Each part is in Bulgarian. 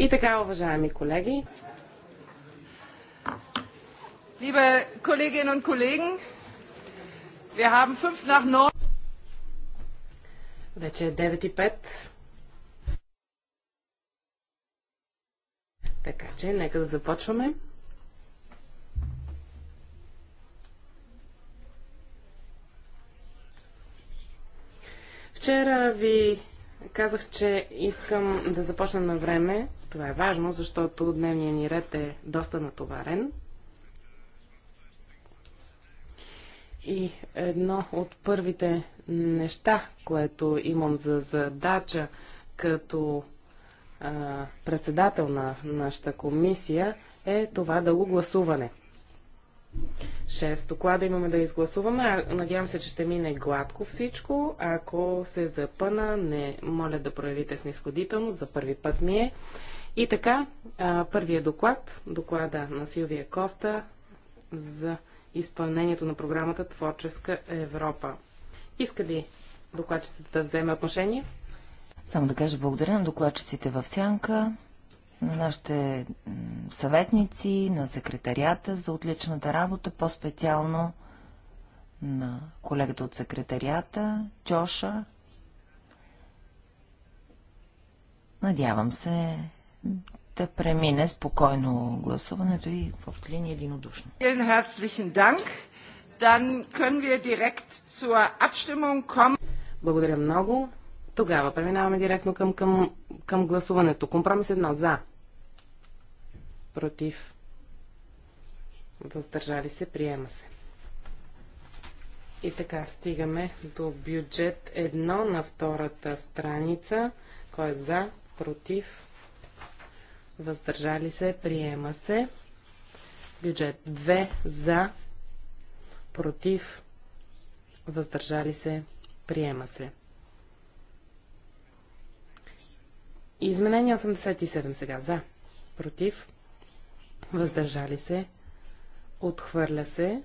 И така, уважаеми колеги. Liebe Kolleginnen und Kollegen, wir haben 5 nach neun. Вече е 9 и 5. Така че, нека да започваме. Вчера ви Казах, че искам да започна на време. Това е важно, защото дневният ни ред е доста натоварен. И едно от първите неща, което имам за задача като а, председател на нашата комисия, е това дълго гласуване. 6 доклада имаме да изгласуваме. Надявам се, че ще мине гладко всичко. Ако се запъна, не моля да проявите снисходителност. За първи път ми е. И така, първият доклад, доклада на Силвия Коста за изпълнението на програмата Творческа Европа. Иска ли докладчицата да вземе отношение? Само да кажа благодаря на докладчиците в Сянка на нашите съветници, на секретарията за отличната работа, по-специално на колегата от секретарията, Джоша. Надявам се да премине спокойно гласуването и в линия единодушно. Благодаря много. Тогава преминаваме директно към, към, към гласуването. Компромис едно за. Против. Въздържали се, приема се. И така, стигаме до бюджет 1 на втората страница. Кой е за, против, въздържали се, приема се. Бюджет 2 за, против, въздържали се, приема се. Изменение 87 сега. За. Против. Въздържали се. Отхвърля се.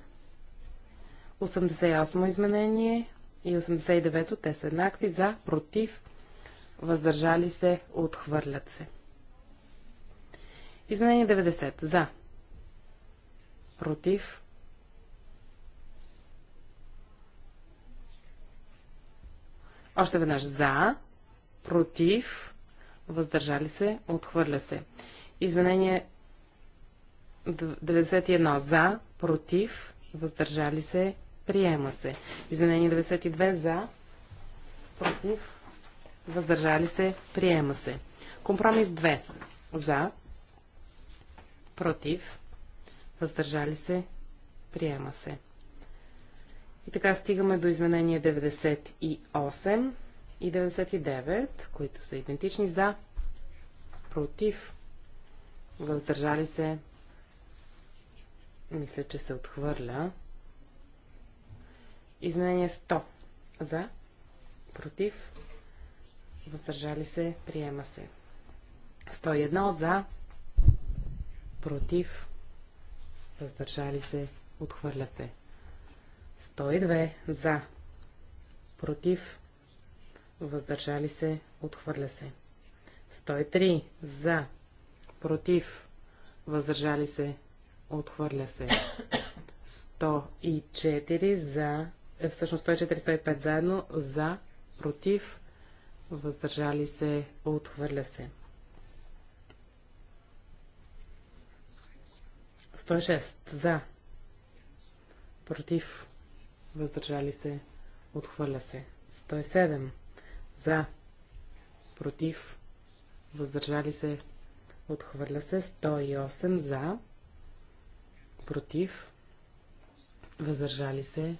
88 изменение и 89 те са еднакви. За. Против. Въздържали се. Отхвърлят се. Изменение 90. За. Против. Още веднъж за, против, въздържали се, отхвърля се. Изменение 91 за, против, въздържали се, приема се. Изменение 92 за, против, въздържали се, приема се. Компромис 2 за, против, въздържали се, приема се. И така стигаме до изменение 98 и 99, които са идентични за, против, въздържали се, мисля, че се отхвърля. Изменение 100 за, против, въздържали се, приема се. 101 за, против, въздържали се, отхвърля се. 102 за, против, въздържали се, отхвърля се. 103 за, против, въздържали се, отхвърля се. 104 за, е, всъщност 104-105 заедно, за, против, въздържали се, отхвърля се. 106 за, против, въздържали се, отхвърля се. 107 за, против, въздържали се, отхвърля се 108 за, против, въздържали се,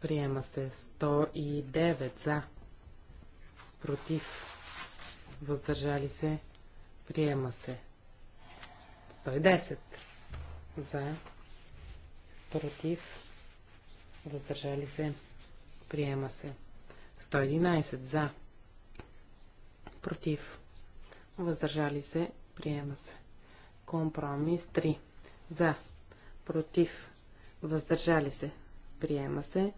приема се 109 за, против, въздържали се, приема се 110 за, против, въздържали се, приема се 111 за, против, въздържали се, приема се. Компромис 3 за, против, въздържали се, приема се.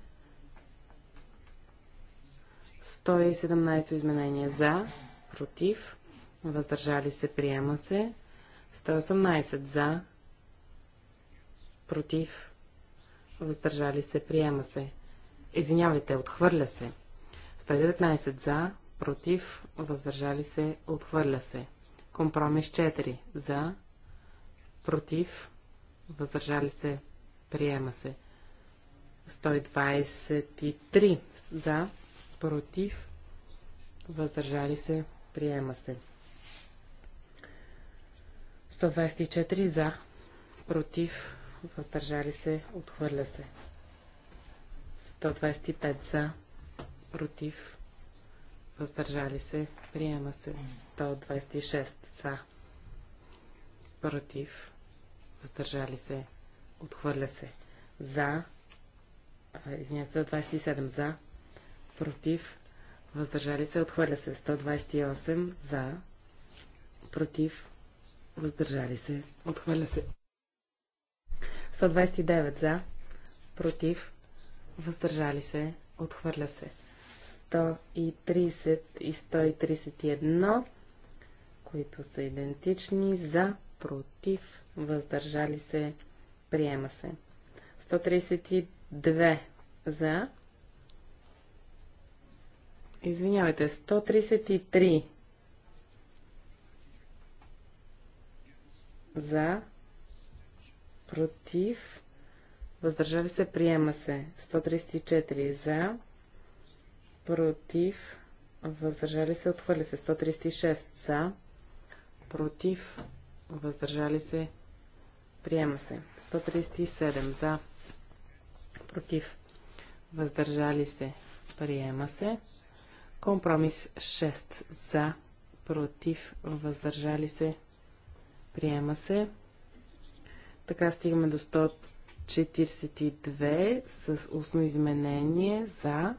117 изменение за, против, въздържали се, приема се. 118 за, против, въздържали се, приема се. Извинявайте, отхвърля се. 119 за, против, въздържали се, отхвърля се. Компромис 4 за, против, въздържали се, приема се. 123 за, против, въздържали се, приема се. 124 за, против, въздържали се, отхвърля се. 125 за, против, въздържали се, приема се 126 за, против, въздържали се, отхвърля се за, се 127 за, против, въздържали се, отхвърля се 128 за, против, въздържали се, отхвърля се 129 за, против, въздържали се, отхвърля се 130 и 131, които са идентични, за, против, въздържали се, приема се. 132 за. Извинявайте, 133 за, против, въздържали се, приема се. 134 за, против, въздържали се, отхвърля се. 136 за, против, въздържали се, приема се. 137 за, против, въздържали се, приема се. Компромис 6 за, против, въздържали се, приема се. Така стигаме до 142 с устно изменение за,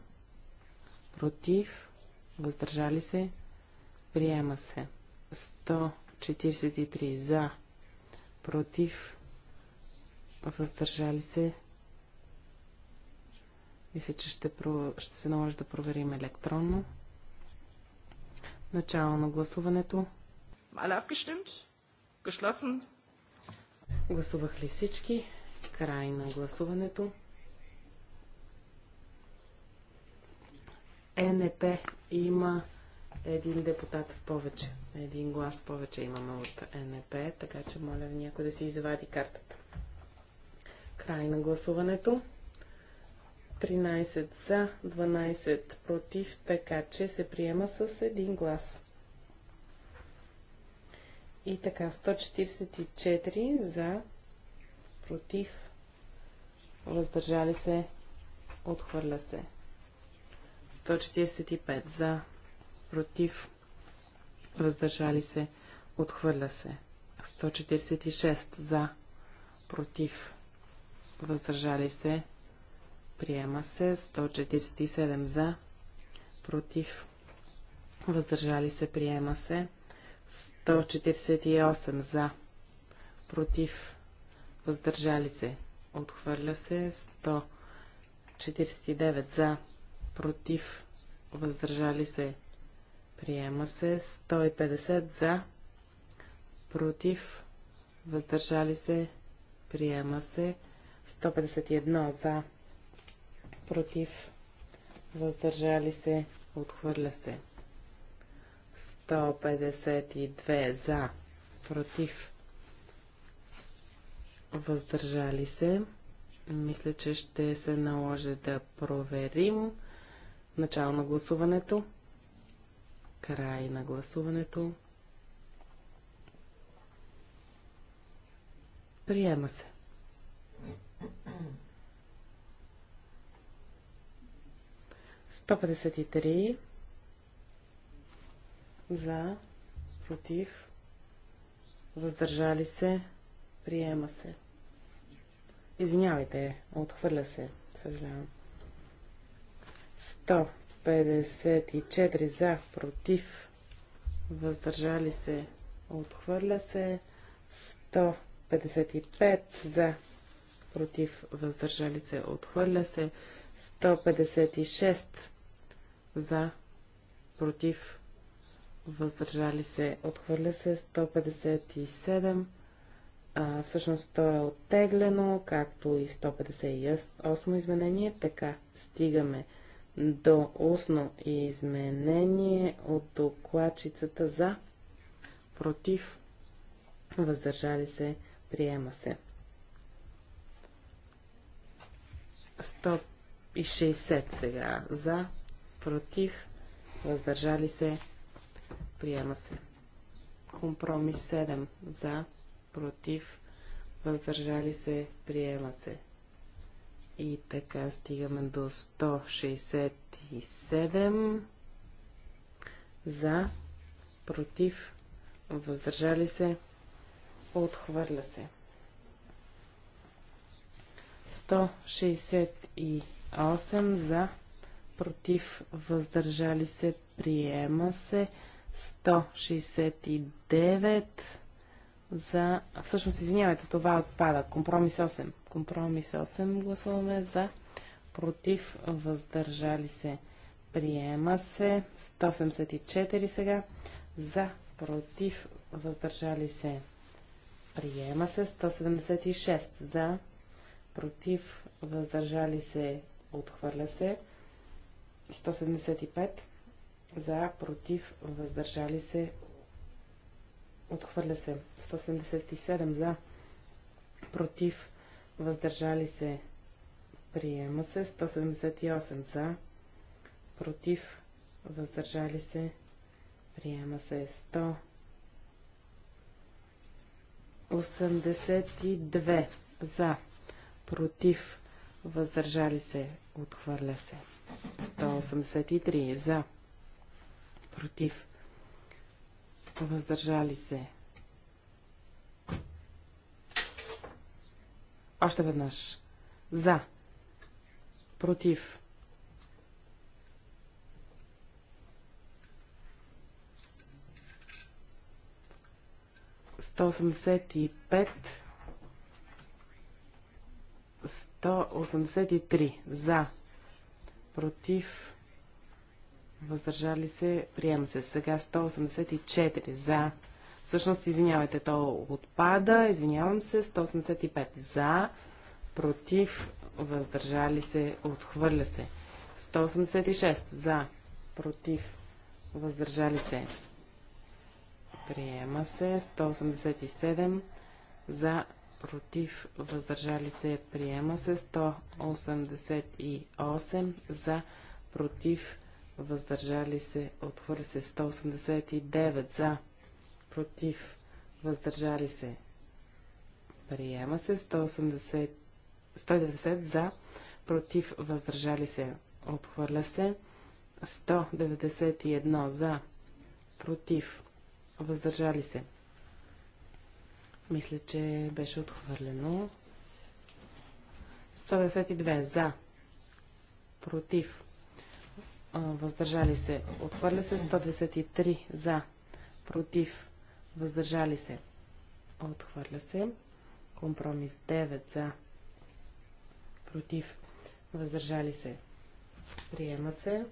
против, въздържали се, приема се. 143 за, против, въздържали се. Мисля, че ще, про... ще се наложи да проверим електронно. Начало на гласуването. Гласувах ли всички? Край на гласуването. ЕНП има един депутат в повече. Един глас в повече имаме от ЕНП, така че моля ви някой да си извади картата. Край на гласуването. 13 за, 12 против, така че се приема с един глас. И така, 144 за, против, въздържали се, отхвърля се. 145 за, против, въздържали се, отхвърля се. 146 за, против, въздържали се, приема се. 147 за, против, въздържали се, приема се. 148 за, против, въздържали се, отхвърля се. 149 за, против, въздържали се, приема се. 150 за, против, въздържали се, приема се. 151 за, против, въздържали се, отхвърля се. 152 за, против, въздържали се. Мисля, че ще се наложи да проверим. Начало на гласуването. Край на гласуването. Приема се. Сто и три за, против, въздържали се, приема се. Извинявайте, отхвърля се, съжалявам. 154 за, против, въздържали се, отхвърля се. 155 за, против, въздържали се, отхвърля се. 156 за, против, въздържали се, отхвърля се. 157 а, всъщност то е оттеглено, както и 158 изменение, така стигаме до устно изменение от докладчицата за, против, въздържали се, приема се. 160 сега за, против, въздържали се, приема се. Компромис 7 за, против, въздържали се, приема се. И така стигаме до 167 за, против, въздържали се, отхвърля се. 168 за, против, въздържали се, приема се. 169 за... Всъщност, извинявайте, това отпада. Компромис 8 Компромис 8 гласуваме за. Против, въздържали се. Приема се. 174 сега. За. Против, въздържали се. Приема се. 176 за. Против, въздържали се. Отхвърля се. 175 за, против, въздържали се, отхвърля се. 177 за, против, въздържали се, приема се. 178 за, против, въздържали се, приема се. 100. 82 за, против, въздържали се, отхвърля се. 183 за, против, въздържали се, Още веднъж. За. Против. Сто осемдесет и пет. Сто осемдесет и три. За. Против. Въздържали се. Приема се. Сега сто осемдесет и четири. За Всъщност, извинявайте, то отпада. Извинявам се. 185 за, против, въздържали се, отхвърля се. 186 за, против, въздържали се. Приема се. 187 за, против, въздържали се. Приема се. 188 за, против, въздържали се. Отхвърля се. 189 за, против, въздържали се. Приема се 180, 190 за, против, въздържали се. Отхвърля се 191 за, против, въздържали се. Мисля, че беше отхвърлено. 192 за, против, въздържали се. Отхвърля се 193 за, против, въздържали се, отхвърля се. Компромис 9 за, против, въздържали се, приема се.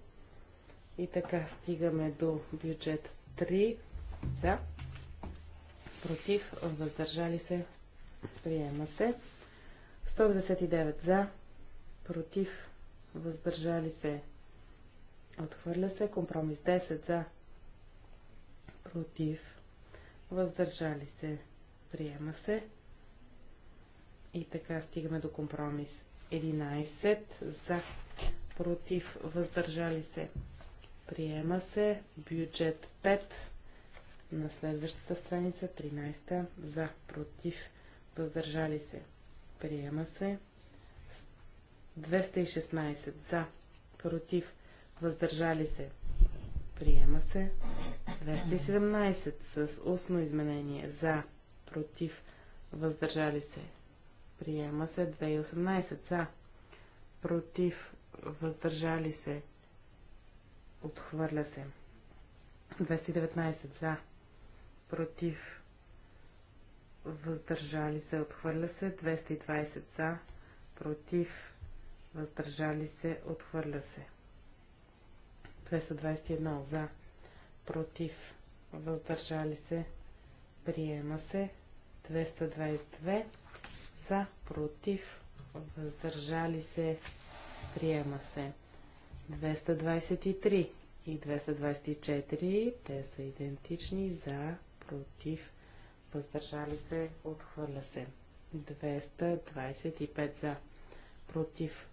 И така стигаме до бюджет 3 за, против, въздържали се, приема се. 199 за, против, въздържали се, отхвърля се. Компромис 10 за, против, въздържали се, приема се. И така стигаме до компромис 11 за, против, въздържали се, приема се. Бюджет 5 на следващата страница 13 за, против, въздържали се, приема се. 216 за, против, въздържали се, приема се. 217 с устно изменение за, против, въздържали се. Приема се 218 за, против, въздържали се. Отхвърля се. 219 за, против, въздържали се. Отхвърля се. 220 за, против, въздържали се. Отхвърля се. 221 за, против, въздържали се, приема се. 222 за, против, въздържали се, приема се. 223 и 224, те са идентични, за, против, въздържали се, отхвърля се. 225 за, против,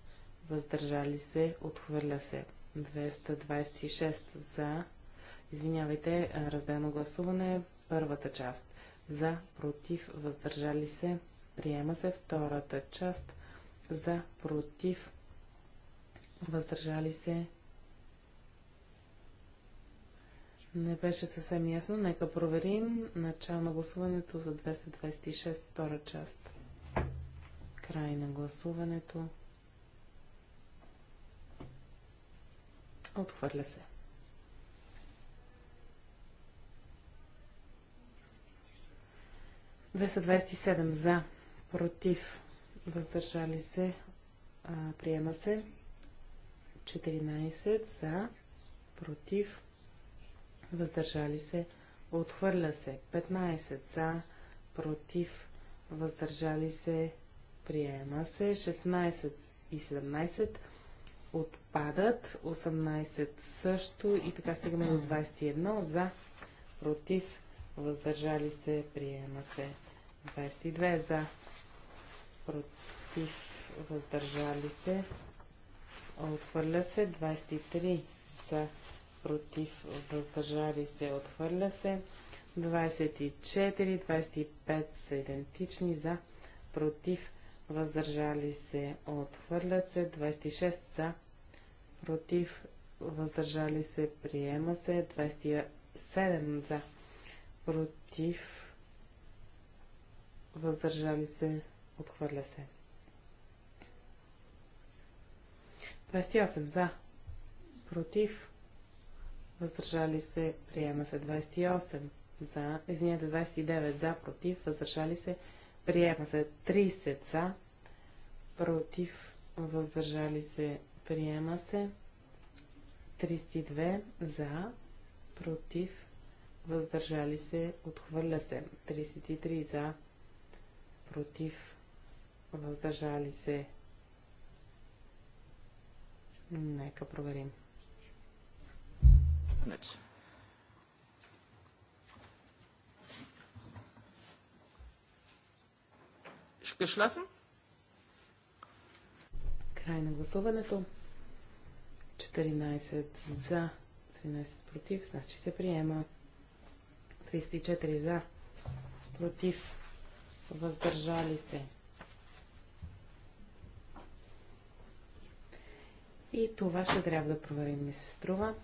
въздържали се, отхвърля се. 226 за, Извинявайте, разделно гласуване. Първата част. За, против, въздържали се. Приема се втората част. За, против, въздържали се. Не беше съвсем ясно. Нека проверим начало на гласуването за 226, втора част. Край на гласуването. Отхвърля се. 227 за, против, въздържали се, а, приема се. 14 за, против, въздържали се, отхвърля се. 15 за, против, въздържали се, приема се. 16 и 17 отпадат, 18 също и така стигаме до 21 за, против, въздържали се, приема се. 22 за, против, въздържали се, отхвърля се, 23 за, против, въздържали се, отхвърля се, 24, 25 са идентични за, против, въздържали се, отхвърлят се, 26 за, против, въздържали се, приема се, 27 за, против, въздържали се, отхвърля се. 28 за, против, въздържали се, приема се 28 за, извинете 29 за, против, въздържали се, приема се 30 за, против, въздържали се, приема се 32 за, против, въздържали се, отхвърля се 33 за, против, въздържали се. Нека проверим. Нет. Geschlossen? Край на гласуването. 14 за, 13 против, значи се приема. 34 за, против, въздържали се. И това ще трябва да проверим, ми се струва.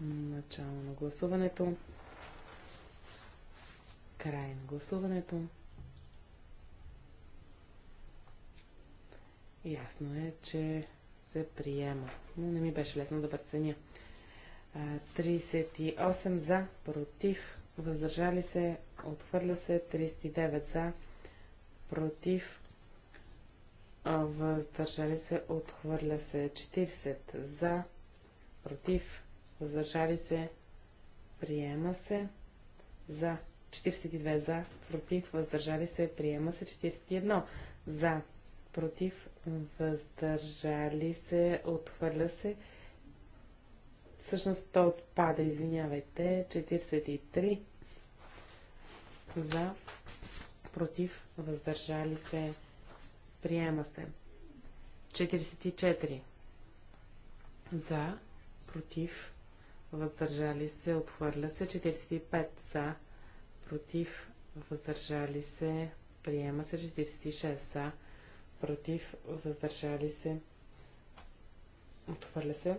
Начало на гласуването. Край на гласуването. Ясно е, че се приема. Но не ми беше лесно да преценя. 38 за, против въздържали се, отхвърля се 39 за, против, въздържали се, отхвърля се 40 за, против, въздържали се, приема се за 42 за, против, въздържали се, приема се 41 за, против, въздържали се, отхвърля се Всъщност то отпада, извинявайте, 43 за, против, въздържали се, приема се. 44 за, против, въздържали се, отхвърля се. 45 за, против, въздържали се, приема се. 46 за, против, въздържали се, отхвърля се.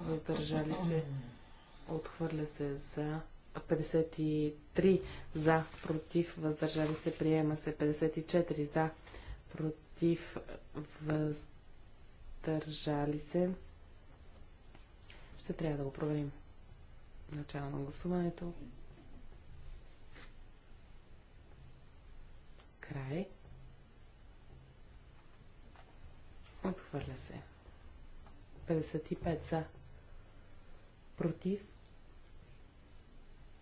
въздържали се, отхвърля се за 53 за, против, въздържали се, приема се 54 за, против, въздържали се. Ще трябва да го проверим. Начало на гласуването. Край. Отхвърля се. 55 за, против,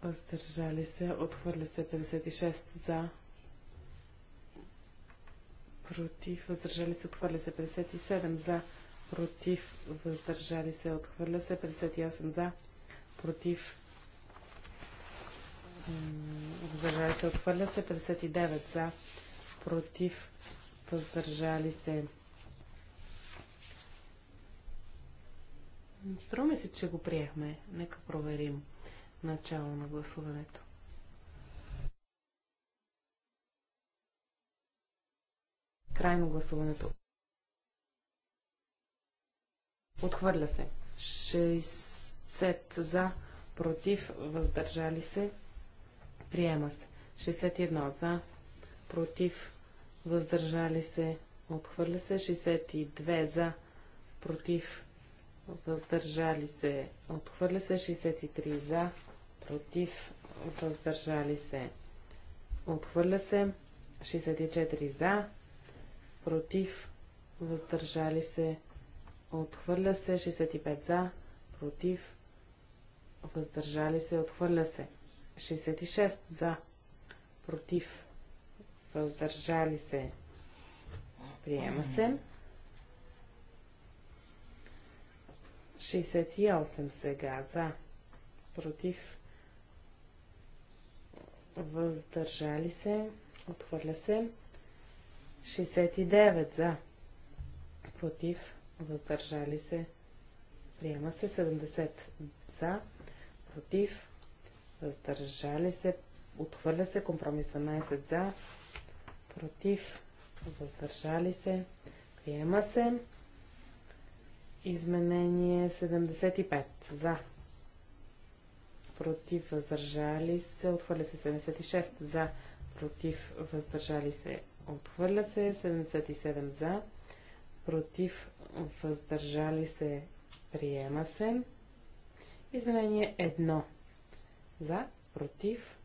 въздържали се, отхвърля се 56 за, против, въздържали се, отхвърля се 57 за, против, въздържали се, отхвърля се 58 за, против, въздържали се, отхвърля се 59 за, против, въздържали се, Струми се, че го приехме. Нека проверим начало на гласуването. Крайно гласуването. Отхвърля се. 60 за, против, въздържали се. Приема се. 61 за, против, въздържали се. Отхвърля се. 62 за, против, въздържали се, отхвърля се 63 за, против, въздържали се, отхвърля се 64 за, против, въздържали се, отхвърля се 65 за, против, въздържали се, отхвърля се 66 за, против, въздържали се, приема се. 68 сега за, против, въздържали се, отхвърля се. 69 за, против, въздържали се, приема се. 70 за, против, въздържали се, отхвърля се. Компромис 12 за, против, въздържали се, приема се. Изменение 75. За. Против. Въздържали се. Отхвърля се 76. За. Против. Въздържали се. Отхвърля се 77. За. Против. Въздържали се. Приема се. Изменение 1. За. Против.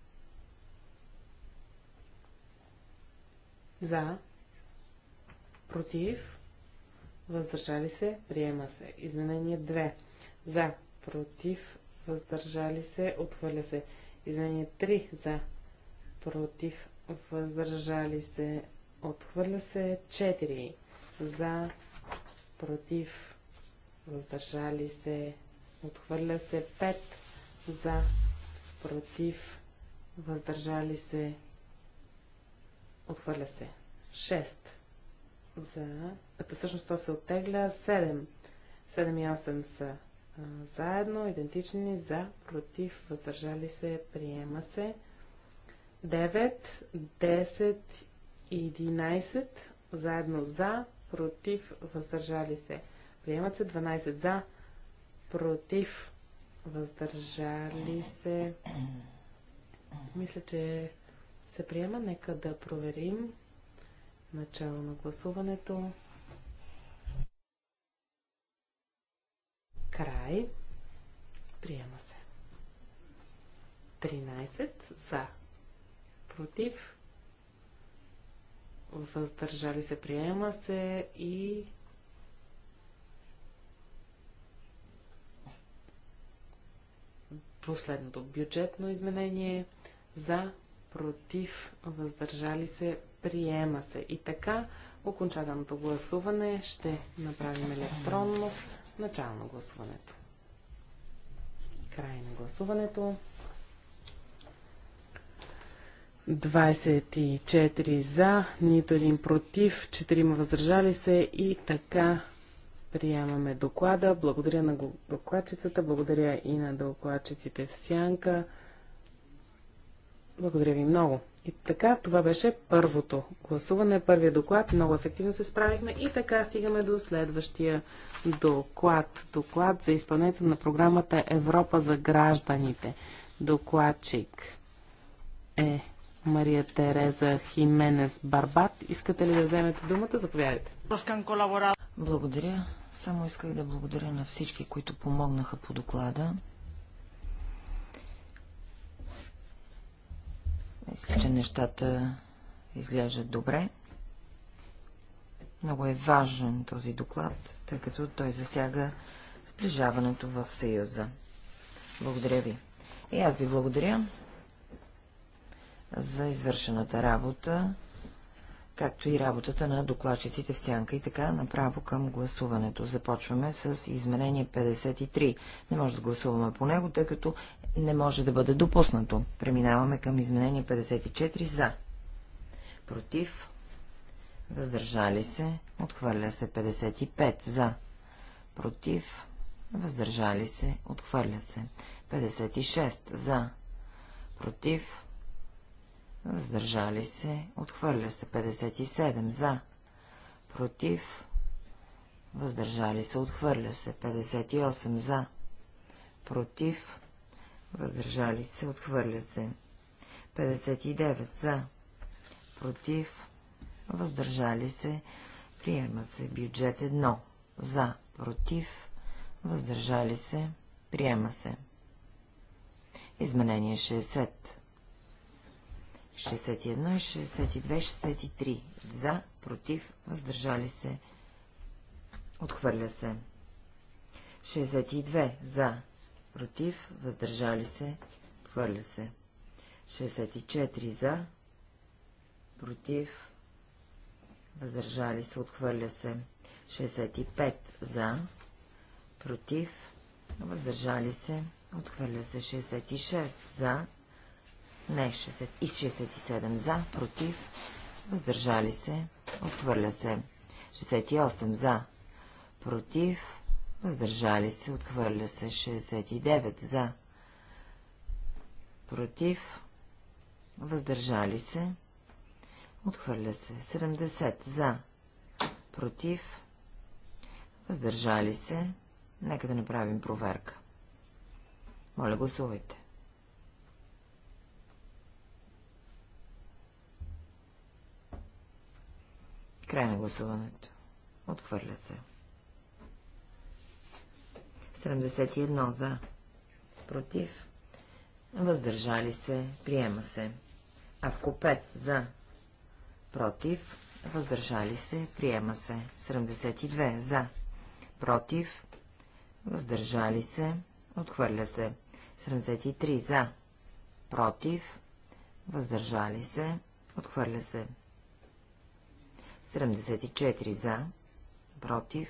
За. Против въздържали се, приема се. Изменение 2 за, против, въздържали се, отхвърля се. Изменение 3 за, против, въздържали се, отхвърля се. 4 за, против, въздържали се, отхвърля се. 5 за, против, въздържали се, отхвърля се. 6 за... Е, всъщност то се оттегля 7. 7 и 8 са а, заедно, идентични, за, против, въздържали се, приема се. 9, 10 и 11 заедно за, против, въздържали се. Приемат се 12 за, против, въздържали се. Мисля, че се приема. Нека да проверим. Начало на гласуването. Край. Приема се. 13 за. Против. Въздържали се. Приема се и последното бюджетно изменение за, против, въздържали се, приема се. И така, окончателното гласуване ще направим електронно начало на гласуването. Край на гласуването. 24 за, нито един против, 4 въздържали се и така приемаме доклада. Благодаря на докладчицата, благодаря и на докладчиците в Сянка. Благодаря ви много. И така, това беше първото гласуване, първият доклад. Много ефективно се справихме и така стигаме до следващия доклад. Доклад за изпълнението на програмата Европа за гражданите. Докладчик е Мария Тереза Хименес Барбат. Искате ли да вземете думата? Заповядайте. Благодаря. Само исках да благодаря на всички, които помогнаха по доклада. Мисля, че нещата изглеждат добре. Много е важен този доклад, тъй като той засяга сближаването в Съюза. Благодаря ви. И аз ви благодаря за извършената работа, както и работата на докладчиците в сянка. И така, направо към гласуването. Започваме с изменение 53. Не може да гласуваме по него, тъй като не може да бъде допуснато. Преминаваме към изменение 54 за. Против. Въздържали се. Отхвърля се 55 за. Против. Въздържали се. Отхвърля се. 56 за. Против. Въздържали се. Отхвърля се. 57 за. Против. Въздържали се. Отхвърля се. 58 за. Против въздържали се, отхвърля се. 59 за, против, въздържали се, приема се. Бюджет 1 за, против, въздържали се, приема се. Изменение 60. 61, и 62, 63. За, против, въздържали се. Отхвърля се. 62. За, против, въздържали се, отхвърля се. 64 за, против, въздържали се, отхвърля се. 65 за, против, въздържали се, отхвърля се. 66 за, не, 60, и 67 за, против, въздържали се, отхвърля се. 68 за, против, Въздържали се, отхвърля се 69 за. Против. Въздържали се. Отхвърля се 70 за. Против. Въздържали се. Нека да направим проверка. Моля, гласувайте. Край на гласуването. Отхвърля се. 71 за. Против. Въздържали се. Приема се. Авко 5 за. Против. Въздържали се. Приема се. 72 за. Против. Въздържали се. Отхвърля се. 73 за. Против. Въздържали се. Отхвърля се. 74 за. Против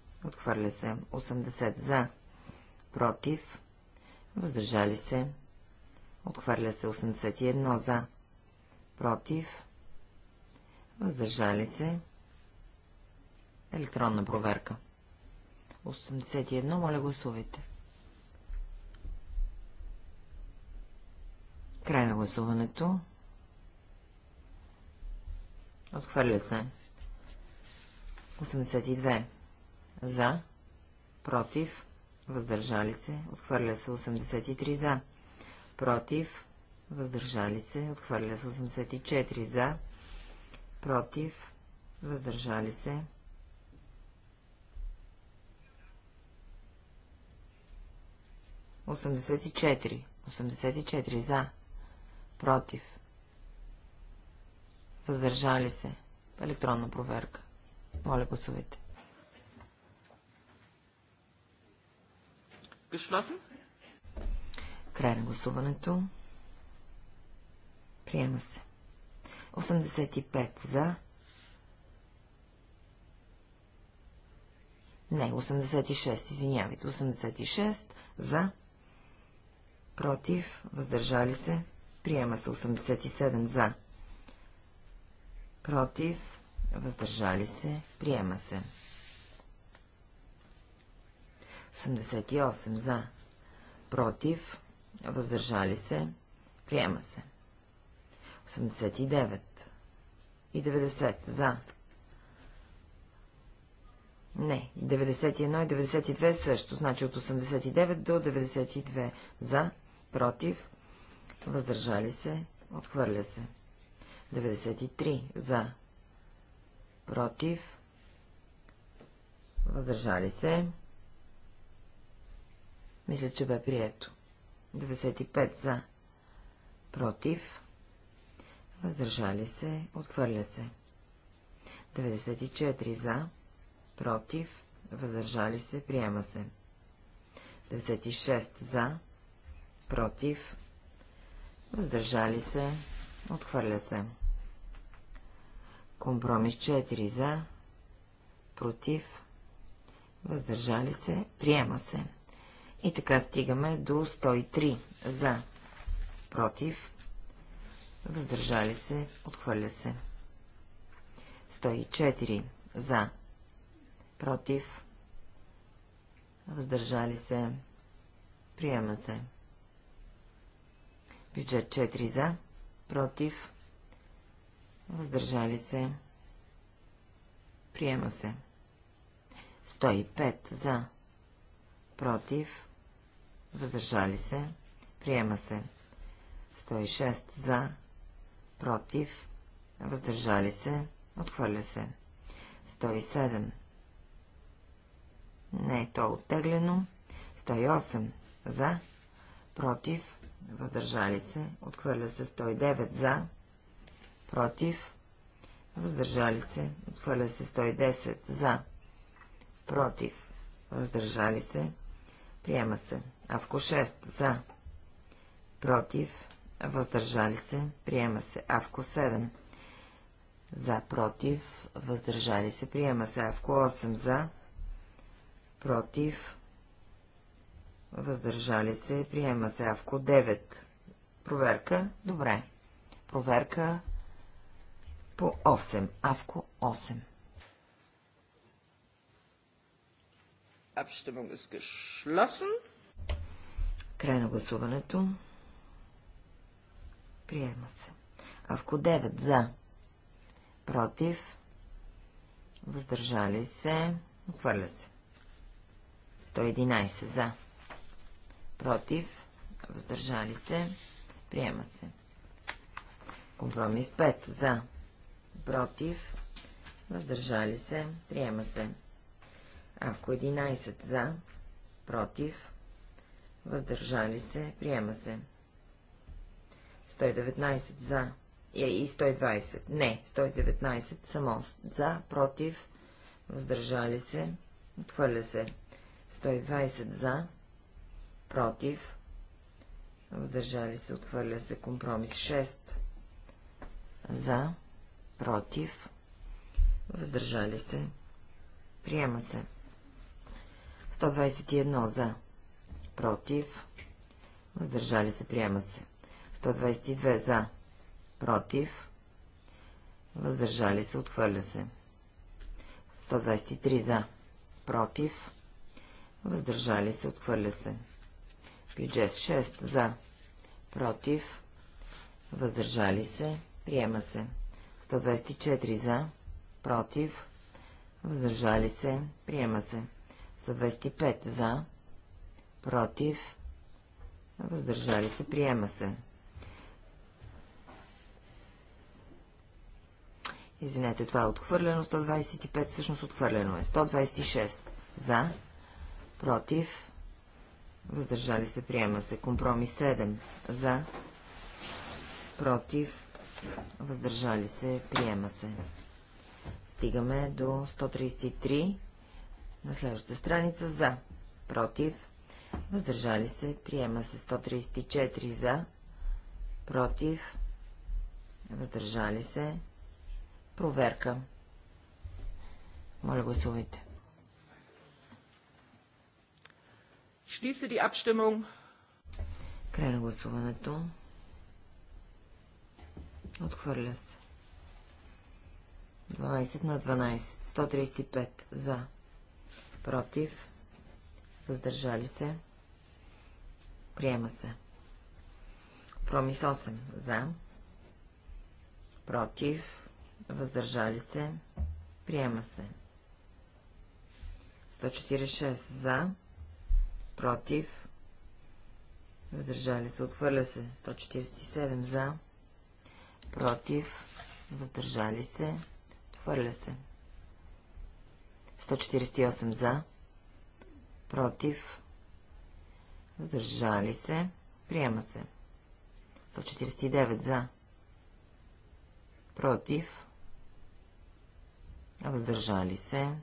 Отхвърля се. 80 за. Против. Въздържали се. Отхвърля се. 81 за. Против. Въздържали се. Електронна проверка. 81. Моля гласувайте. Край на гласуването. Отхвърля се. 82 за, против, въздържали се, отхвърля се 83 за, против, въздържали се, отхвърля се 84 за, против, въздържали се. Осемдесет и четири. Осемдесет и четири за. Против. Въздържали се. Електронна проверка. Моля, гласувайте. Geschlossen. Край на гласуването. Приема се. 85 за. Не, 86, извинявайте. 86 за. Против, въздържали се. Приема се 87 за. Против, въздържали се. Приема се. 88 за, против, въздържали се, приема се. 89 и 90 за. Не, 91 и 92 също, значи от 89 до 92 за, против, въздържали се, отхвърля се. 93 за, против, въздържали се, мисля, че бе прието. 95 за. Против. Въздържали се. Отхвърля се. 94 за. Против. Въздържали се. Приема се. 96 за. Против. Въздържали се. Отхвърля се. Компромис 4 за. Против. Въздържали се. Приема се. И така стигаме до 103 за, против, въздържали се, отхвърля се. 104 за, против, въздържали се, приема се. Бюджет 4 за, против, въздържали се, приема се. 105 за, против, въздържали се, приема се. 106 за, против, въздържали се, отхвърля се. 107. Не, е то оттеглено. 108 за, против, въздържали се, отхвърля се. 109 за, против, въздържали се, отхвърля се. 110 за, против, въздържали се, приема се. Авко 6. За. Против. Въздържали се. Приема се. Авко 7. За. Против. Въздържали се. Приема се. Авко 8. За. Против. Въздържали се. Приема се. Авко 9. Проверка. Добре. Проверка по 8. Авко 8. Abstimmung ist geschlossen. Край на гласуването. Приема се. Авко 9 за. Против. Въздържали се. Отхвърля се. 111 за. Против. Въздържали се. Приема се. Компромис 5 за. Против. Въздържали се. Приема се. Авко 11 за. Против въздържали се, приема се. 119 за е, и 120. Не, 119 само за, против, въздържали се, отвърля се. 120 за, против, въздържали се, отвърля се. Компромис 6 за, против, въздържали се, приема се. 121 за, против, въздържали се, приема се. 122 за, против, въздържали се, отхвърля се. 123 за, против, въздържали се, отхвърля се. Пиджес 6 за, против, въздържали се, приема се. 124 за, против, въздържали се, приема се. 125 за, против, въздържали се, приема се. Извинете, това е отхвърлено. 125 всъщност отхвърлено е. 126 за, против, въздържали се, приема се. Компромис 7 за, против, въздържали се, приема се. Стигаме до 133 на следващата страница за, против, въздържали се, приема се 134 за, против, въздържали се, проверка. Моля гласувайте. Schließe die Abstimmung. Край на гласуването. Отхвърля се. 12 на 12. 135 за. Против въздържали се, приема се. Промис 8 за, против, въздържали се, приема се. 146 за, против, въздържали се, отхвърля се. 147 за, против, въздържали се, отхвърля се. 148 за, против, въздържали се, приема се. 149 за, против, въздържали се,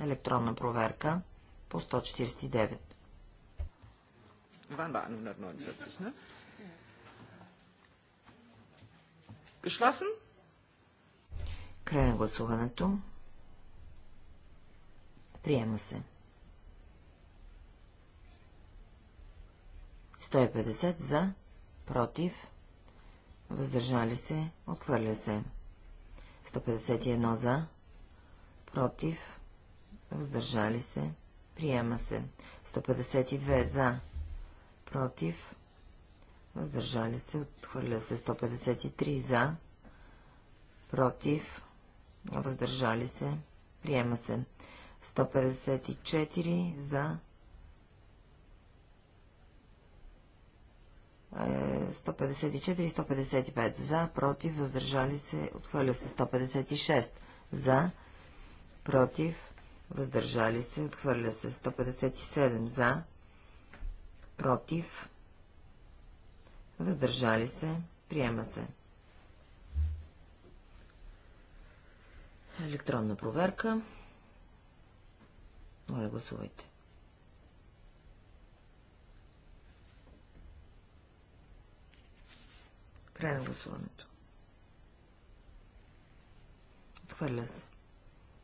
електронна проверка по 149. Wann Geschlossen? Край на гласуването. Приема се. 150 за, против, въздържали се, отхвърля се. 151 за, против, въздържали се, приема се. 152 за, против, въздържали се, отхвърля се. 153 за, против, въздържали се, приема се. 154 за, против, 154 е, и 155 за, против, въздържали се, отхвърля се 156 за, против, въздържали се, отхвърля се 157 за, против, въздържали се, приема се. Електронна проверка. Моля, гласувайте. Край на гласуването. Отхвърля се.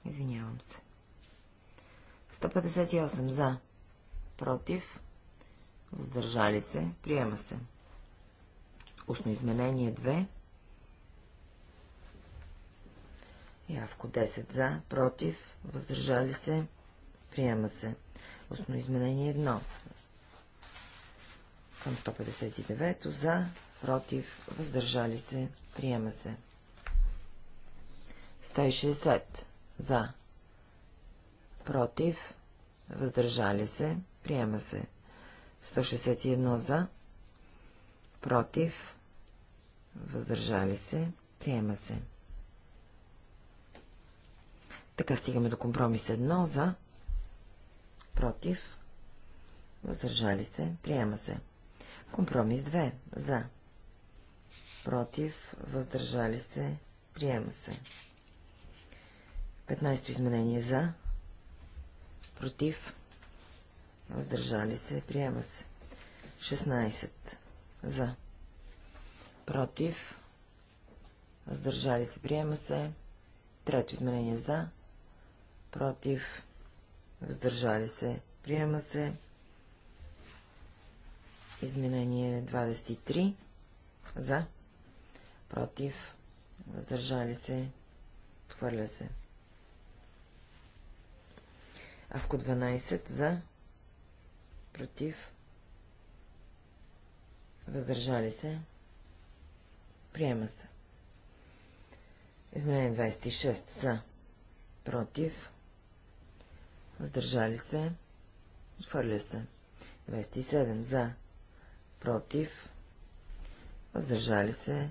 Извинявам се. 158 за. Против. Въздържали се. Приема се. Устно изменение 2. Явко 10 за. Против. Въздържали се. Приема се. Устно изменение 1. Към 159 за против, въздържали се, приема се. 160 за, против, въздържали се, приема се. 161 за, против, въздържали се, приема се. Така стигаме до компромис 1 за, против, въздържали се, приема се. Компромис 2 за, против, въздържали се, приема се. 15 изменение за, против, въздържали се, приема се. 16 за, против, въздържали се, приема се. Трето изменение за, против, въздържали се, приема се. Изменение 23 за, против, въздържали се, отхвърля се. Авко 12 за, против, въздържали се, приема се. Изменение 26 за, против, въздържали се, отхвърля се. 27 за, против, въздържали се,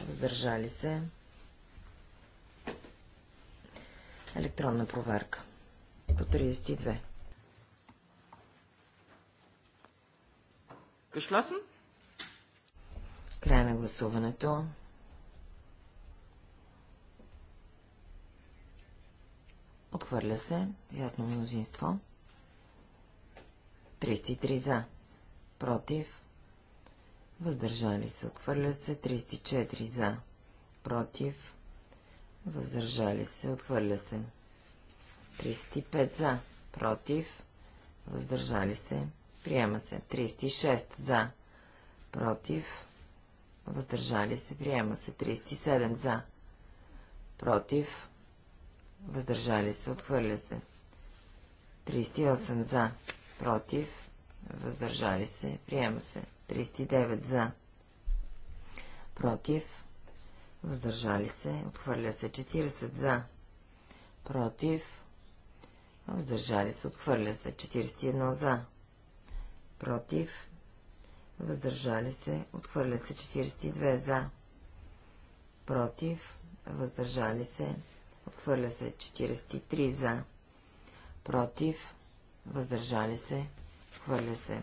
въздържали се. Електронна проверка по 32. Кашласен. Край на гласуването. Отхвърля се. Ясно мнозинство. 33 за. Против въздържали се, отхвърлят се 34 за, против, въздържали се, отхвърля се 35 за, против, въздържали се, приема се 36 за, против, въздържали се, приема се 37 за, против, въздържали се, отхвърля се 38 за, против, въздържали се, приема се 39 39 за. Против. Въздържали се. Отхвърля се 40 за. Против. Въздържали се. Отхвърля се 41 за. Против. Въздържали се. Отхвърля се 42 за. Против. Въздържали се. Отхвърля се 43 за. Против. Въздържали се. Отхвърля се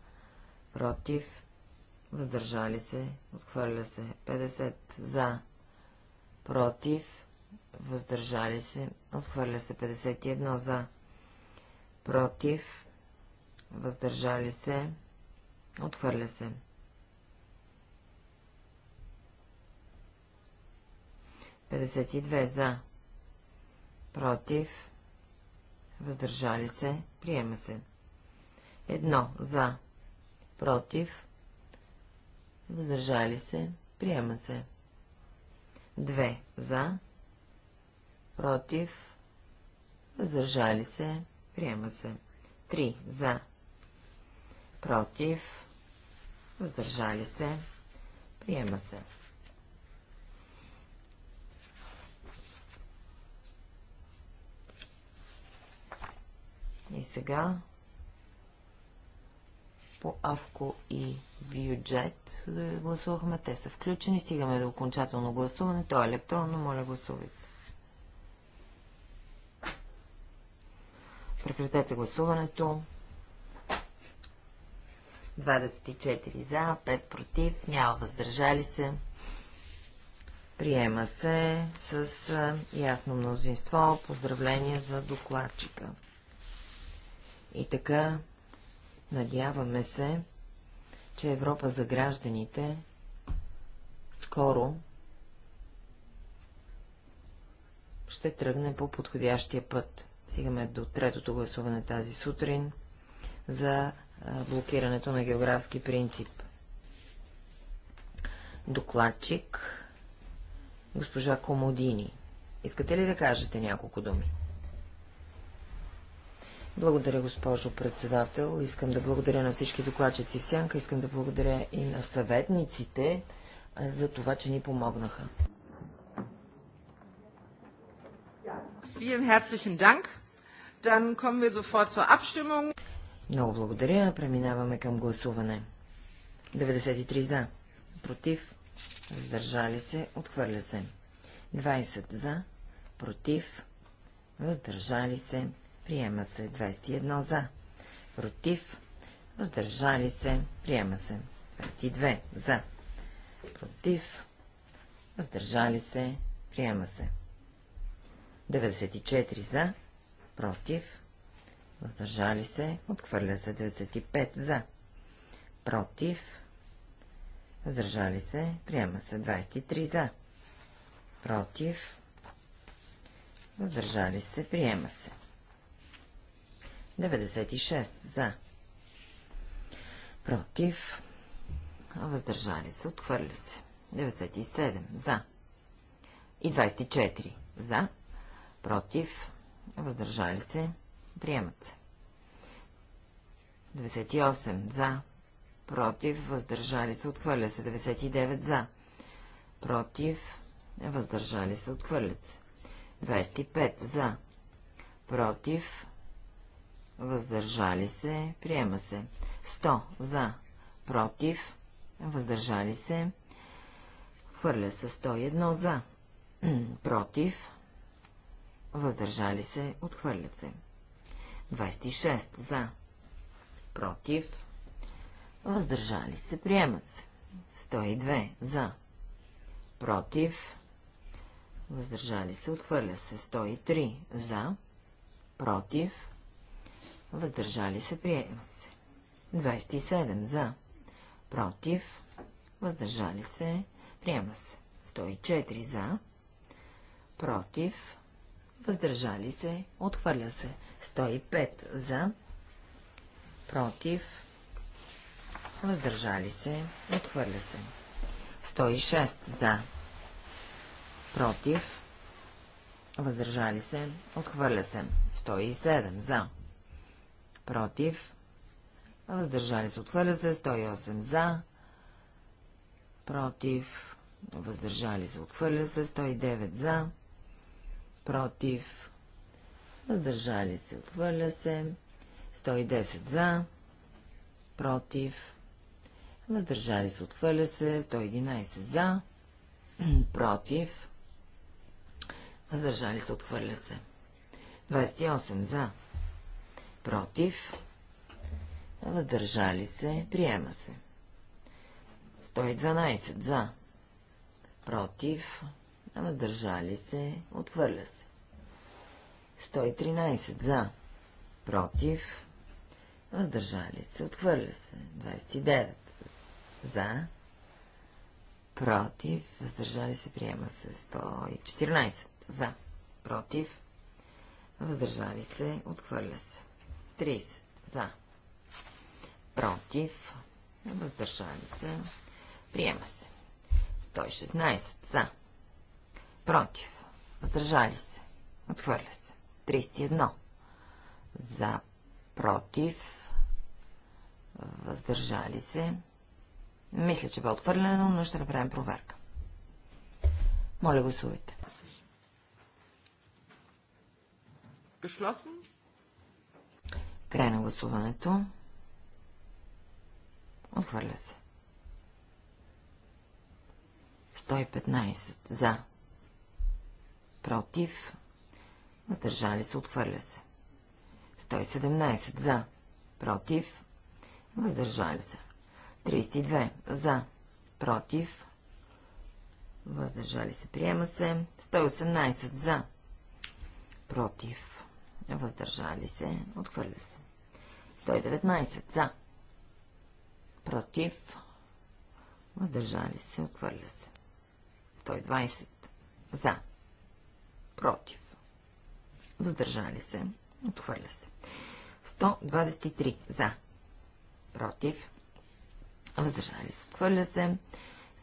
против, въздържали се, отхвърля се. 50 за, против, въздържали се, отхвърля се. 51 за, против, въздържали се, отхвърля се. Петдесет и две за, против, въздържали се, приема се. Едно за, против, въздържали се, приема се. Две за, против, въздържали се, приема се. Три за, против, въздържали се, приема се. И сега по АВКО и бюджет е, гласувахме. Те са включени. Стигаме до окончателно гласуване. То е електронно. Моля гласувайте. Прекратете гласуването. 24 за, 5 против, няма въздържали се. Приема се с е, ясно мнозинство. Поздравления за докладчика. И така, Надяваме се, че Европа за гражданите скоро ще тръгне по подходящия път. Стигаме до третото гласуване тази сутрин за блокирането на географски принцип. Докладчик госпожа Комодини. Искате ли да кажете няколко думи? Благодаря, госпожо председател. Искам да благодаря на всички докладчици в Сянка. Искам да благодаря и на съветниците за това, че ни помогнаха. Много благодаря. Преминаваме към гласуване. 93 за. Против. Въздържали се. Отхвърля се. 20 за. Против. Въздържали се. Приема се 21 за. Против. Въздържали се. Приема се 22 за. Против. Въздържали се. Приема се. 94 за. Против. Въздържали се. Отхвърля се 95 за. Против. Въздържали се. Приема се 23 за. Против. Въздържали се. Приема се. 96 за. Против. Въздържали се. Отхвърля се. 97 за. И 24 за. Против. Въздържали се. Приемат се. 98 за. Против. Въздържали се. Отхвърля се. 99 за. Против. Въздържали се. Отхвърлят се. 25 за. Против въздържали се, приема се. 100 за, против, въздържали се, хвърля се 101 за, против, въздържали се, отхвърлят се. 26 за, против, въздържали се, приемат се. 102 за, против, въздържали се, отхвърля се. 103 за, против, въздържали се, приема се. 27 за, против, въздържали се, приема се. 104 за, против, въздържали се, отхвърля се. 105 за, против, въздържали се, отхвърля се. 106 за, против, въздържали се, отхвърля се. 107 за, против, въздържали се, отхвърля се, 108 за, против, въздържали се, отхвърля се, 109 за, против, въздържали се, отхвърля се, 110 за, против, въздържали се, отхвърля се, 111 за, против, въздържали се, отхвърля се, 28 за, против, въздържали се, приема се. 112 за, против, въздържали се, отхвърля се. 113 за, против, въздържали се, отхвърля се. 29 за, против, въздържали се, приема се. 114 за, против, въздържали се, отхвърля се. 30 за. Против. Въздържали се. Приема се. 116 за. Против. Въздържали се. Отхвърля се. 31 за. Против. Въздържали се. Мисля, че бе отхвърлено, но ще направим проверка. Моля, гласувайте. Geschlossen. Край на гласуването. Отхвърля се. 115 за. Против. Въздържали се. Отхвърля се. 117 за. Против. Въздържали се. 32 за. Против. Въздържали се. Приема се. 118 за. Против. Въздържали се. Отхвърля се. 119 за. Против. Въздържали се. отвърля се. 120 за. Против. Въздържали се. Отхвърля се. 123 за. Против. Въздържали се. Отхвърля се.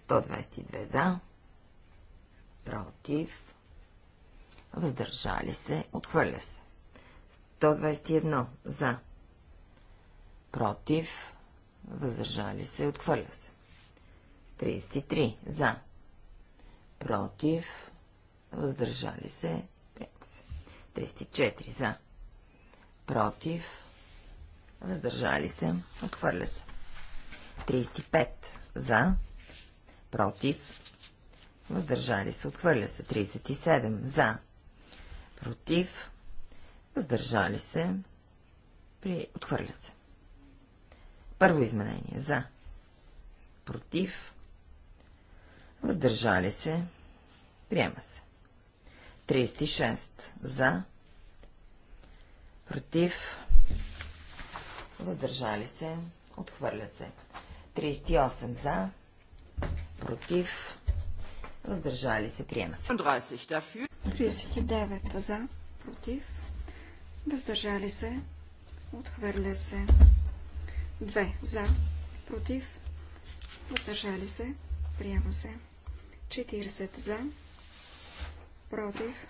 122 за. Против. Въздържали се. Отхвърля се. 121 за против, въздържали се, отхвърля се. 33 за, против, въздържали се, се. 34 за, против, въздържали се, отхвърля се. 35 за, против, въздържали се, отхвърля се. 37 за, против, въздържали се, при... отхвърля се. Първо изменение. За. Против. Въздържали се. Приема се. 36. За. Против. Въздържали се. Отхвърля се. 38. За. Против. Въздържали се. Приема се. 39. За. Против. Въздържали се. Отхвърля се. 2 за, против, въздържали се, приема се. 40 за, против,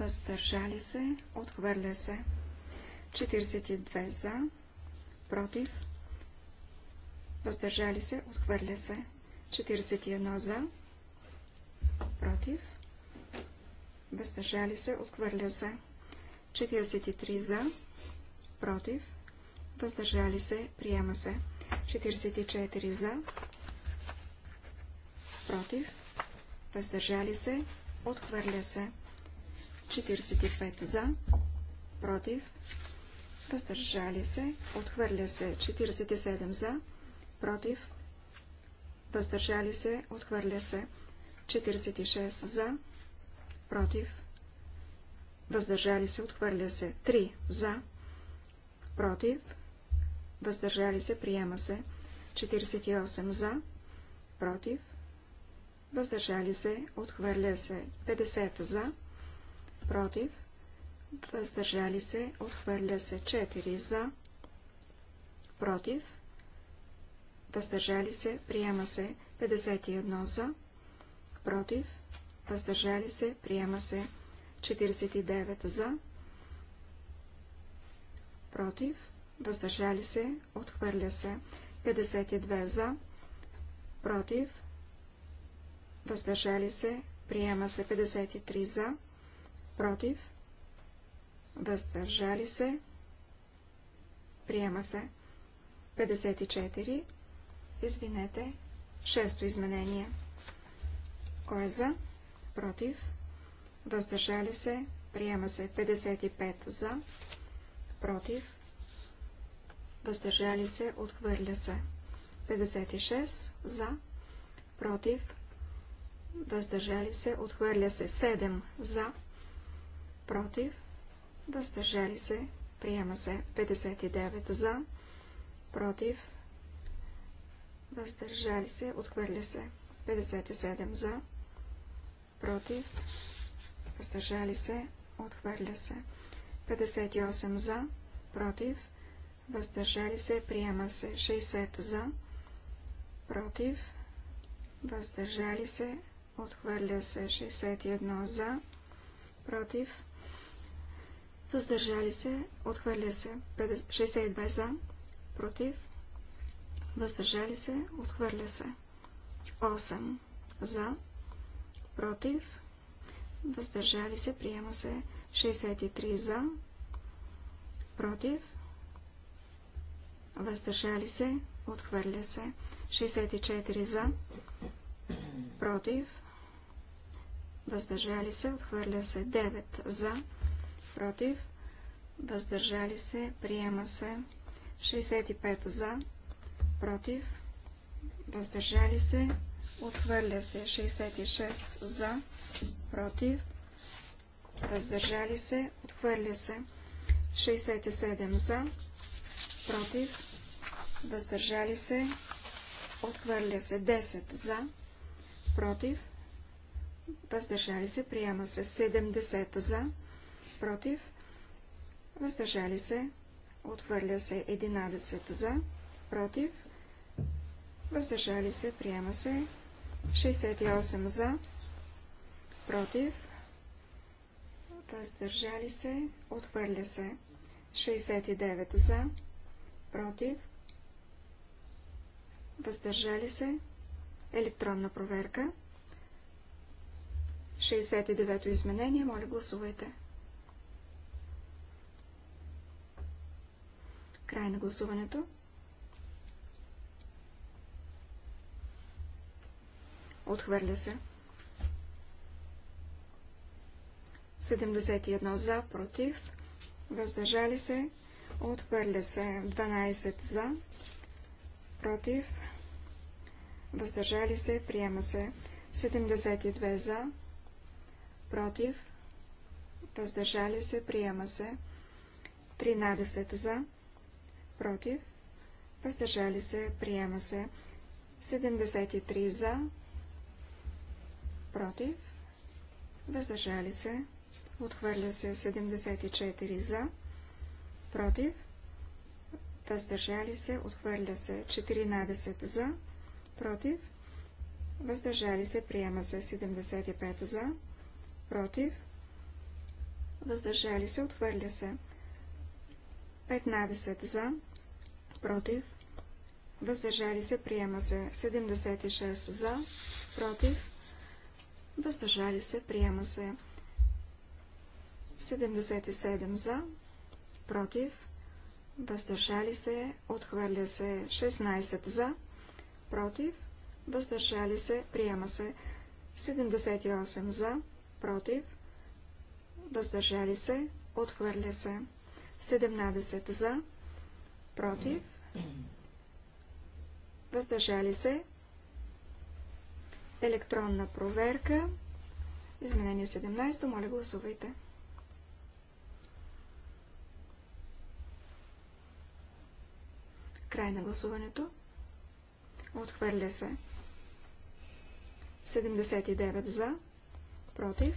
въздържали се, отхвърля се. 42 за, против, въздържали се, отхвърля се. 41 за, против, въздържали се, отхвърля се. 43 за, против, въздържали се, приема се. 44 за, против, въздържали се, отхвърля се. 45 за, против, въздържали се, отхвърля се. 47 за, против, въздържали се, отхвърля се. 46 за, против, въздържали се, отхвърля се. 3 за, против, въздържали се, приема се. 48 за, против, въздържали се, отхвърля се. 50 за, против, въздържали се, отхвърля се. 4 за, против, въздържали се, приема се. 51 за, против, въздържали се, приема се. 49 за, против, въздържали се, отхвърля се. 52 за, против, въздържали се, приема се. 53 за, против, въздържали се, приема се. 54, извинете, 6 изменение. Кой е за? Против. Въздържали се. Приема се 55 за. Против въздържали се, отхвърля се. 56 за, против, въздържали се, отхвърля се. 7 за, против, въздържали се, приема се. 59 за, против, въздържали се, отхвърля се. 57 за, против, въздържали се, отхвърля се. 58 за, против, въздържали се, приема се 60 за, против, въздържали се, отхвърля се 61 за, против, въздържали се, отхвърля се 62 за, против, въздържали се, отхвърля се 8 за, против, въздържали се, приема се 63 за, против, въздържали се, отхвърля се. 64 за, против, въздържали се, отхвърля се. 9 за, против, въздържали се, приема се. 65 за, против, въздържали се, отхвърля се. 66 за, против, въздържали се, отхвърля се. 67 за, против, въздържали се, отхвърля се 10 за, против, въздържали се, приема се 70 за, против, въздържали се, отхвърля се 11 за, против, въздържали се, приема се 68 за, против, въздържали се, отхвърля се 69 за, против, въздържали се, електронна проверка. 69-то изменение, моля гласувайте. Край на гласуването. Отхвърля се. 71 за, против, въздържали се, отхвърля се 12 за, против, въздържали се, приема се. 72 за, против, въздържали се, приема се. 13 за, против, въздържали се, приема се. 73 за, против, въздържали се, отхвърля се 74 за, против, въздържали се, отхвърля се 14 за, против, въздържали се, приема се 75 за, против, въздържали се, отхвърля се 15 за, против, въздържали се, приема се 76 за, против, въздържали се, приема се 77 за, против, въздържали се, отхвърля се 16 за, против, въздържали се, приема се. 78 за, против, въздържали се, отхвърля се. 17 за, против, въздържали се, електронна проверка, изменение 17, моля гласувайте. Край на гласуването. Отхвърля се. 79 за. Против.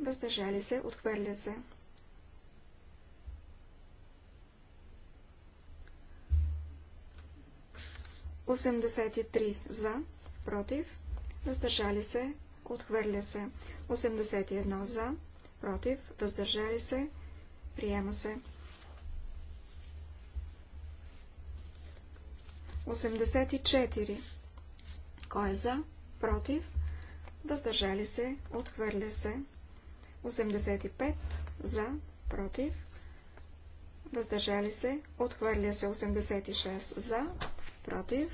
Въздържали се. Отхвърля се. Осемдесет и три за. Против. Въздържали се. Отхвърля се. 81 за. Против. Въздържали се. Приема се. 84. Кой е за? Против? Въздържали се? Отхвърля се. 85. За? Против? Въздържали се? Отхвърля се. 86. За? Против?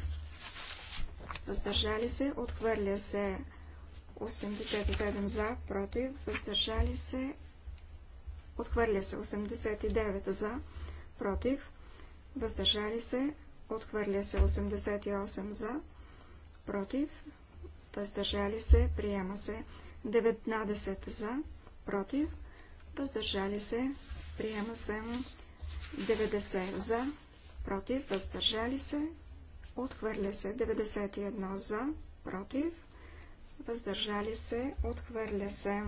Въздържали се? Отхвърля се. 87 за, против, въздържали се, отхвърля се 89 за, против, въздържали се, Отхвърля се 88 за, против, въздържали се, приема се 19 за, против, въздържали се, приема се 90 за, против, въздържали се, отхвърля се 91 за, против, въздържали се, отхвърля се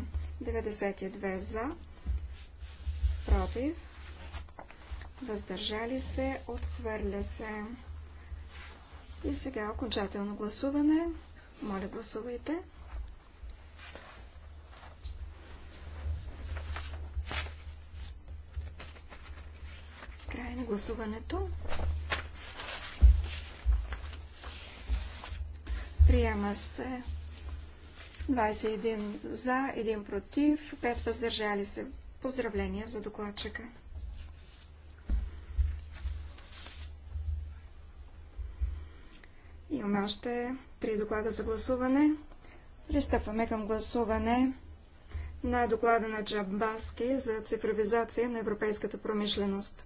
92 за, против, въздържали се, отхвърля се. И сега окончателно гласуване. Моля, гласувайте. Край на гласуването. Приема се 21 за, 1 против, 5 въздържали се. Поздравления за докладчика. Имаме още три доклада за гласуване. Пристъпваме към гласуване на доклада на Джаббаски за цифровизация на европейската промишленост.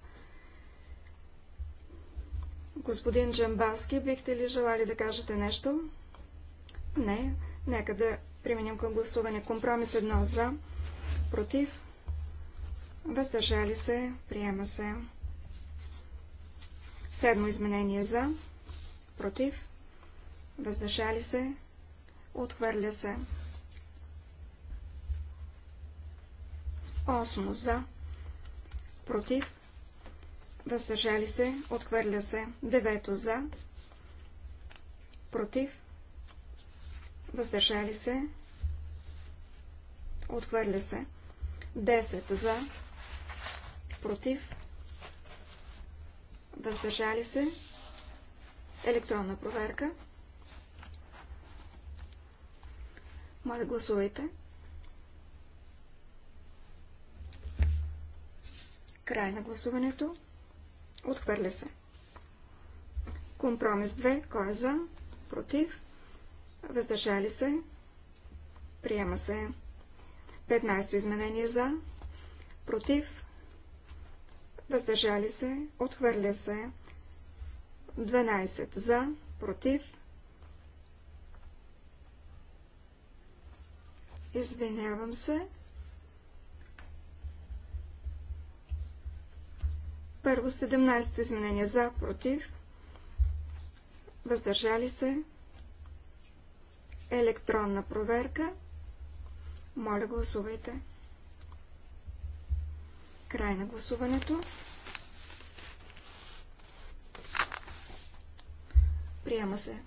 Господин Джамбаски, бихте ли желали да кажете нещо? Не. Нека да преминем към гласуване. Компромис едно за, против, въздържали се, приема се. Седмо изменение за, против, въздържали се, отхвърля се. Осмо за, против, въздържали се, отхвърля се. Девето за, против, въздържали се, отхвърля се. 10 за, против, въздържали се, електронна проверка. Моля, гласувайте. Край на гласуването. Отхвърля се. Компромис 2. Кой е за? Против? Въздържали се? Приема се. 15-то изменение за? Против? Въздържали се? Отхвърля се. 12 за? Против? Извинявам се. Първо 17-то изменение за, против, въздържали се, електронна проверка. Моля, гласувайте. Край на гласуването. Приема се.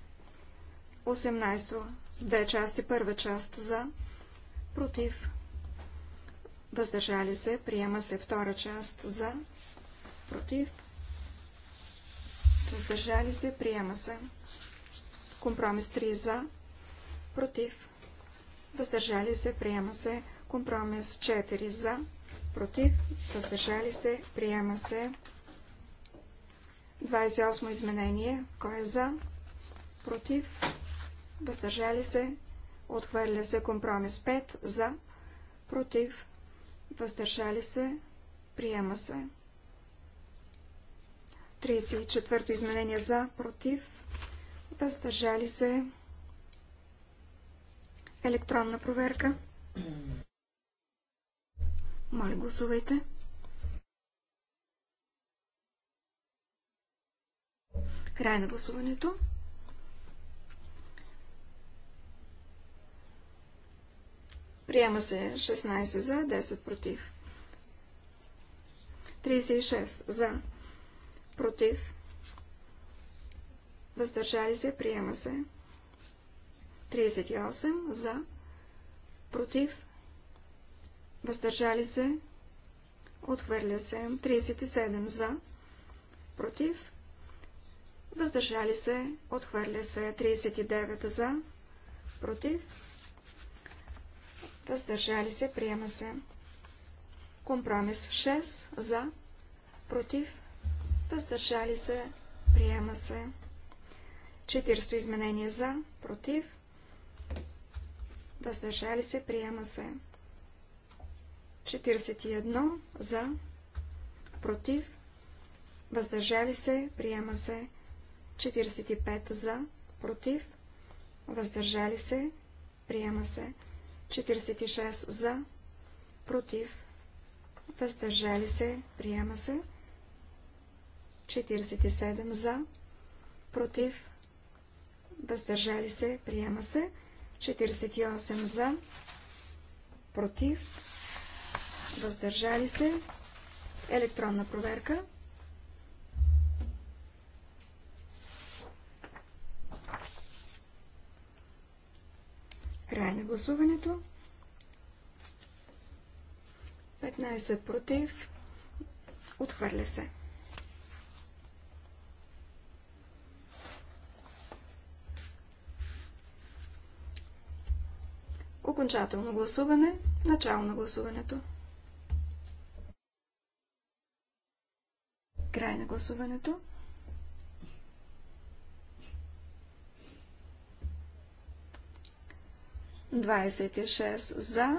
18-то. Две части. Първа част за против, въздържали се, приема се втора част за, против, въздържали се, приема се. Компромис 3 за, против, въздържали се, приема се. Компромис 4 за, против, въздържали се, приема се. 28 изменение, кой е за, против, въздържали се, Отхвърля се компромис 5 за, против, въздържали се, приема се. 34-то изменение за, против, въздържали се. Електронна проверка. Моля, гласувайте. Край на гласуването. Приема се 16 за, 10 против. 36 за, против. Въздържали се, приема се. 38 за, против. Въздържали се, отхвърля се. 37 за, против. Въздържали се, отхвърля се. 39 за, против въздържали се, приема се. Компромис 6 за, против, въздържали се, приема се. 400 изменение за, против, въздържали се, приема се. 41 за, против, въздържали се, приема се. 45 за, против, въздържали се, приема се. 46 за, против, въздържали се, приема се. 47 за, против, въздържали се, приема се. 48 за, против, въздържали се. Електронна проверка. Край на гласуването. 15 против. Отхвърля се. Окончателно гласуване. Начало на гласуването. Край на гласуването. 26 за,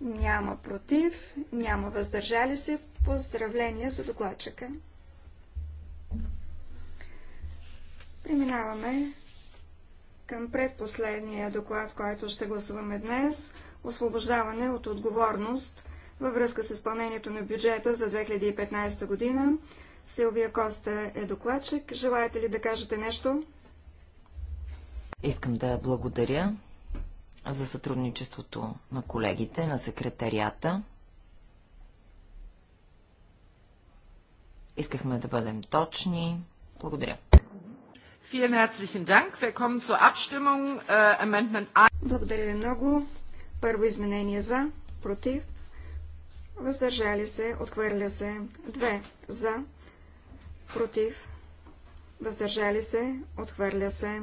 няма против, няма въздържали се. Поздравления за докладчика. Преминаваме към предпоследния доклад, който ще гласуваме днес – освобождаване от отговорност във връзка с изпълнението на бюджета за 2015 година. Силвия Коста е докладчик. Желаете ли да кажете нещо? Искам да благодаря за сътрудничеството на колегите, на секретарията. Искахме да бъдем точни. Благодаря. Äh, благодаря ви много. Първо изменение за, против, въздържали се, отхвърля се. Две за, против, въздържали се, отхвърля се.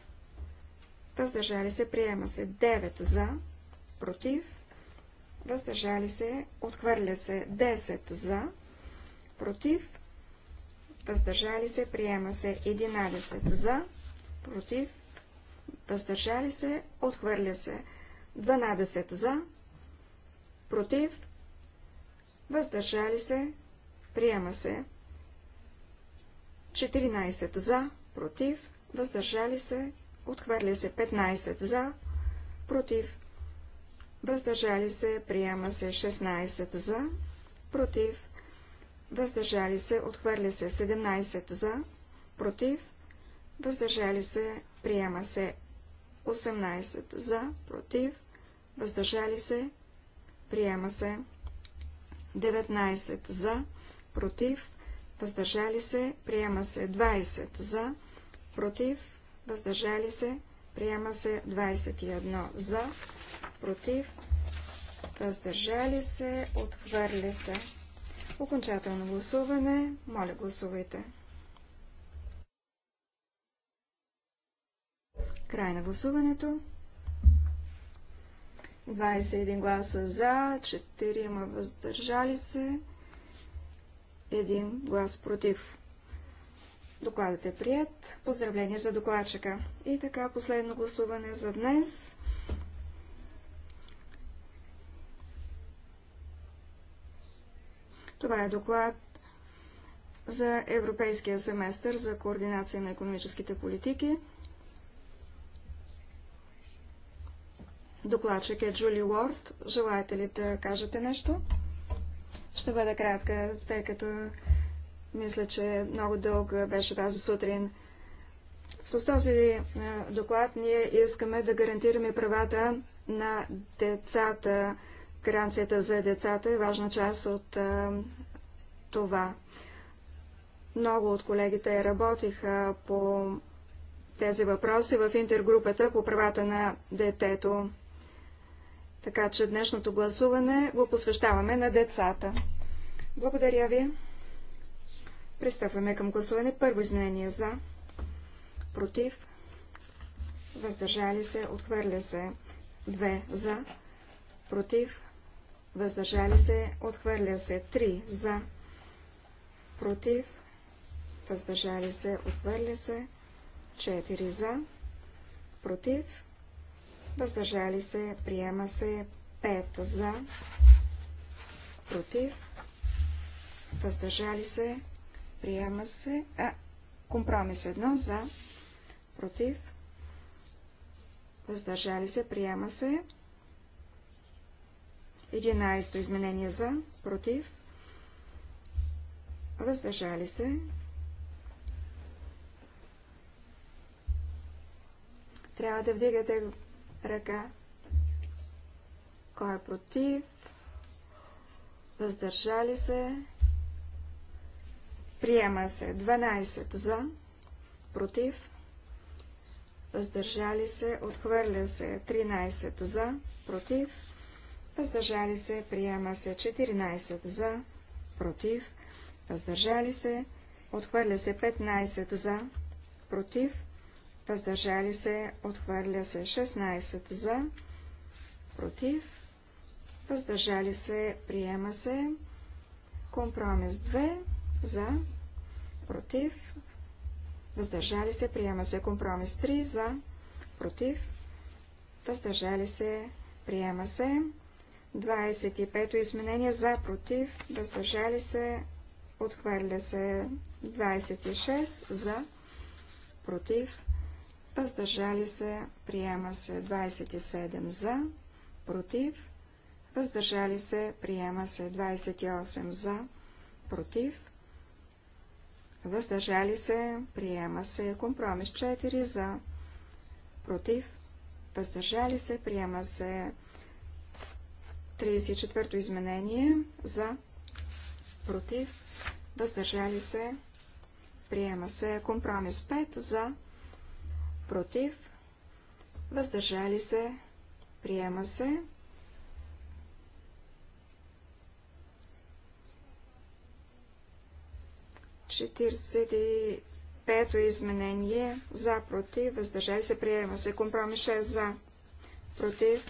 въздържали се, приема се. 9 за, против, въздържали се, отхвърля се. 10 за, против, въздържали се, приема се. 11 за, против, въздържали се, отхвърля се. 12 за, против, въздържали се, приема се. 14 за, против, въздържали се, Отхвърля се 15 за, против. Въздържали се, приема се 16 за, против. Въздържали се, отхвърля се 17 за, против. Въздържали се, приема се 18 за, против. Въздържали се, приема се 19 за, против. Въздържали се, приема се 20 за, против въздържали се, приема се 21 за, против, въздържали се, отхвърли се. Окончателно гласуване, моля гласувайте. Край на гласуването. 21 гласа за, 4 въздържали се, 1 глас против. Докладът е прият. Поздравление за докладчика. И така, последно гласуване за днес. Това е доклад за Европейския семестър за координация на економическите политики. Докладчик е Джули Уорд. Желаете ли да кажете нещо? Ще бъда кратка, тъй като мисля, че много дълг беше тази сутрин. С този е, доклад ние искаме да гарантираме правата на децата. Гаранцията за децата е важна част от а, е, това. Много от колегите работиха по тези въпроси в интергрупата по правата на детето. Така че днешното гласуване го посвещаваме на децата. Благодаря ви. Пристъпваме към гласуване. Първо изменение за, против, въздържали се, отхвърля се. 2 за, против, въздържали се, отхвърля се. 3 за, против, въздържали се, отхвърля се. 4 за, против, въздържали се, приема се. 5 за, против, въздържали се, приема се, а, компромис едно за, против, въздържали се, приема се, 11 изменение за, против, въздържали се, трябва да вдигате ръка, кой е против, въздържали се, Приема се 12 за, против, въздържали се, отхвърля се 13 за, против, въздържали се, приема се 14 за, против, въздържали се, отхвърля се 15 за, против, въздържали се, отхвърля се 16 за, против, въздържали се, приема се, компромис 2 за, против, въздържали се, приема се. Компромис 3 за, против, въздържали се, приема се. 25-то изменение за, против, въздържали се, отхвърля се 26 за, против, въздържали се, приема се 27 за, против, въздържали се, приема се 28 за, против, въздържали се, приема се. Компромис 4 за, против, въздържали се, приема се. 34-то изменение за, против, въздържали се, приема се. Компромис 5 за, против, въздържали се, приема се. 45-то изменение за, против, въздържали се, приема се. Компромис 6 за, против,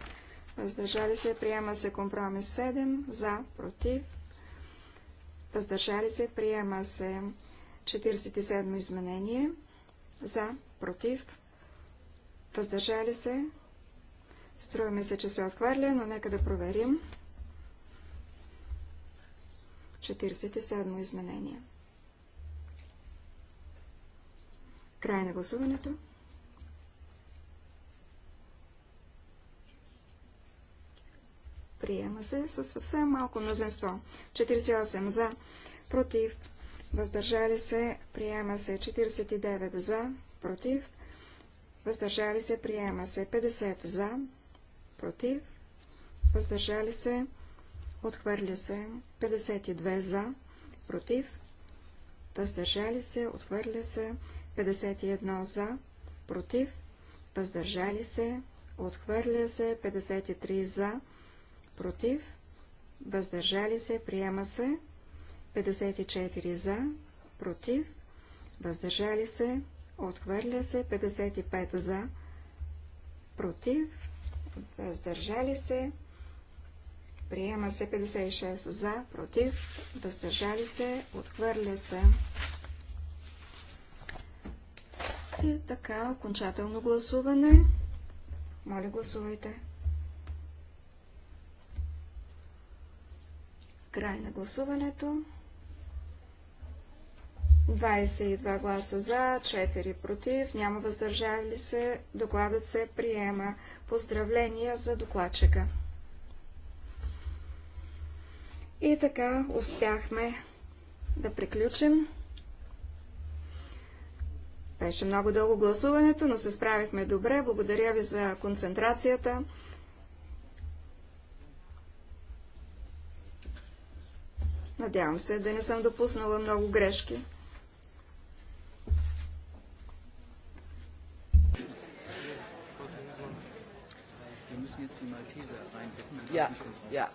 въздържали се, приема се. Компромис 7 за, против, въздържали се, приема се. 47 изменение за, против, въздържали се. Струва ми се, че се отхвърля, но нека да проверим. 47 изменение. Край на гласуването. Приема се със съвсем малко мнозинство. 48 за, против, въздържали се, приема се 49 за, против, въздържали се, приема се 50 за, против, въздържали се, отхвърля се 52 за, против, въздържали се, отхвърля се 51 за, против, въздържали се, отхвърля се, 53 за, против, въздържали се, приема се, 54 за, против, въздържали се, отхвърля се, 55 за, против, въздържали се, приема се, 56 за, против, въздържали се, отхвърля се. И така, окончателно гласуване. Моля, гласувайте. Край на гласуването. 22 гласа за, 4 против, няма въздържали се. Докладът се приема. Поздравления за докладчика. И така успяхме да приключим. Беше много дълго гласуването, но се справихме добре. Благодаря ви за концентрацията. Надявам се да не съм допуснала много грешки. Ja, ja.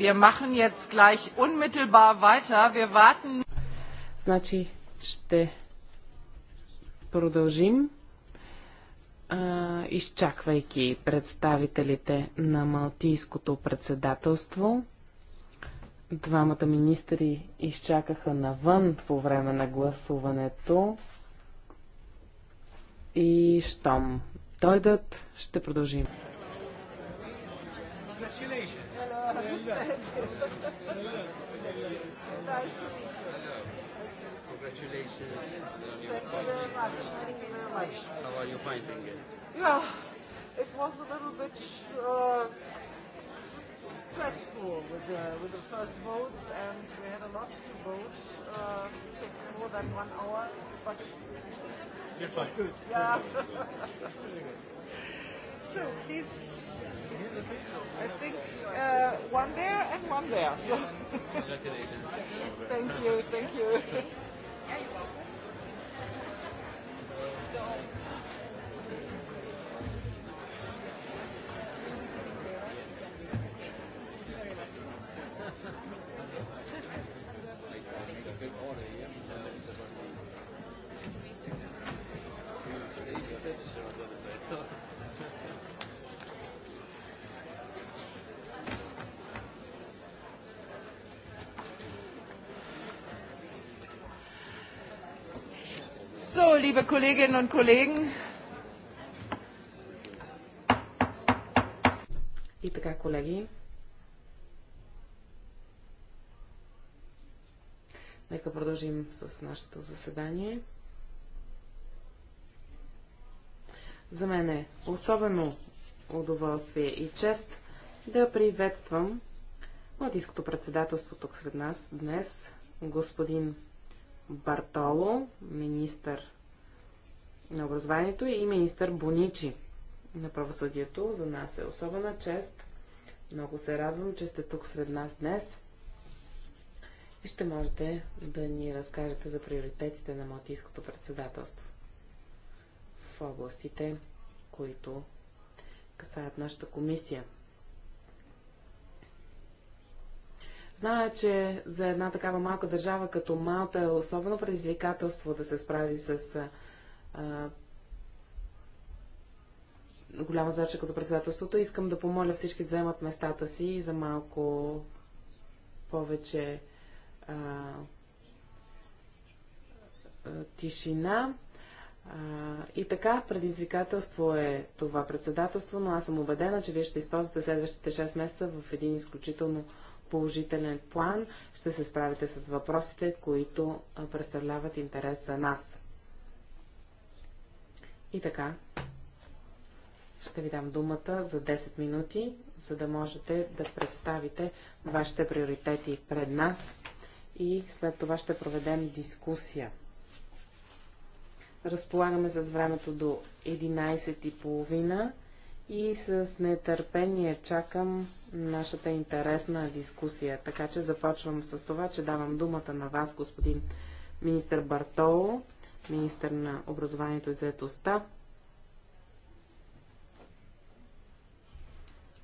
Wir machen jetzt gleich unmittelbar weiter. Wir warten. Значи ще продължим, а, изчаквайки представителите на Малтийското председателство. Двамата министри изчакаха навън по време на гласуването и щом дойдат, ще продължим. Congratulations. Thank you very much. Thank you very much. How are you finding it? Yeah, it was a little bit uh, stressful with the, with the first votes, and we had a lot to vote. Uh, it takes more than one hour, but it was good. Yeah. so please. I think uh, one there and one there. So. Congratulations. thank you, thank you. Yeah, you're welcome. So. Kolleginnen und Kollegen. И така, колеги. Нека продължим с нашето заседание. За мен е особено удоволствие и чест да приветствам Латинското председателство тук сред нас днес господин Бартоло, министър на образованието и министър Боничи на правосъдието. За нас е особена чест. Много се радвам, че сте тук сред нас днес и ще можете да ни разкажете за приоритетите на Малтийското председателство в областите, които касаят нашата комисия. Зная, че за една такава малка държава като Малта е особено предизвикателство да се справи с голяма задача като председателството. Искам да помоля всички да вземат местата си за малко повече а, а, тишина. А, и така, предизвикателство е това председателство, но аз съм убедена, че вие ще използвате следващите 6 месеца в един изключително положителен план. Ще се справите с въпросите, които представляват интерес за нас. И така, ще ви дам думата за 10 минути, за да можете да представите вашите приоритети пред нас и след това ще проведем дискусия. Разполагаме с времето до 11.30 и с нетърпение чакам нашата интересна дискусия. Така че започвам с това, че давам думата на вас, господин министър Бартоло министър на образованието и заедостта.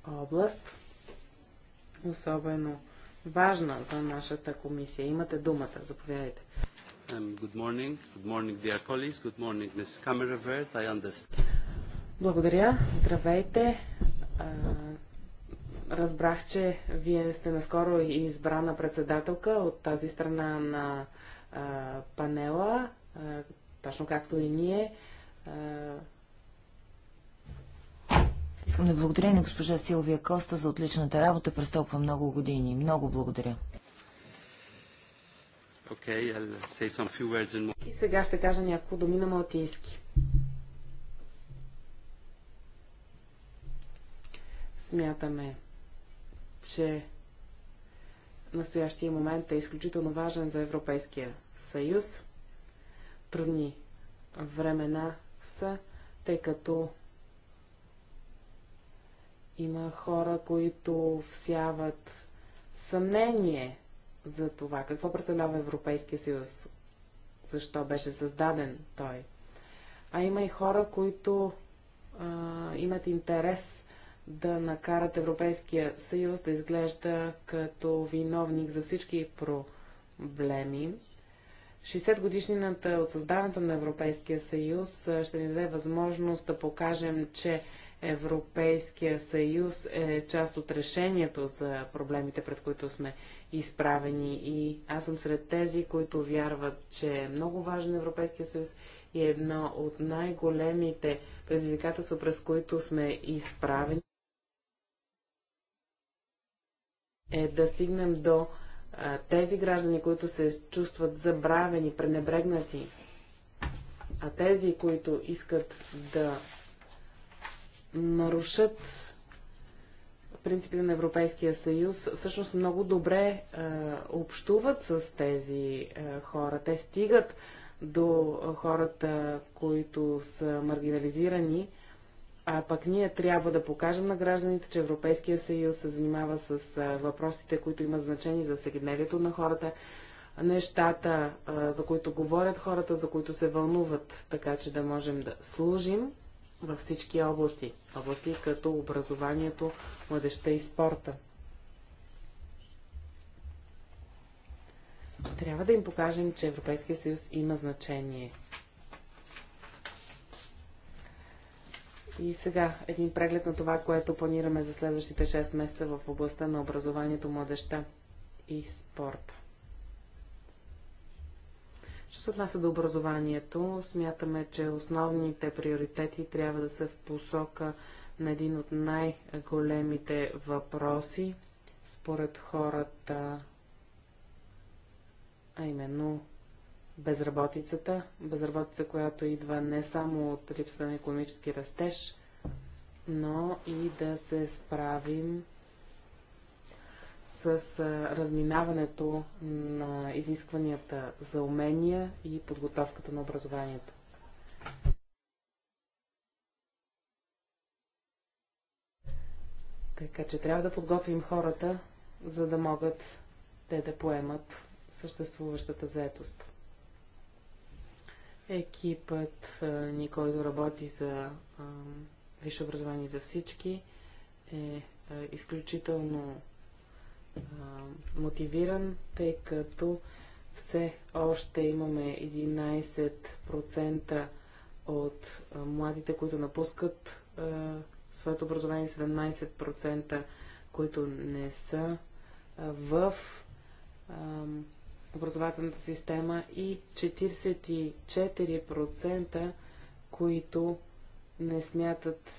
Област, особено важна за нашата комисия. Имате думата, заповядайте. Um, Благодаря. Здравейте. Разбрах, че вие сте наскоро избрана председателка от тази страна на панела точно както и ние. Искам да благодаря на госпожа Силвия Коста за отличната работа през толкова много години. Много благодаря. Okay, in... И сега ще кажа няколко думи на малтийски. Смятаме, че настоящия момент е изключително важен за Европейския съюз трудни времена са, тъй като има хора, които всяват съмнение за това какво представлява Европейския съюз, защо беше създаден той. А има и хора, които а, имат интерес да накарат Европейския съюз да изглежда като виновник за всички проблеми. 60 годишнината от създаването на Европейския съюз ще ни даде възможност да покажем, че Европейския съюз е част от решението за проблемите, пред които сме изправени. И аз съм сред тези, които вярват, че е много важен Европейския съюз и е едно от най-големите предизвикателства, през които сме изправени е да стигнем до тези граждани, които се чувстват забравени, пренебрегнати, а тези, които искат да нарушат принципите на Европейския съюз, всъщност много добре общуват с тези хора. Те стигат до хората, които са маргинализирани а пък ние трябва да покажем на гражданите, че Европейския съюз се занимава с а, въпросите, които имат значение за всекидневието на хората, нещата, а, за които говорят хората, за които се вълнуват, така че да можем да служим във всички области. Области като образованието, младеща и спорта. Трябва да им покажем, че Европейския съюз има значение И сега един преглед на това, което планираме за следващите 6 месеца в областта на образованието, младеща и спорта. Що се отнася до образованието, смятаме, че основните приоритети трябва да са в посока на един от най-големите въпроси според хората, а именно безработицата, безработица, която идва не само от липса на економически растеж, но и да се справим с разминаването на изискванията за умения и подготовката на образованието. Така че трябва да подготвим хората, за да могат те да поемат съществуващата заетост. Екипът ни, който работи за висше образование за всички, е изключително мотивиран, тъй като все още имаме 11% от младите, които напускат своето образование, 17%, които не са в образователната система и 44%, които не смятат,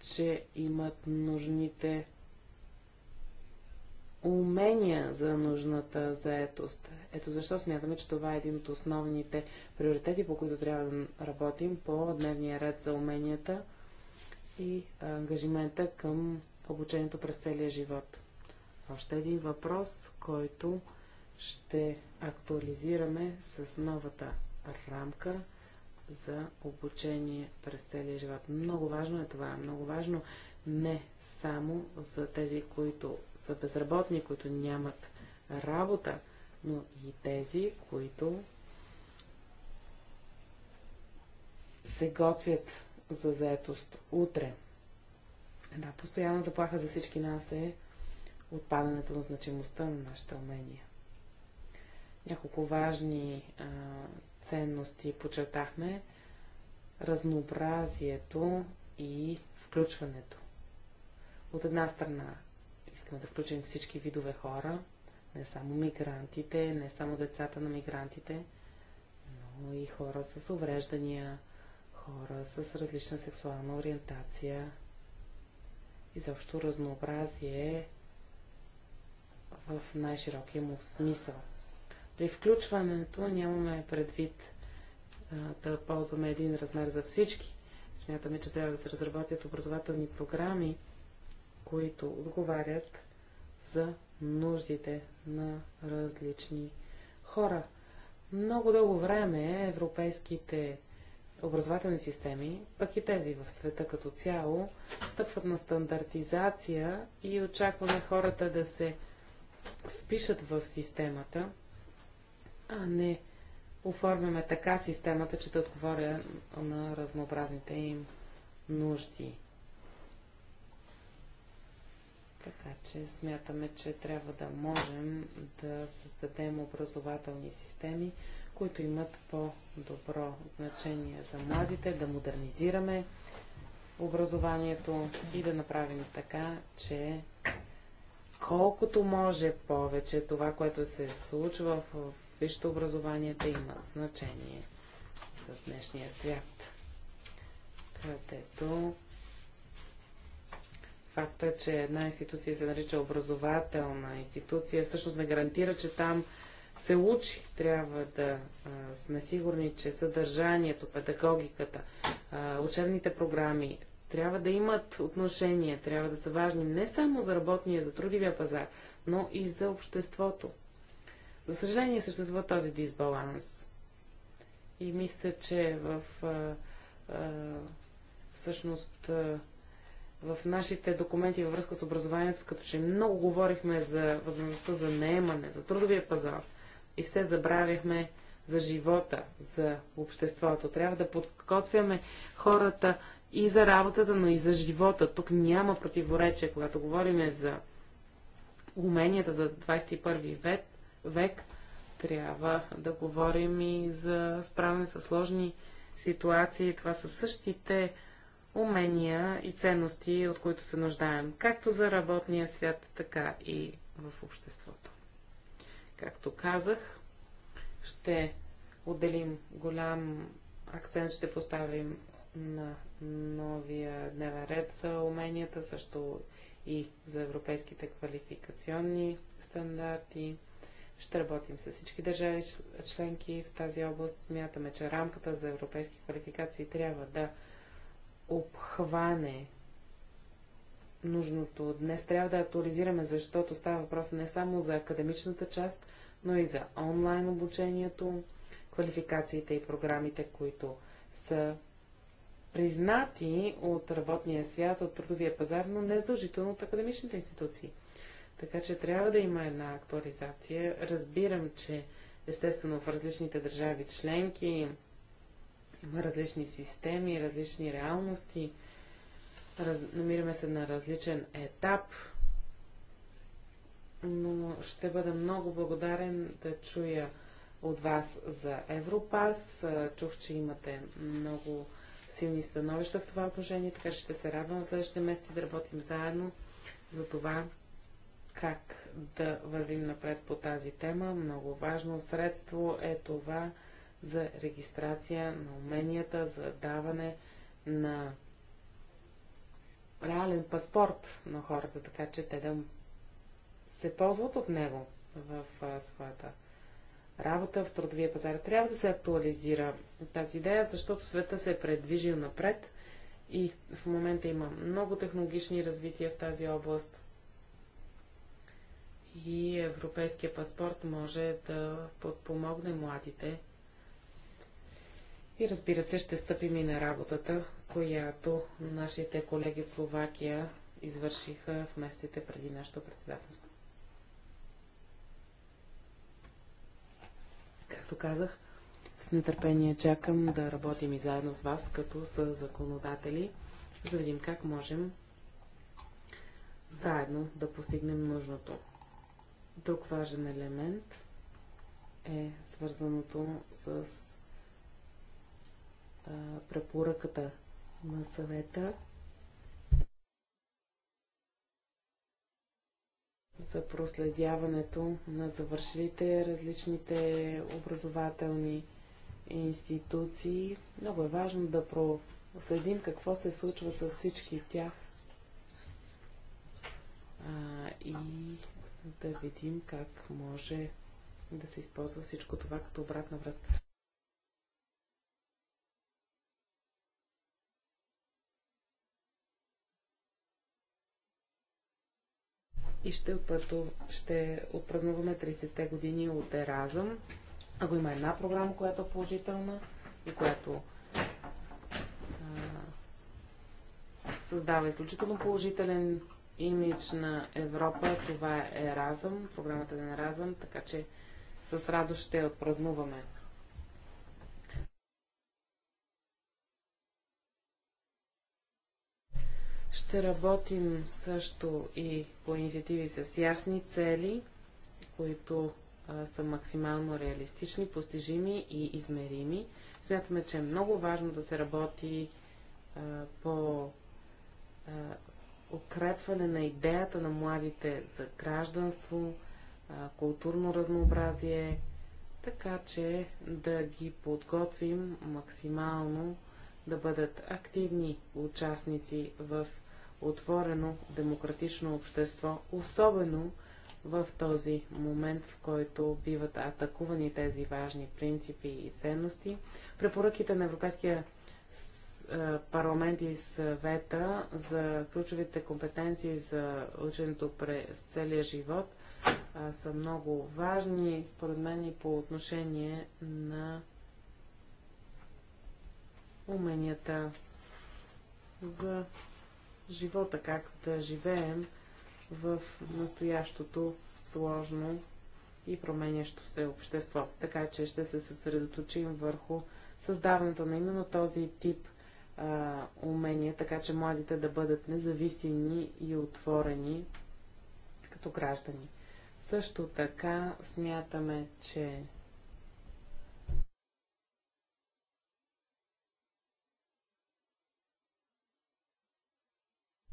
че имат нужните умения за нужната заетост. Ето защо смятаме, че това е един от основните приоритети, по които трябва да работим по дневния ред за уменията и ангажимента към обучението през целия живот. Още един въпрос, който ще актуализираме с новата рамка за обучение през целия живот. Много важно е това. Много важно не само за тези, които са безработни, които нямат работа, но и тези, които се готвят за заетост утре. Една постоянна заплаха за всички нас е отпадането на значимостта на нашите умения. Няколко важни а, ценности почертахме разнообразието и включването. От една страна искаме да включим всички видове хора, не само мигрантите, не само децата на мигрантите, но и хора с увреждания, хора с различна сексуална ориентация, изобщо разнообразие в най-широкия му смисъл – при включването нямаме предвид да ползваме един размер за всички. Смятаме, че трябва да се разработят образователни програми, които отговарят за нуждите на различни хора. Много дълго време европейските образователни системи, пък и тези в света като цяло, стъпват на стандартизация и очакваме хората да се впишат в системата, а не оформяме така системата, че да отговоря на разнообразните им нужди. Така че смятаме, че трябва да можем да създадем образователни системи, които имат по-добро значение за младите, да модернизираме образованието и да направим така, че колкото може повече това, което се случва в висшето образование да има значение за днешния свят. Където факта, че една институция се нарича образователна институция, всъщност не гарантира, че там се учи. Трябва да а, сме сигурни, че съдържанието, педагогиката, а, учебните програми трябва да имат отношение, трябва да са важни не само за работния, за трудивия пазар, но и за обществото. За съжаление съществува този дисбаланс. И мисля, че в а, а, всъщност а, в нашите документи във връзка с образованието, като че много говорихме за възможността за неемане, за трудовия пазар и все забравяхме за живота, за обществото. Трябва да подготвяме хората и за работата, но и за живота. Тук няма противоречие, когато говорим за уменията за 21 век, век, трябва да говорим и за справяне с сложни ситуации. Това са същите умения и ценности, от които се нуждаем, както за работния свят, така и в обществото. Както казах, ще отделим голям акцент, ще поставим на новия дневен ред за уменията, също и за европейските квалификационни стандарти. Ще работим с всички държави членки в тази област. Смятаме, че рамката за европейски квалификации трябва да обхване нужното. Днес трябва да актуализираме, защото става въпрос не само за академичната част, но и за онлайн обучението, квалификациите и програмите, които са признати от работния свят, от трудовия пазар, но не задължително от академичните институции. Така че трябва да има една актуализация. Разбирам, че естествено в различните държави членки има различни системи, различни реалности. Раз... Намираме се на различен етап. Но ще бъда много благодарен да чуя от вас за Европас. Чух, че имате много силни становища в това отношение, така че ще се радвам в следващите месеци да работим заедно за това как да вървим напред по тази тема. Много важно средство е това за регистрация на уменията, за даване на реален паспорт на хората, така че те да се ползват от него в своята работа в трудовия пазар. Трябва да се актуализира тази идея, защото света се е предвижил напред и в момента има много технологични развития в тази област и европейския паспорт може да подпомогне младите. И разбира се, ще стъпим и на работата, която нашите колеги в Словакия извършиха в месеците преди нашето председателство. Както казах, с нетърпение чакам да работим и заедно с вас, като с законодатели, за да видим как можем заедно да постигнем нужното. Друг важен елемент е свързаното с а, препоръката на съвета за проследяването на завършилите различните образователни институции. Много е важно да проследим какво се случва с всички тях а, и да видим как може да се използва всичко това като обратна връзка. И ще, отпъту, ще отпразнуваме 30-те години от Еразъм. Ако има една програма, която е положителна и която а, създава изключително положителен имидж на Европа, това е Еразъм, програмата е на Еразъм, така че с радост ще отпразнуваме. Ще работим също и по инициативи с ясни цели, които са максимално реалистични, постижими и измерими. Смятаме, че е много важно да се работи по укрепване на идеята на младите за гражданство, културно разнообразие, така че да ги подготвим максимално да бъдат активни участници в отворено демократично общество, особено в този момент, в който биват атакувани тези важни принципи и ценности. Препоръките на Европейския е, парламент и съвета за ключовите компетенции за ученето през целия живот а, са много важни, според мен и по отношение на уменията за живота, как да живеем в настоящото сложно и променящо се общество. Така че ще се съсредоточим върху създаването на именно този тип а, умения, така че младите да бъдат независими и отворени като граждани. Също така смятаме, че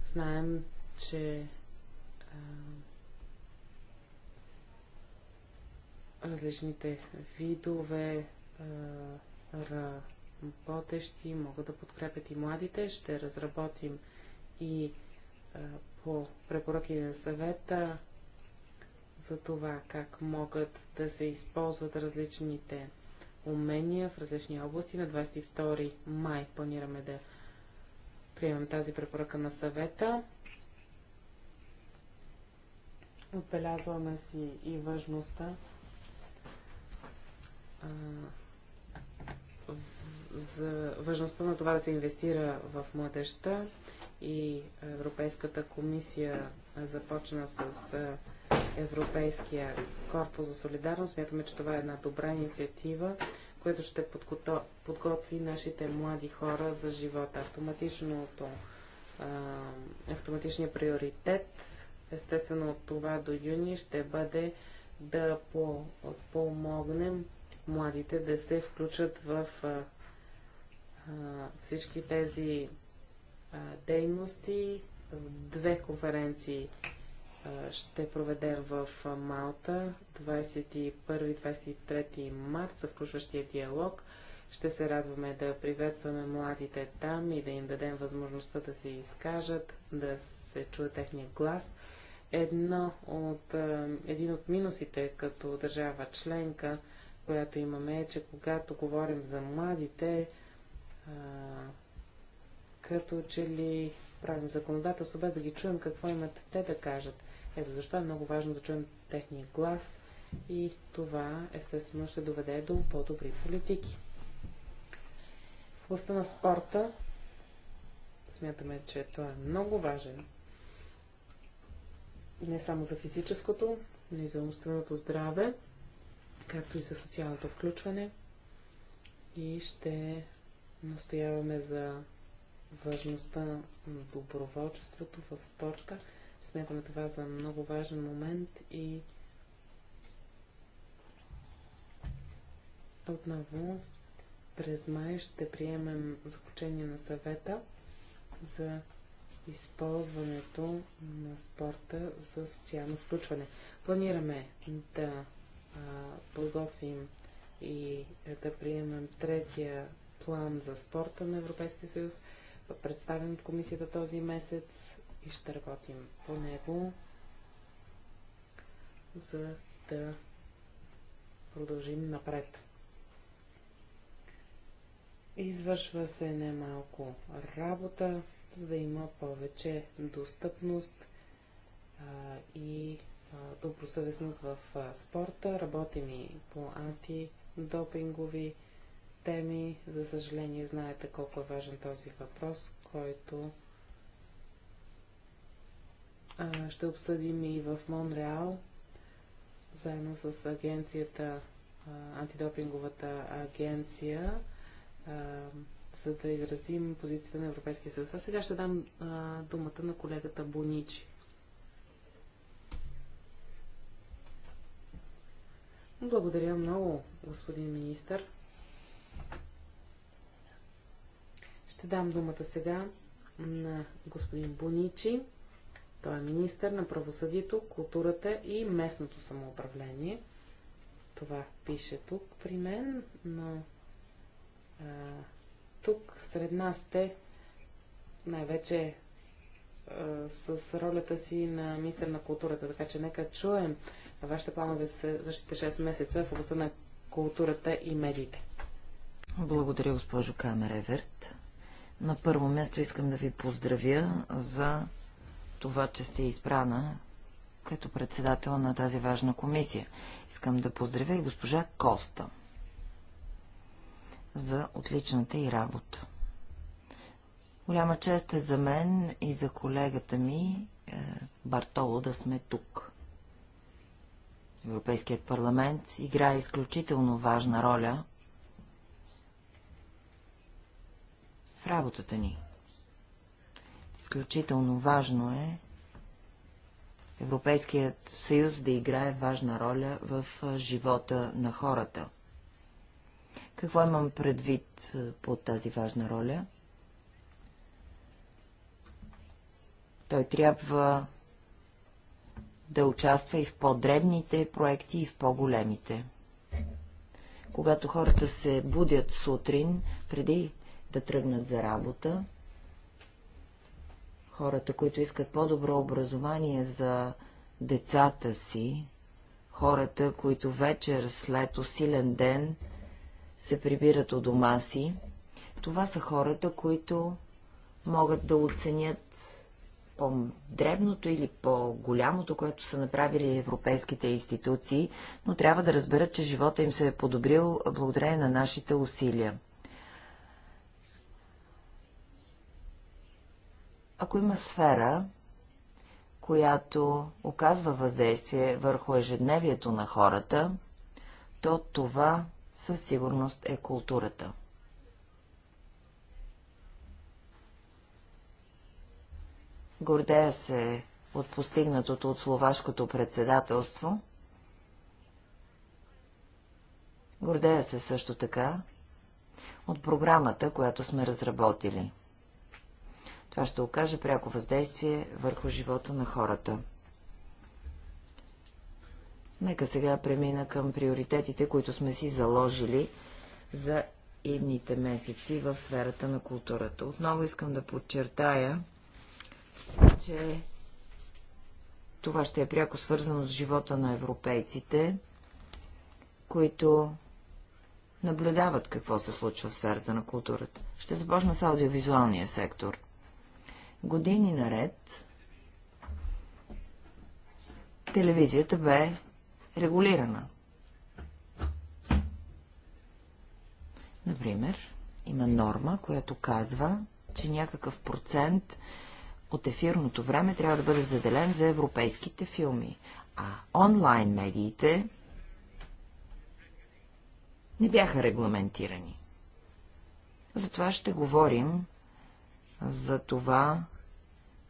знаем, че а, различните видове а, водещи, могат да подкрепят и младите. Ще разработим и а, по препоръки на съвета за това как могат да се използват различните умения в различни области. На 22 май планираме да приемем тази препоръка на съвета. Отбелязваме си и важността а, за важността на това да се инвестира в младежта и Европейската комисия започна с Европейския корпус за солидарност. Смятаме, че това е една добра инициатива, която ще подготви нашите млади хора за живота. Автоматичното, автоматичният приоритет, естествено от това до юни, ще бъде да помогнем младите да се включат в всички тези дейности. Две конференции ще проведем в Малта 21-23 март за включващия диалог. Ще се радваме да приветстваме младите там и да им дадем възможността да се изкажат, да се чуе техния глас. Едно от, един от минусите като държава членка, която имаме е, че когато говорим за младите, като че ли правим законодателство, без да ги чуем какво имат те да кажат. Ето защо е много важно да чуем техния глас и това естествено ще доведе до по-добри политики. В областта на спорта смятаме, че той е много важен. Не само за физическото, но и за умственото здраве, както и за социалното включване. И ще Настояваме за важността на доброволчеството в спорта. Смятаме това за много важен момент и отново през май ще приемем заключение на съвета за използването на спорта за социално включване. Планираме да а, подготвим и да приемем третия план за спорта на Европейския съюз, представен от комисията този месец и ще работим по него, за да продължим напред. Извършва се немалко работа, за да има повече достъпност а, и а, добросъвестност в а, спорта. Работим и по антидопингови теми. За съжаление, знаете колко е важен този въпрос, който ще обсъдим и в Монреал, заедно с агенцията, антидопинговата агенция, за да изразим позицията на Европейския съюз. А сега ще дам думата на колегата Боничи. Благодаря много, господин министър. Ще дам думата сега на господин Боничи. Той е министър на правосъдието, културата и местното самоуправление. Това пише тук при мен, но а, тук сред нас те най-вече с ролята си на министър на културата. Така че нека чуем вашите планове за същите 6 месеца в областта на културата и медиите. Благодаря, госпожо Камереверт. На първо място искам да ви поздравя за това, че сте избрана като председател на тази важна комисия. Искам да поздравя и госпожа Коста за отличната и работа. Голяма чест е за мен и за колегата ми е, Бартоло да сме тук. Европейският парламент играе изключително важна роля работата ни. Изключително важно е Европейският съюз да играе важна роля в живота на хората. Какво имам предвид по тази важна роля? Той трябва да участва и в по-дребните проекти, и в по-големите. Когато хората се будят сутрин, преди ще тръгнат за работа. Хората, които искат по-добро образование за децата си, хората, които вечер след усилен ден се прибират у дома си, това са хората, които могат да оценят по-дребното или по-голямото, което са направили европейските институции, но трябва да разберат, че живота им се е подобрил благодарение на нашите усилия. Ако има сфера, която оказва въздействие върху ежедневието на хората, то това със сигурност е културата. Гордея се от постигнатото от словашкото председателство. Гордея се също така от програмата, която сме разработили – това ще окаже пряко въздействие върху живота на хората. Нека сега премина към приоритетите, които сме си заложили за идните месеци в сферата на културата. Отново искам да подчертая, че това ще е пряко свързано с живота на европейците, които наблюдават какво се случва в сферата на културата. Ще започна с аудиовизуалния сектор. Години наред телевизията бе регулирана. Например, има норма, която казва, че някакъв процент от ефирното време трябва да бъде заделен за европейските филми, а онлайн медиите не бяха регламентирани. Затова ще говорим за това,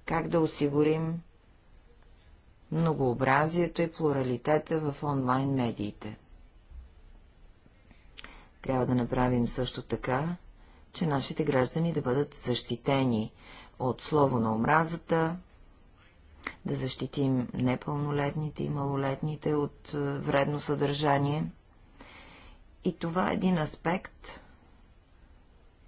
как да осигурим многообразието и плуралитета в онлайн медиите. Трябва да направим също така, че нашите граждани да бъдат защитени от слово на омразата, да защитим непълнолетните и малолетните от е, вредно съдържание. И това е един аспект,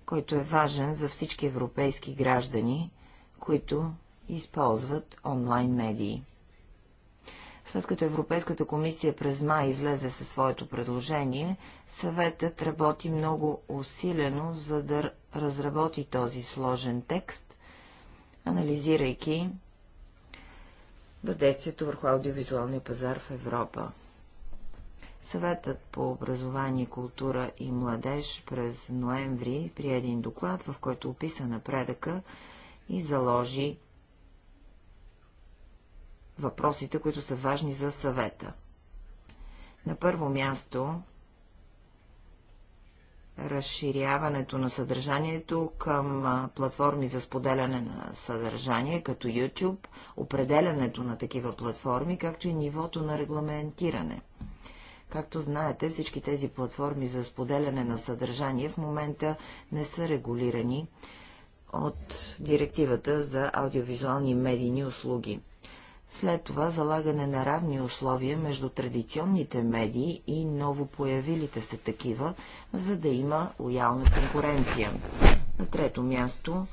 който е важен за всички европейски граждани, които използват онлайн медии. След като Европейската комисия през май излезе със своето предложение, съветът работи много усилено, за да разработи този сложен текст, анализирайки въздействието върху аудиовизуалния пазар в Европа. Съветът по образование, култура и младеж през ноември прие един доклад, в който описа напредъка и заложи въпросите, които са важни за съвета. На първо място разширяването на съдържанието към платформи за споделяне на съдържание, като YouTube, определянето на такива платформи, както и нивото на регламентиране. Както знаете, всички тези платформи за споделяне на съдържание в момента не са регулирани от директивата за аудиовизуални медийни услуги. След това залагане на равни условия между традиционните медии и новопоявилите се такива, за да има лоялна конкуренция. На трето място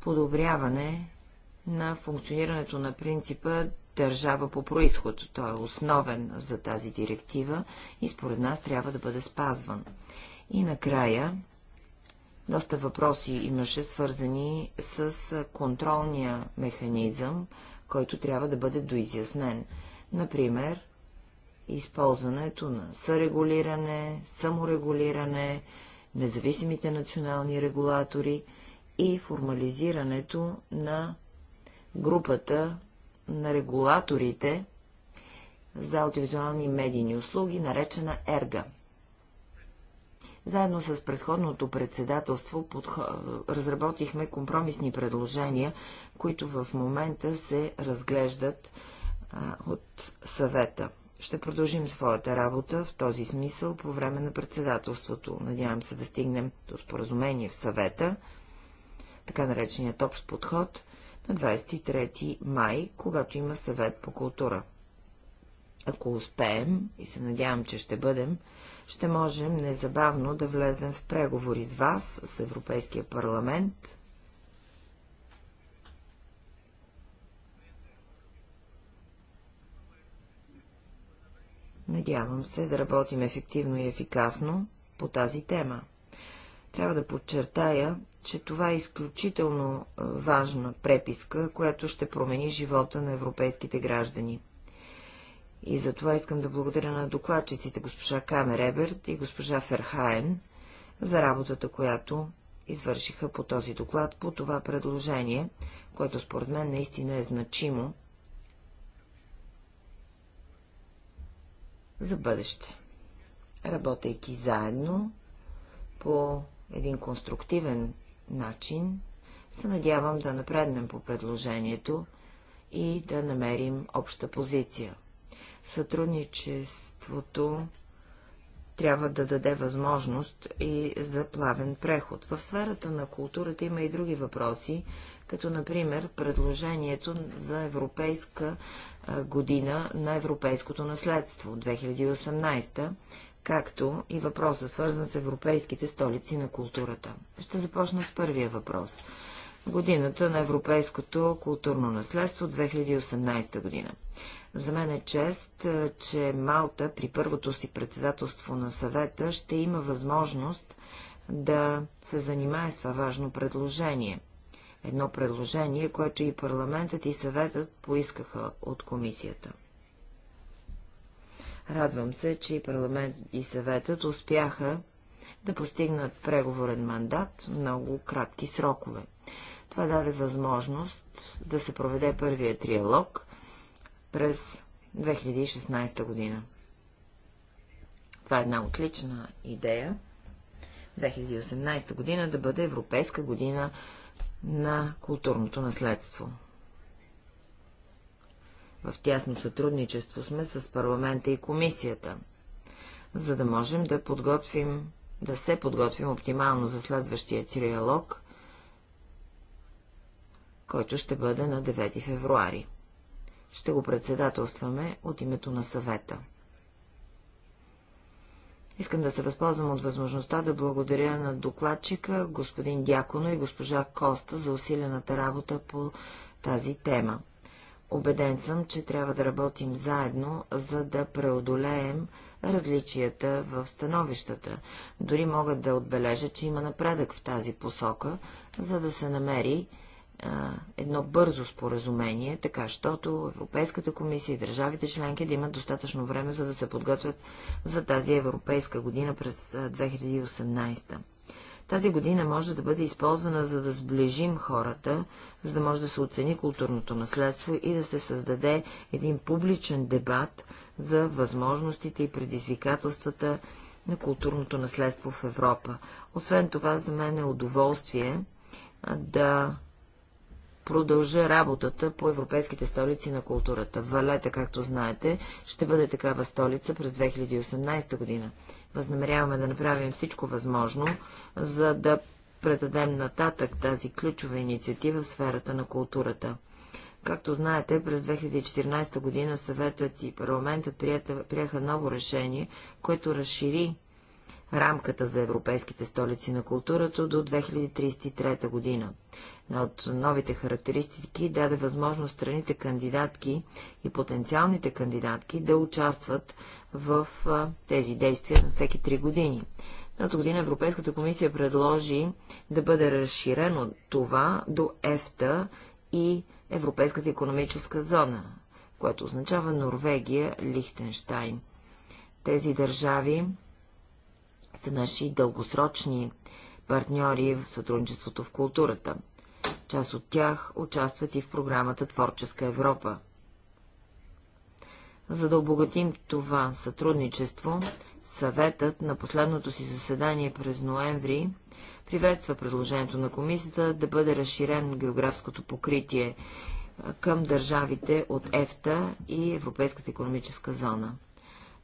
подобряване на функционирането на принципа държава по происход. Той е основен за тази директива и според нас трябва да бъде спазван. И накрая, доста въпроси имаше свързани с контролния механизъм който трябва да бъде доизяснен. Например, използването на сърегулиране, саморегулиране, независимите национални регулатори и формализирането на групата на регулаторите за аудиовизуални медийни услуги, наречена ЕРГА – заедно с предходното председателство подхо... разработихме компромисни предложения, които в момента се разглеждат а, от съвета. Ще продължим своята работа в този смисъл по време на председателството. Надявам се да стигнем до споразумение в съвета, така нареченият общ подход, на 23 май, когато има съвет по култура. Ако успеем, и се надявам, че ще бъдем, ще можем незабавно да влезем в преговори с вас, с Европейския парламент. Надявам се да работим ефективно и ефикасно по тази тема. Трябва да подчертая, че това е изключително важна преписка, която ще промени живота на европейските граждани. И за това искам да благодаря на докладчиците госпожа Камер Еберт и госпожа Ферхайн за работата, която извършиха по този доклад, по това предложение, което според мен наистина е значимо за бъдеще. Работейки заедно по един конструктивен начин, се надявам да напреднем по предложението и да намерим обща позиция. Сътрудничеството трябва да даде възможност и за плавен преход. В сферата на културата има и други въпроси, като например предложението за Европейска година на европейското наследство 2018, както и въпроса свързан с европейските столици на културата. Ще започна с първия въпрос. Годината на европейското културно наследство 2018 година. За мен е чест, е, че Малта при първото си председателство на съвета ще има възможност да се занимае с това важно предложение. Едно предложение, което и парламентът и съветът поискаха от комисията. Радвам се, че и парламент и съветът успяха да постигнат преговорен мандат в много кратки срокове. Това даде възможност да се проведе първия триалог през 2016 година. Това е една отлична идея. 2018 година да бъде Европейска година на културното наследство. В тясно сътрудничество сме с парламента и комисията, за да можем да подготвим, да се подготвим оптимално за следващия триалог, който ще бъде на 9 февруари ще го председателстваме от името на съвета. Искам да се възползвам от възможността да благодаря на докладчика, господин Дяконо и госпожа Коста за усилената работа по тази тема. Обеден съм, че трябва да работим заедно, за да преодолеем различията в становищата. Дори могат да отбележа, че има напредък в тази посока, за да се намери а, едно бързо споразумение, така щото Европейската комисия и държавите членки да имат достатъчно време, за да се подготвят за тази европейска година през 2018. Тази година може да бъде използвана, за да сближим хората, за да може да се оцени културното наследство и да се създаде един публичен дебат за възможностите и предизвикателствата на културното наследство в Европа. Освен това, за мен е удоволствие да продължа работата по европейските столици на културата. Валета, както знаете, ще бъде такава столица през 2018 година. Възнамеряваме да направим всичко възможно, за да предадем нататък тази ключова инициатива в сферата на културата. Както знаете, през 2014 година съветът и парламентът приеха ново решение, което разшири рамката за европейските столици на културата до 2033 година. Но от новите характеристики даде възможност страните кандидатки и потенциалните кандидатки да участват в тези действия на всеки три години. Миналата година Европейската комисия предложи да бъде разширено това до ЕФТА и Европейската економическа зона, което означава Норвегия, Лихтенштайн. Тези държави са наши дългосрочни партньори в сътрудничеството в културата. Част от тях участват и в програмата Творческа Европа. За да обогатим това сътрудничество, съветът на последното си заседание през ноември приветства предложението на комисията да бъде разширен географското покритие към държавите от ЕФТА и Европейската економическа зона.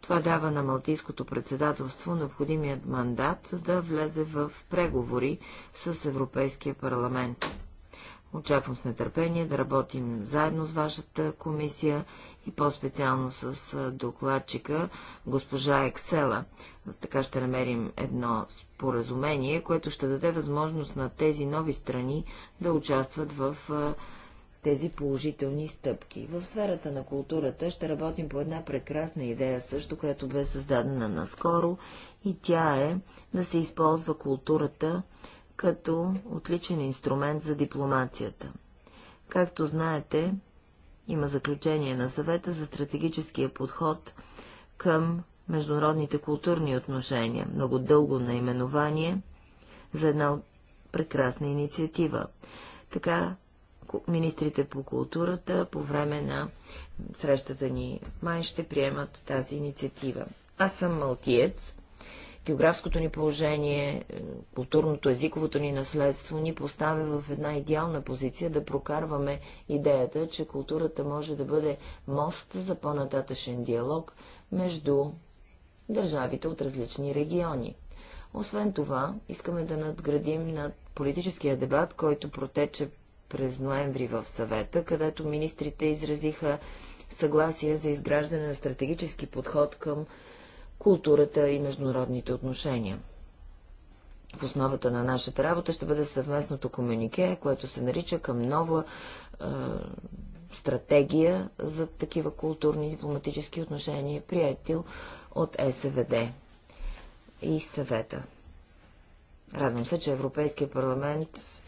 Това дава на Малтийското председателство необходимият мандат да влезе в преговори с Европейския парламент. Очаквам с нетърпение да работим заедно с вашата комисия и по-специално с докладчика госпожа Ексела. Така ще намерим едно споразумение, което ще даде възможност на тези нови страни да участват в тези положителни стъпки. В сферата на културата ще работим по една прекрасна идея също, която бе създадена наскоро и тя е да се използва културата като отличен инструмент за дипломацията. Както знаете, има заключение на съвета за стратегическия подход към международните културни отношения, много дълго наименование за една прекрасна инициатива. Така министрите по културата по време на срещата ни в май ще приемат тази инициатива. Аз съм малтиец. Географското ни положение, е, културното, езиковото ни наследство ни поставя в една идеална позиция да прокарваме идеята, че културата може да бъде мост за по-нататъчен диалог между държавите от различни региони. Освен това, искаме да надградим над политическия дебат, който протече през ноември в съвета, където министрите изразиха съгласие за изграждане на стратегически подход към културата и международните отношения. В основата на нашата работа ще бъде съвместното комюнике, което се нарича към нова е, стратегия за такива културни и дипломатически отношения, приятел от СВД и съвета. Радвам се, че Европейския парламент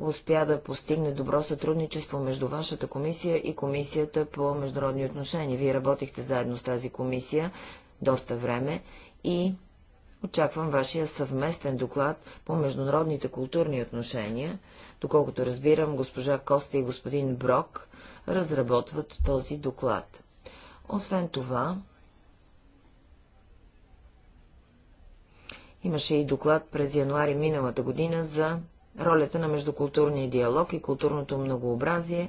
успя да постигне добро сътрудничество между вашата комисия и комисията по международни отношения. Вие работихте заедно с тази комисия доста време и очаквам вашия съвместен доклад по международните културни отношения. Доколкото разбирам, госпожа Коста и господин Брок разработват този доклад. Освен това, имаше и доклад през януари миналата година за ролята на междукултурния диалог и културното многообразие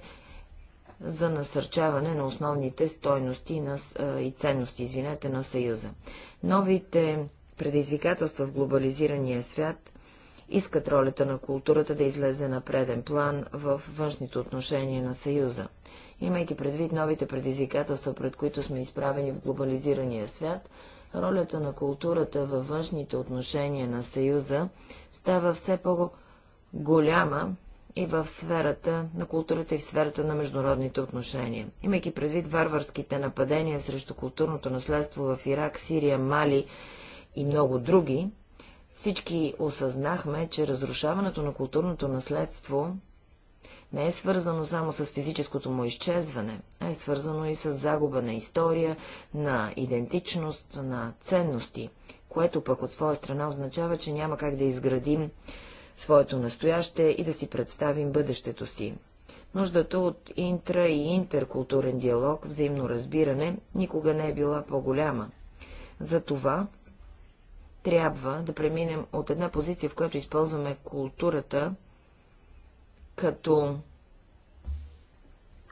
за насърчаване на основните стойности на, и ценности извинете, на Съюза. Новите предизвикателства в глобализирания свят искат ролята на културата да излезе на преден план в външните отношения на Съюза. Имайки предвид новите предизвикателства, пред които сме изправени в глобализирания свят, ролята на културата във външните отношения на Съюза става все по-голяма голяма и в сферата на културата и в сферата на международните отношения. Имайки предвид варварските нападения срещу културното наследство в Ирак, Сирия, Мали и много други, всички осъзнахме, че разрушаването на културното наследство не е свързано само с физическото му изчезване, а е свързано и с загуба на история, на идентичност, на ценности, което пък от своя страна означава, че няма как да изградим своето настояще и да си представим бъдещето си. Нуждата от интра и интеркултурен диалог, взаимно разбиране, никога не е била по-голяма. Затова трябва да преминем от една позиция, в която използваме културата като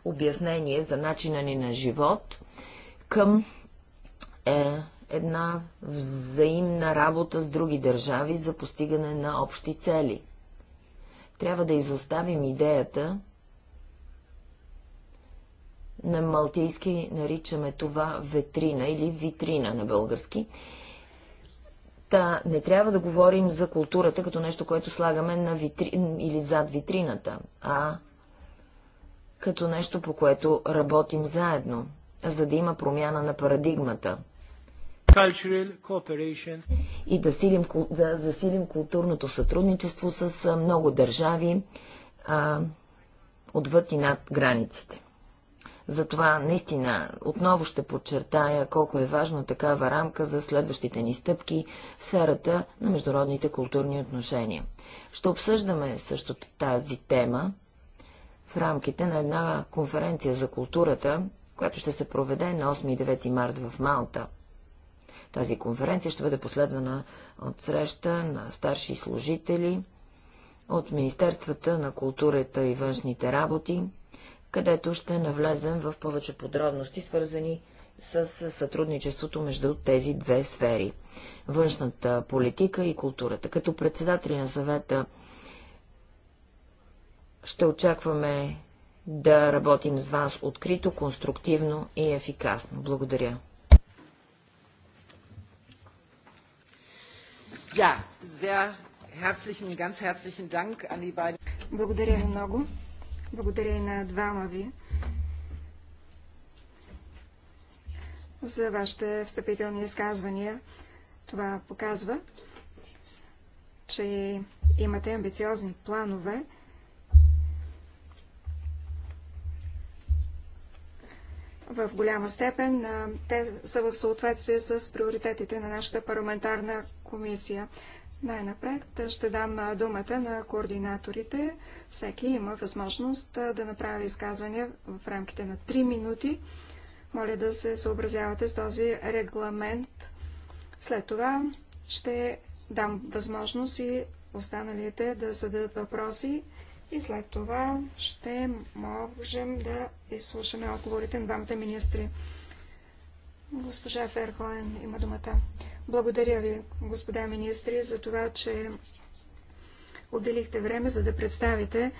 обяснение за начина ни на живот, към е, една взаимна работа с други държави за постигане на общи цели. Трябва да изоставим идеята, на малтийски наричаме това ветрина или витрина на български. Та не трябва да говорим за културата като нещо, което слагаме на витри... или зад витрината, а като нещо, по което работим заедно, за да има промяна на парадигмата – и да, силим, да засилим културното сътрудничество с много държави а, отвъд и над границите. Затова наистина отново ще подчертая колко е важна такава рамка за следващите ни стъпки в сферата на международните културни отношения. Ще обсъждаме също тази тема в рамките на една конференция за културата, която ще се проведе на 8 и 9 март в Малта. Тази конференция ще бъде последвана от среща на старши служители от Министерствата на културата и външните работи, където ще навлезем в повече подробности, свързани с сътрудничеството между тези две сфери – външната политика и културата. Като председатели на съвета ще очакваме да работим с вас открито, конструктивно и ефикасно. Благодаря. Ja, sehr herzlichen, ganz herzlichen Dank an die beiden. Благодаря ви много. Благодаря и на двама ви за вашите встъпителни изказвания. Това показва, че имате амбициозни планове. В голяма степен те са в съответствие с приоритетите на нашата парламентарна комисия. Най-напред ще дам думата на координаторите. Всеки има възможност да направи изказване в рамките на 3 минути. Моля да се съобразявате с този регламент. След това ще дам възможност и останалите да зададат въпроси и след това ще можем да изслушаме отговорите на двамата министри. Госпожа Ферхоен има думата. Благодаря ви, господа министри, за това, че отделихте време, за да представите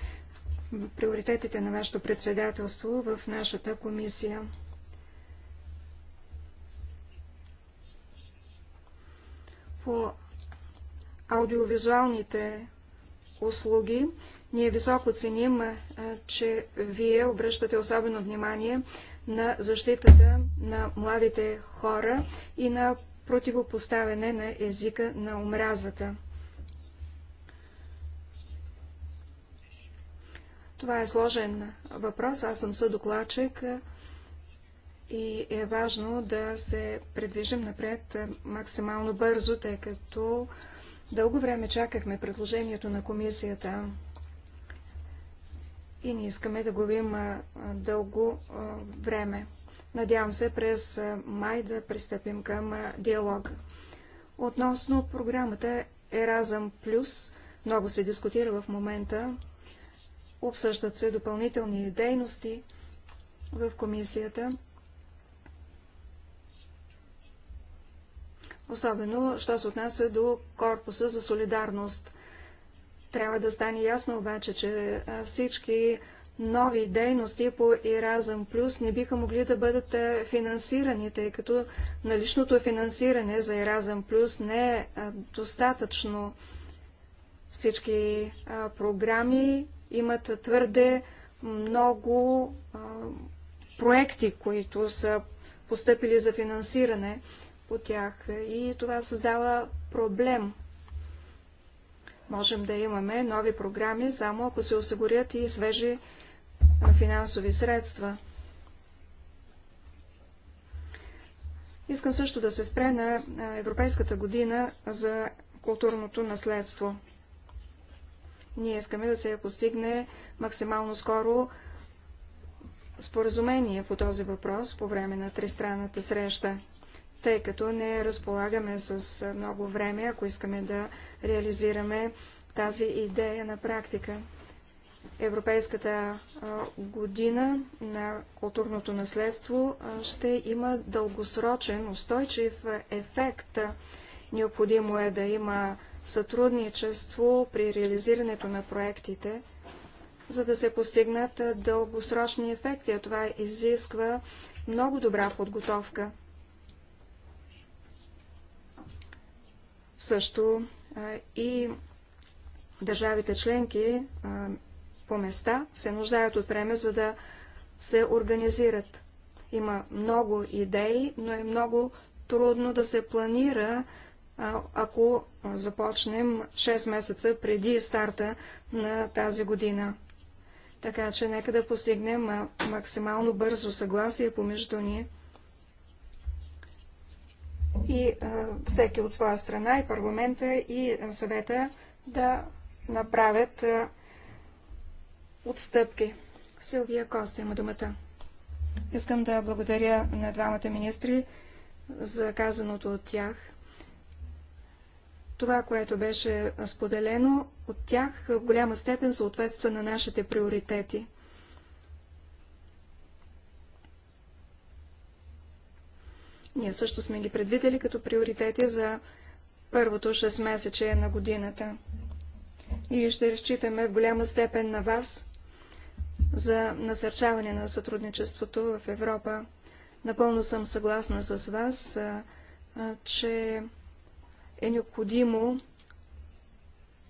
приоритетите на вашето председателство в нашата комисия. По аудиовизуалните услуги ние високо ценим, че вие обръщате особено внимание на защитата на младите хора и на противопоставяне на езика на омразата. Това е сложен въпрос. Аз съм съдокладчик и е важно да се предвижим напред максимално бързо, тъй като дълго време чакахме предложението на комисията и не искаме да губим дълго време. Надявам се през май да пристъпим към диалог. Относно програмата Еразъм Плюс, много се дискутира в момента, обсъждат се допълнителни дейности в комисията. Особено, що се отнася до корпуса за солидарност. Трябва да стане ясно обаче, че всички нови дейности по Еразъм Плюс не биха могли да бъдат е, финансирани, тъй като наличното финансиране за Еразъм Плюс не е, е достатъчно. Всички е, програми имат твърде много проекти, които са постъпили за финансиране по тях и това създава проблем. Можем да имаме нови програми, само ако се осигурят и свежи финансови средства. Искам също да се спре на Европейската година за културното наследство. Ние искаме да се постигне максимално скоро споразумение по този въпрос по време на тристранната среща, тъй като не разполагаме с много време, ако искаме да реализираме тази идея на практика. Европейската година на културното наследство ще има дългосрочен, устойчив ефект. Необходимо е да има сътрудничество при реализирането на проектите, за да се постигнат дългосрочни ефекти, а това изисква много добра подготовка. Също и държавите членки по места се нуждаят от време, за да се организират. Има много идеи, но е много трудно да се планира, ако започнем 6 месеца преди старта на тази година. Така че нека да постигнем максимално бързо съгласие помежду ни и а, всеки от своя страна, и парламента, и съвета да направят отстъпки. Силвия Коста има думата. Искам да благодаря на двамата министри за казаното от тях. Това, което беше споделено от тях, в голяма степен съответства на нашите приоритети. Ние също сме ги предвидели като приоритети за първото 6 месече на годината. И ще разчитаме в голяма степен на вас, за насърчаване на сътрудничеството в Европа. Напълно съм съгласна с вас, че е необходимо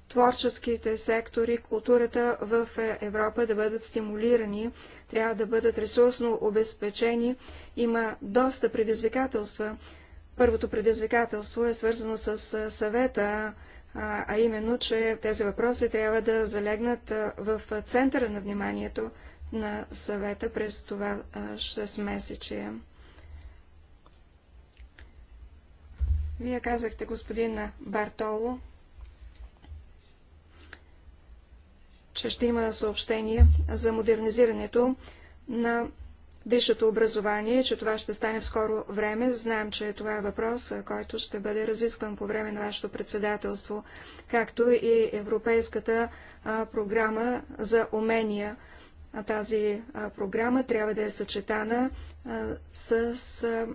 творческите сектори, културата в Европа да бъдат стимулирани, трябва да бъдат ресурсно обезпечени. Има доста предизвикателства. Първото предизвикателство е свързано с съвета а именно, че тези въпроси трябва да залегнат в центъра на вниманието на съвета през това 6 месече. Вие казахте, господин Бартоло, че ще има съобщение за модернизирането на висшето образование, че това ще стане в скоро време. Знаем, че това е въпрос, който ще бъде разискван по време на вашето председателство, както и Европейската а, програма за умения. А тази а, програма трябва да е съчетана с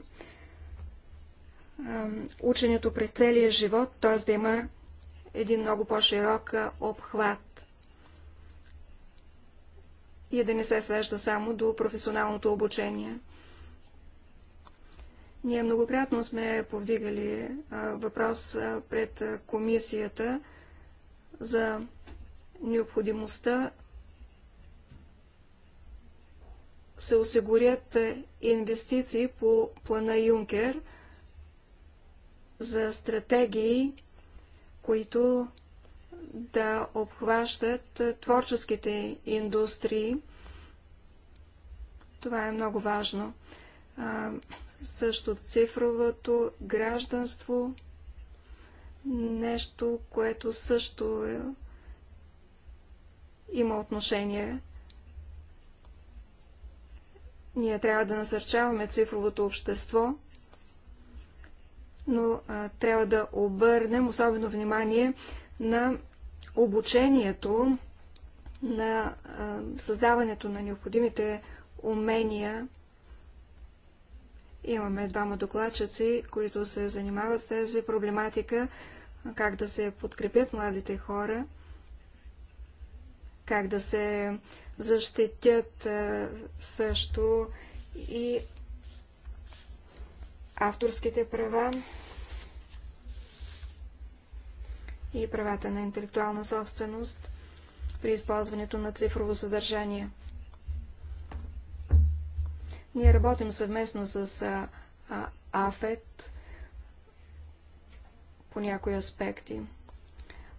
ученето през целия живот, т.е. да има един много по-широк обхват и да не се свежда само до професионалното обучение. Ние многократно сме повдигали въпрос пред комисията за необходимостта се осигурят инвестиции по плана Юнкер за стратегии, които да обхващат творческите индустрии. Това е много важно. А, също цифровото гражданство, нещо, което също е, има отношение. Ние трябва да насърчаваме цифровото общество, но а, трябва да обърнем особено внимание на обучението на създаването на необходимите умения. Имаме двама докладчици, които се занимават с тази проблематика, как да се подкрепят младите хора, как да се защитят също и авторските права и правата на интелектуална собственост при използването на цифрово съдържание. Ние работим съвместно с АФЕТ по някои аспекти.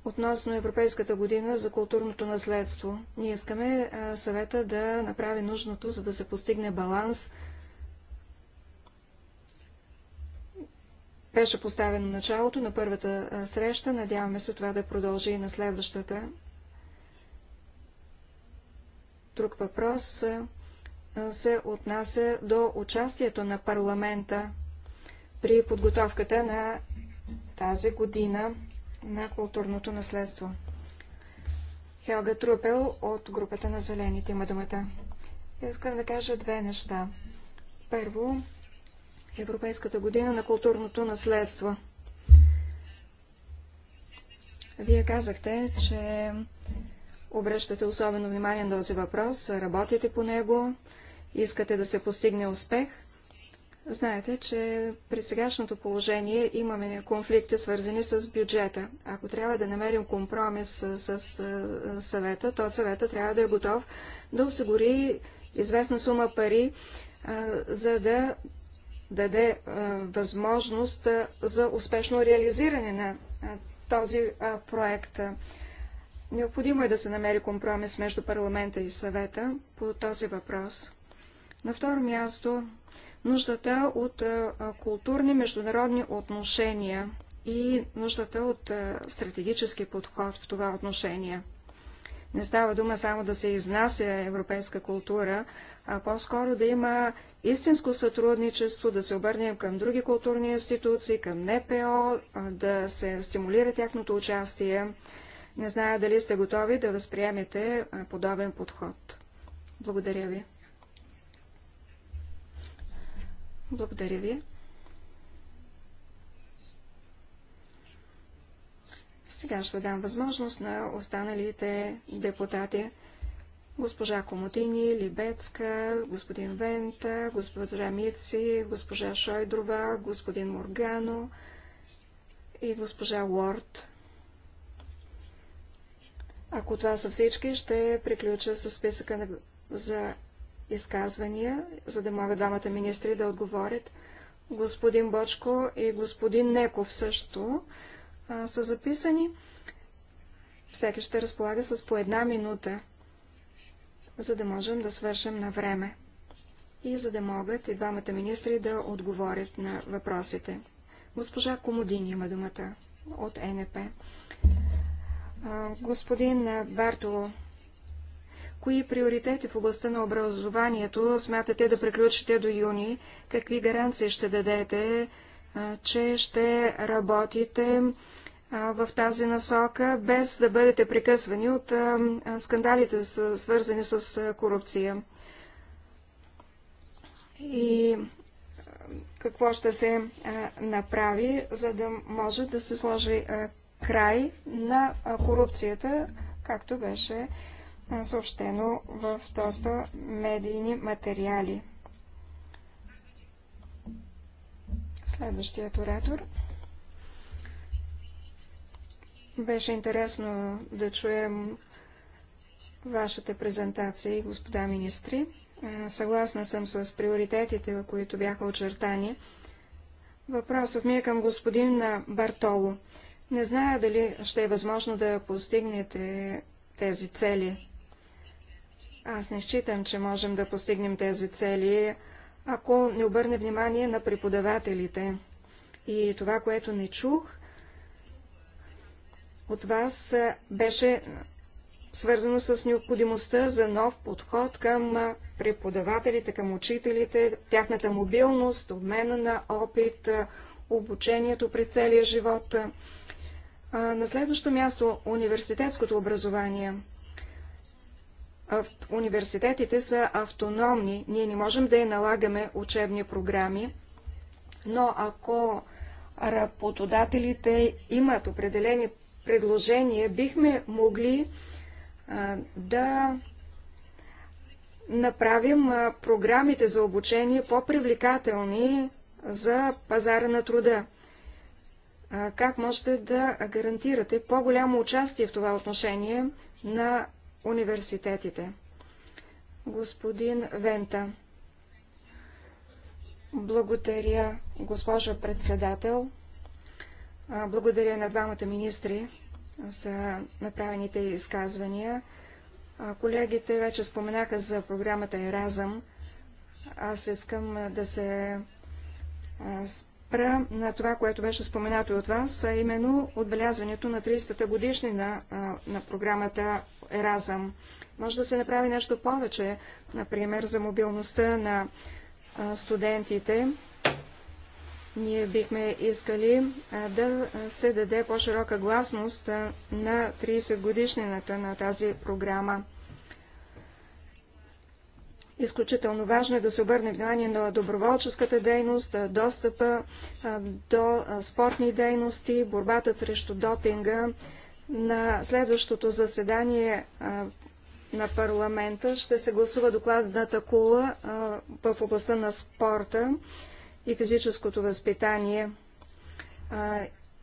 Относно Европейската година за културното наследство, ние искаме съвета да направи нужното, за да се постигне баланс Беше поставено началото на първата среща. Надяваме се това да продължи и на следващата. Друг въпрос се отнася до участието на парламента при подготовката на тази година на културното наследство. Хелга Трупел от групата на Зелените има думата. Искам да кажа две неща. Първо, Европейската година на културното наследство. Вие казахте, че обръщате особено внимание на този въпрос, работите по него, искате да се постигне успех. Знаете, че при сегашното положение имаме конфликти, свързани с бюджета. Ако трябва да намерим компромис с, с, съвета, то съвета трябва да е готов да осигури известна сума пари, а, за да даде е, възможност е, за успешно реализиране на е, този проект. Необходимо е да се намери компромис между парламента и съвета по този въпрос. На второ място, нуждата от културни международни отношения и нуждата от стратегически подход в това отношение. Не става дума само да се изнася европейска култура, а по-скоро да има истинско сътрудничество, да се обърнем към други културни институции, към НПО, да се стимулира тяхното участие. Не зная дали сте готови да възприемете подобен подход. Благодаря ви. Благодаря ви. Сега ще дам възможност на останалите депутати госпожа Комотини, Либецка, господин Вента, госпожа Мици, госпожа Шойдрова, господин Моргано и госпожа Уорд. Ако това са всички, ще приключа с списъка на... за изказвания, за да могат двамата министри да отговорят. Господин Бочко и господин Неков също а, са записани. Всеки ще разполага с по една минута за да можем да свършим на време и за да могат и двамата министри да отговорят на въпросите. Госпожа Комодин има думата от НП. Господин Бартоло, кои приоритети в областта на образованието смятате да приключите до юни? Какви гаранции ще дадете, че ще работите в тази насока, без да бъдете прекъсвани от скандалите, свързани с корупция. И какво ще се направи, за да може да се сложи край на корупцията, както беше съобщено в доста медийни материали. Следващият оратор. Беше интересно да чуем вашата презентация, господа министри. Съгласна съм с приоритетите, които бяха очертани. Въпросът ми е към господин Бартоло. Не зная дали ще е възможно да постигнете тези цели. Аз не считам, че можем да постигнем тези цели, ако не обърне внимание на преподавателите. И това, което не чух, от вас е, беше свързано с необходимостта за нов подход към е, преподавателите, към учителите, тяхната мобилност, обмена на опит, е, обучението при целия живот. На следващо място университетското образование. Университетите са автономни. Ние не можем да я налагаме учебни програми, но ако работодателите имат определени предложение бихме могли а, да направим а, програмите за обучение по-привлекателни за пазара на труда. А, как можете да гарантирате по-голямо участие в това отношение на университетите? Господин Вента. Благодаря, госпожо председател. Благодаря на двамата министри за направените изказвания. Колегите вече споменаха за програмата Еразъм. Аз искам да се спра на това, което беше споменато от вас, а именно отбелязването на 30-та годишнина на програмата Еразъм. Може да се направи нещо повече, например, за мобилността на студентите, ние бихме искали да се даде по-широка гласност на 30-годишнината на тази програма. Изключително важно е да се обърне внимание на доброволческата дейност, достъпа до спортни дейности, борбата срещу допинга. На следващото заседание на парламента ще се гласува докладната кула в областта на спорта и физическото възпитание.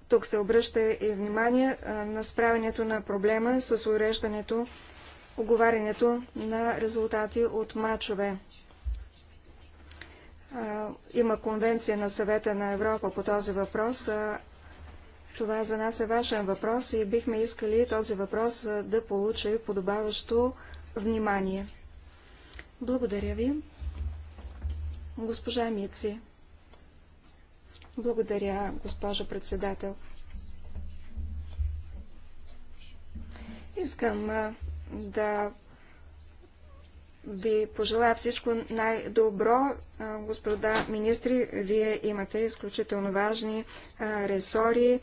Тук се обръща и внимание на справянето на проблема с уреждането, оговарянето на резултати от мачове. Има конвенция на съвета на Европа по този въпрос. Това за нас е важен въпрос и бихме искали този въпрос да получи подобаващо внимание. Благодаря ви. Госпожа Мици. Благодаря, госпожо председател. Искам да ви пожелая всичко най-добро. Господа министри, вие имате изключително важни ресори,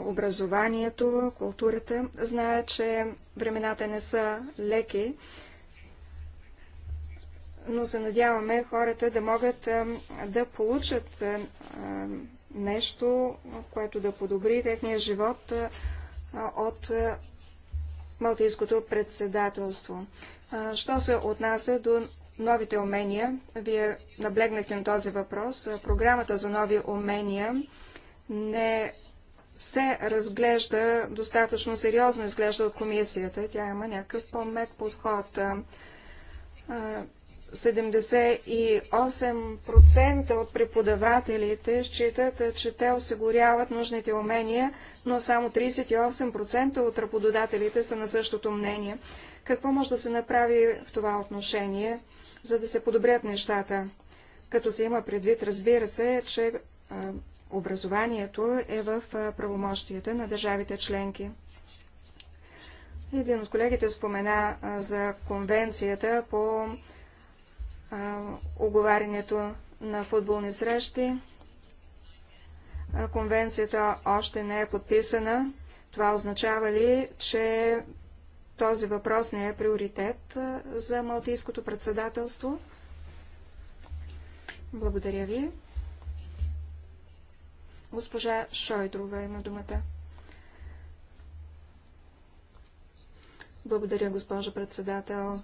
образованието, културата. Зная, че времената не са леки, но се надяваме хората да могат да получат нещо, което да подобри техния живот от Малтийското председателство. Що се отнася до новите умения, вие наблегнахте на този въпрос. Програмата за нови умения не се разглежда достатъчно сериозно, изглежда от комисията. Тя има някакъв по-мек подход. 78% от преподавателите считат, че те осигуряват нужните умения, но само 38% от работодателите са на същото мнение. Какво може да се направи в това отношение, за да се подобрят нещата? Като се има предвид, разбира се, че образованието е в правомощията на държавите членки. Един от колегите спомена за конвенцията по оговарянето на футболни срещи. Конвенцията още не е подписана. Това означава ли, че този въпрос не е приоритет за Малтийското председателство? Благодаря ви. Госпожа Шойдрова има думата. Благодаря, госпожа председател.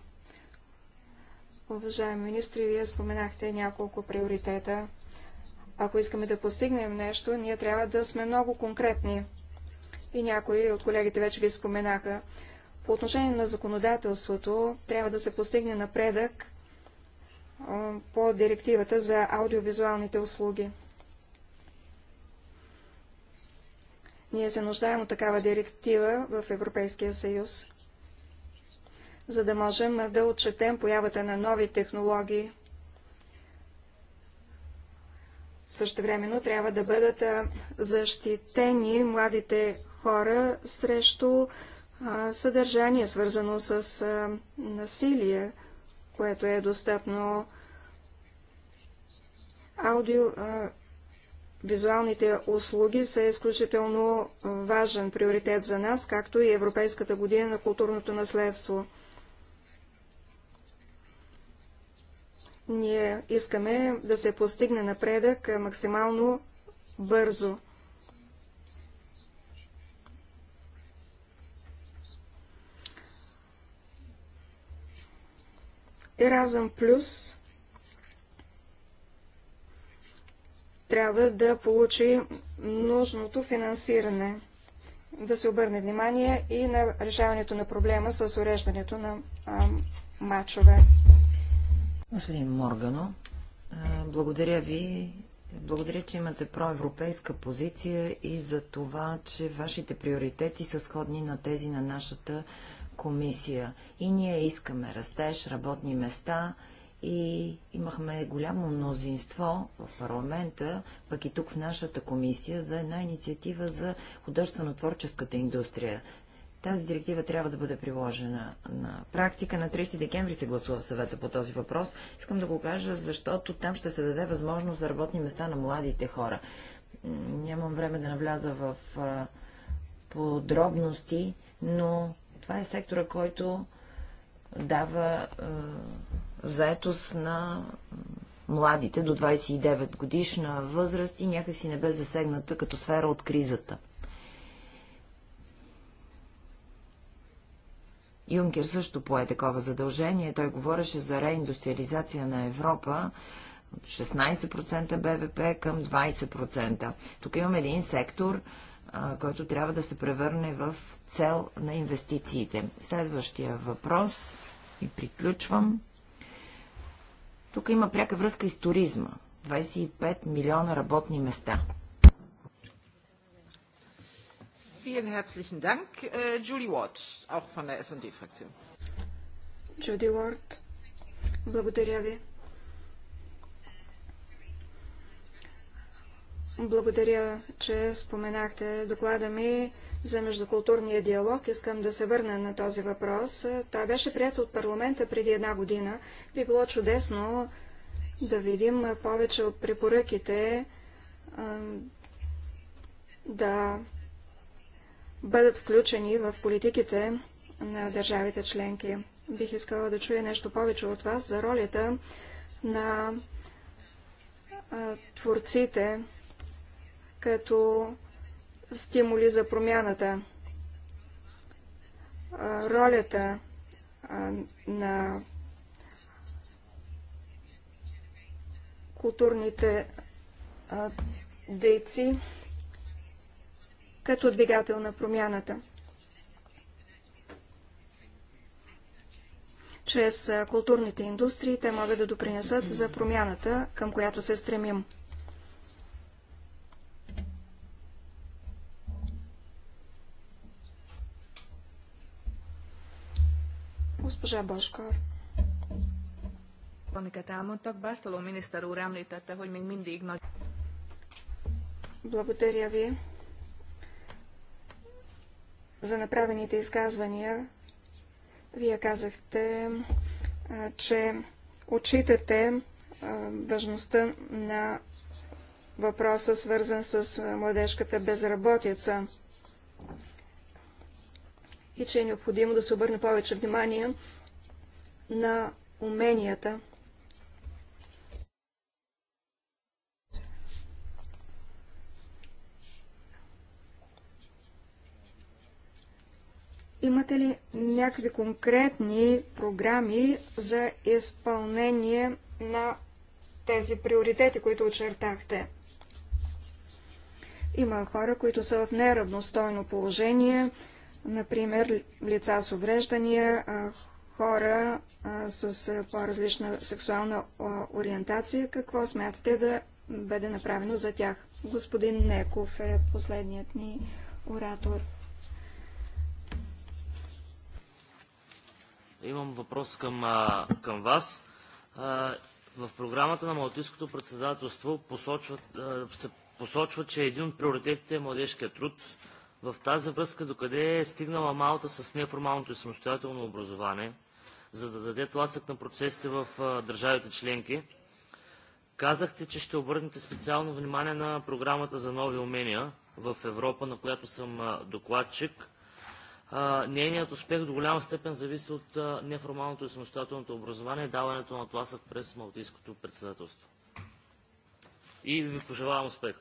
Уважаеми министри, вие споменахте няколко приоритета. Ако искаме да постигнем нещо, ние трябва да сме много конкретни. И някои от колегите вече ви споменаха. По отношение на законодателството, трябва да се постигне напредък по директивата за аудиовизуалните услуги. Ние се нуждаем от такава директива в Европейския съюз за да можем да отчетем появата на нови технологии. Същевременно трябва да бъдат защитени младите хора срещу съдържание, свързано с насилие, което е достъпно аудио, Визуалните услуги са изключително важен приоритет за нас, както и Европейската година на културното наследство. Ние искаме да се постигне напредък максимално бързо. Еразъм Плюс трябва да получи нужното финансиране. Да се обърне внимание и на решаването на проблема с уреждането на а, мачове. Господин Моргано, благодаря ви. Благодаря, че имате проевропейска позиция и за това, че вашите приоритети са сходни на тези на нашата комисия. И ние искаме растеж, работни места и имахме голямо мнозинство в парламента, пък и тук в нашата комисия, за една инициатива за художествено-творческата индустрия. Тази директива трябва да бъде приложена на практика. На 30 декември се гласува в съвета по този въпрос. Искам да го кажа, защото там ще се даде възможност за работни места на младите хора. Нямам време да навляза в подробности, но това е сектора, който дава заетост на младите до 29 годишна възраст и някакси не бе засегната като сфера от кризата. Юнкер също пое такова задължение. Той говореше за реиндустриализация на Европа от 16% БВП към 20%. Тук имаме един сектор, който трябва да се превърне в цел на инвестициите. Следващия въпрос и приключвам. Тук има пряка връзка и с туризма. 25 милиона работни места – Vielen herzlichen Dank. Äh, Julie Ward, auch von der S&D-Fraktion. Ward, благодаря ви. Благодаря, че споменахте доклада ми за междукултурния диалог. Искам да се върна на този въпрос. Той беше прият от парламента преди една година. Би било чудесно да видим повече от препоръките, да бъдат включени в политиките на държавите членки. Бих искала да чуя нещо повече от вас за ролята на творците като стимули за промяната. ролята на културните дейци като двигател на промяната. Чрез културните индустрии те могат да допринесат за промяната, към която се стремим. Госпожа Башкар. Благодаря ви за направените изказвания. Вие казахте, че отчитате важността на въпроса, свързан с младежката безработица и че е необходимо да се обърне повече внимание на уменията. Имате ли някакви конкретни програми за изпълнение на тези приоритети, които очертахте? Има хора, които са в неравностойно положение, например лица с увреждания, хора с по-различна сексуална ориентация. Какво смятате да бъде направено за тях? Господин Неков е последният ни оратор. имам въпрос към, а, към вас. А, в програмата на Малтийското председателство посочват, а, се посочва, че един от приоритетите е младежкият труд. В тази връзка докъде е стигнала Малта с неформалното и самостоятелно образование, за да даде тласък на процесите в а, държавите членки? Казахте, че ще обърнете специално внимание на програмата за нови умения в Европа, на която съм докладчик – Нейният успех до голяма степен зависи от неформалното и самостоятелното образование, даването на тласък през Малтийското председателство. И ви пожелавам успех!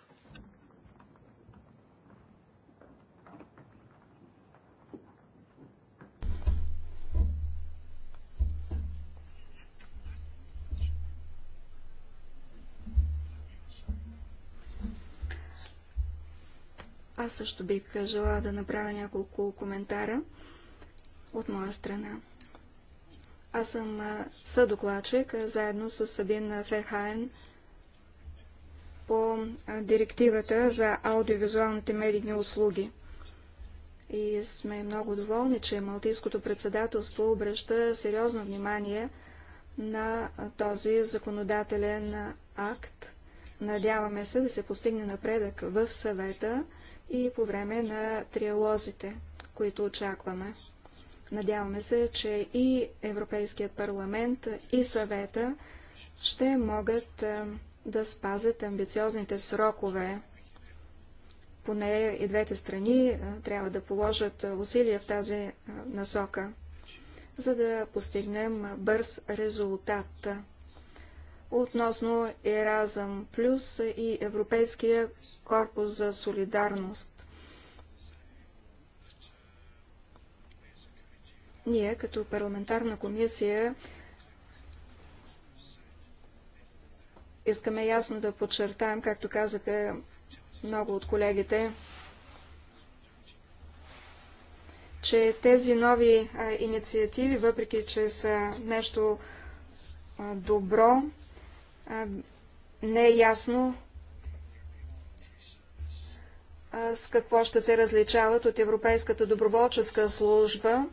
Аз също бих желала да направя няколко коментара от моя страна. Аз съм съдокладчик заедно с Сабин Фехайн по директивата за аудиовизуалните медийни услуги. И сме много доволни, че Малтийското председателство обръща сериозно внимание на този законодателен акт. Надяваме се да се постигне напредък в съвета и по време на триалозите, които очакваме. Надяваме се, че и Европейският парламент, и съвета ще могат е, да спазят амбициозните срокове. Поне и двете страни е, трябва да положат усилия в тази е, насока, за да постигнем бърз резултат относно Еразъм Плюс и Европейския корпус за солидарност. Ние, като парламентарна комисия, искаме ясно да подчертаем, както казаха много от колегите, че тези нови а, инициативи, въпреки че са нещо а, добро, а, не е ясно с какво ще се различават от Европейската доброволческа служба.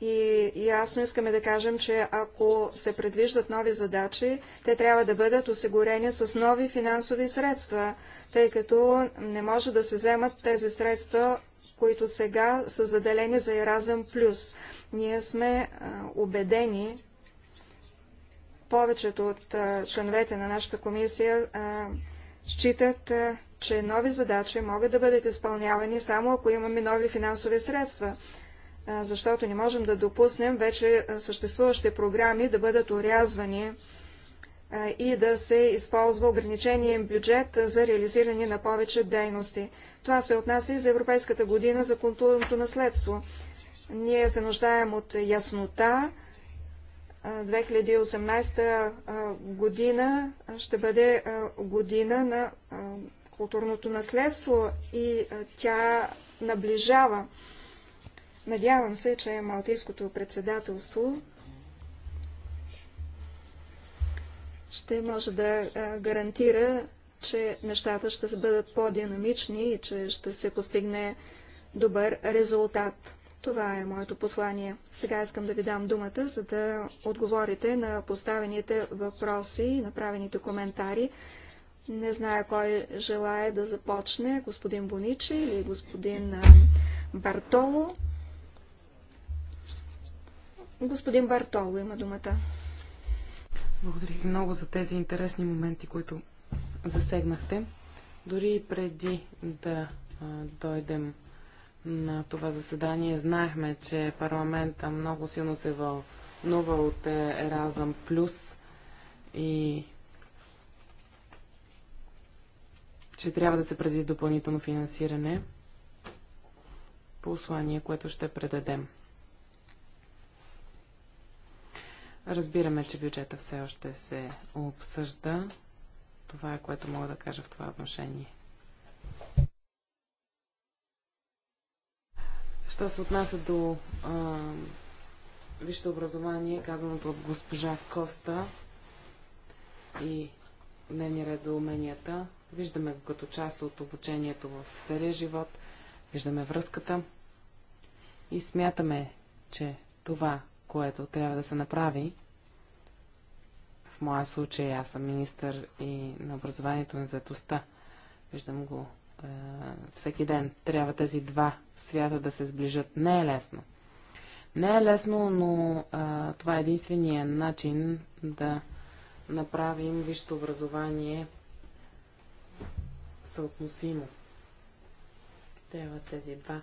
И ясно искаме да кажем, че ако се предвиждат нови задачи, те трябва да бъдат осигурени с нови финансови средства, тъй като не може да се вземат тези средства, които сега са заделени за Еразъм Плюс. Ние сме убедени, повечето от членовете на нашата комисия а, считат, че нови задачи могат да бъдат изпълнявани само ако имаме нови финансови средства, защото не можем да допуснем вече съществуващи програми да бъдат урязвани и да се използва ограничения бюджет за реализиране на повече дейности. Това се отнася и за Европейската година за културното наследство. Ние се нуждаем от яснота, 2018 година ще бъде година на културното наследство и тя наближава. Надявам се, че Малтийското председателство ще може да гарантира, че нещата ще бъдат по-динамични и че ще се постигне добър резултат. Това е моето послание. Сега искам да ви дам думата, за да отговорите на поставените въпроси и направените коментари. Не зная кой желая да започне, господин Боничи или господин Бартоло. Господин Бартоло има думата. Благодаря ви много за тези интересни моменти, които засегнахте. Дори и преди да дойдем на това заседание знаехме, че парламента много силно се вълнува от Еразъм Плюс и че трябва да се преди допълнително финансиране. по Послание, което ще предадем. Разбираме, че бюджета все още се обсъжда. Това е което мога да кажа в това отношение. Що се отнася до висшето образование, казаното от госпожа Коста и дневния ред за уменията, виждаме го като част от обучението в целия живот, виждаме връзката и смятаме, че това, което трябва да се направи, в моя случай аз съм министър и на образованието на заедостта, виждам го всеки ден. Трябва тези два свята да се сближат. Не е лесно. Не е лесно, но а, това е единствения начин да направим висшето образование съотносимо. Трябва тези два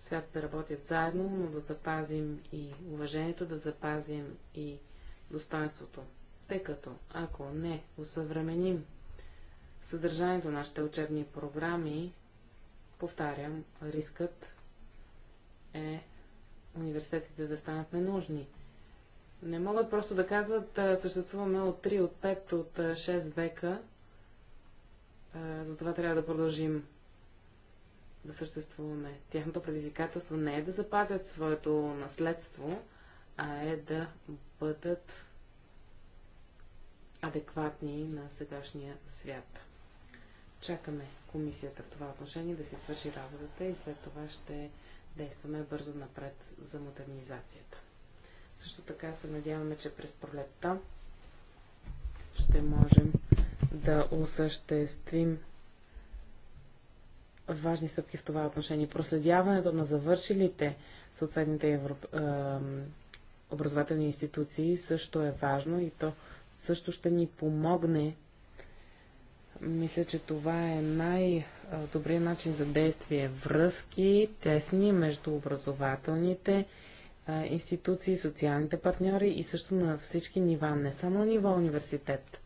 свят да работят заедно, но да запазим и уважението, да запазим и достоинството. Тъй като ако не усъвременим съдържанието на нашите учебни програми, повтарям, рискът е университетите да станат ненужни. Не могат просто да казват, съществуваме от 3, от 5, от 6 века, затова трябва да продължим да съществуваме. Тяхното предизвикателство не е да запазят своето наследство, а е да бъдат адекватни на сегашния свят. Чакаме комисията в това отношение да си свърши работата и след това ще действаме бързо напред за модернизацията. Също така се надяваме, че през пролетта ще можем да осъществим важни стъпки в това отношение. Проследяването на завършилите съответните европ... образователни институции също е важно и то също ще ни помогне мисля, че това е най-добрият начин за действие. Връзки тесни между образователните институции, социалните партньори и също на всички нива, не само на ниво университет.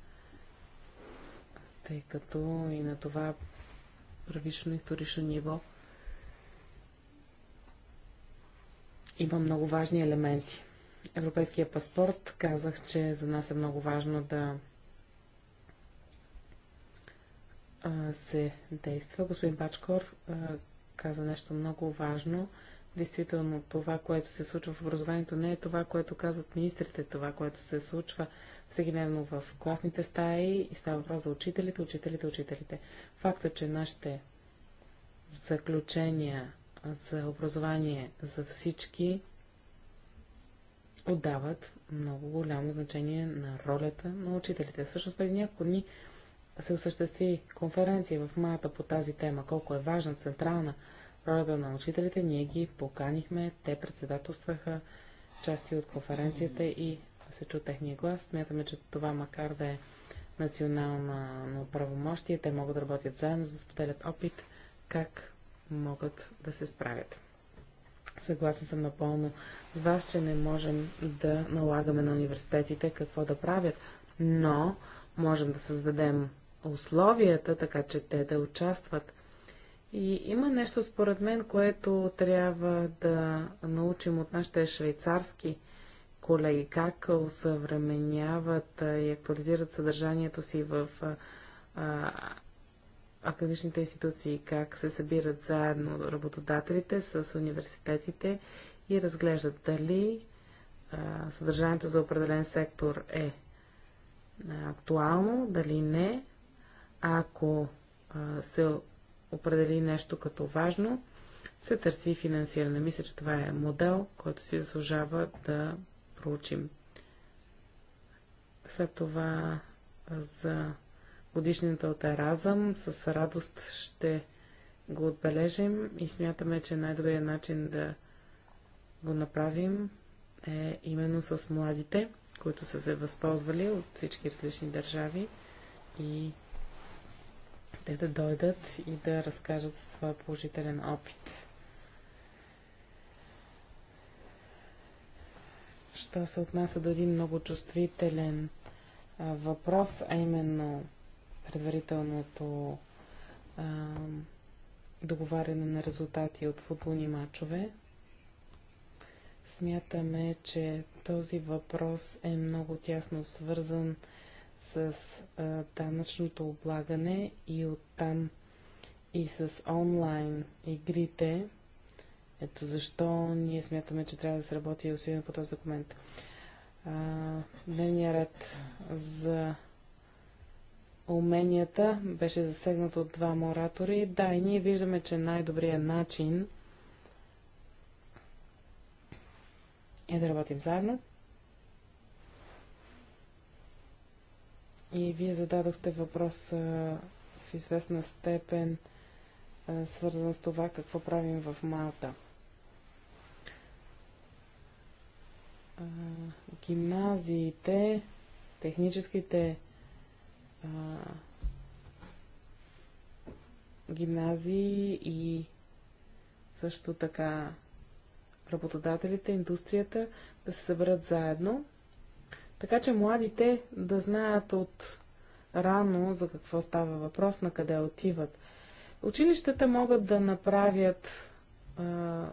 Тъй като и на това правишно исторично ниво има много важни елементи. Европейския паспорт казах, че за нас е много важно да а, се действа. Господин Бачкор а, каза нещо много важно. Действително, това, което се случва в образованието, не е това, което казват министрите, това, което се случва всекидневно в класните стаи и става въпрос за учителите, учителите, учителите. Факта, че нашите заключения за образование за всички отдават много голямо значение на ролята на учителите. Всъщност преди няколко дни се осъществи конференция в маята по тази тема, колко е важна централна ролята на учителите, ние ги поканихме, те председателстваха части от конференцията и се чу техния глас. Смятаме, че това макар да е национално правомощие, те могат да работят заедно, за да споделят опит, как могат да се справят. Съгласна съм напълно с вас, че не можем да налагаме на университетите какво да правят, но можем да създадем условията, така че те да участват. И има нещо според мен, което трябва да научим от нашите швейцарски колеги, как усъвременяват и актуализират съдържанието си в а, академичните институции, как се събират заедно работодателите с университетите и разглеждат дали а, съдържанието за определен сектор е актуално, дали не, ако се определи нещо като важно, се търси финансиране. Мисля, че това е модел, който си заслужава да проучим. След това за годишнината от Еразъм с радост ще го отбележим и смятаме, че най-добрият начин да го направим е именно с младите, които са се възползвали от всички различни държави и те да дойдат и да разкажат със своя положителен опит. Що се отнася до един много чувствителен а, въпрос, а именно предварителното а, договаряне на резултати от футболни матчове, смятаме, че този въпрос е много тясно свързан с с а, данъчното облагане и оттам и с онлайн игрите. Ето защо ние смятаме, че трябва да се работи усилено по този документ. Дневният ред за уменията беше засегнат от два моратори. Да, и ние виждаме, че най-добрият начин е да работим заедно. И вие зададохте въпрос а, в известна степен, а, свързан с това какво правим в Малта. А, гимназиите, техническите гимназии и също така работодателите, индустрията да се съберат заедно така че младите да знаят от рано за какво става въпрос, на къде отиват. Училищата могат да направят а,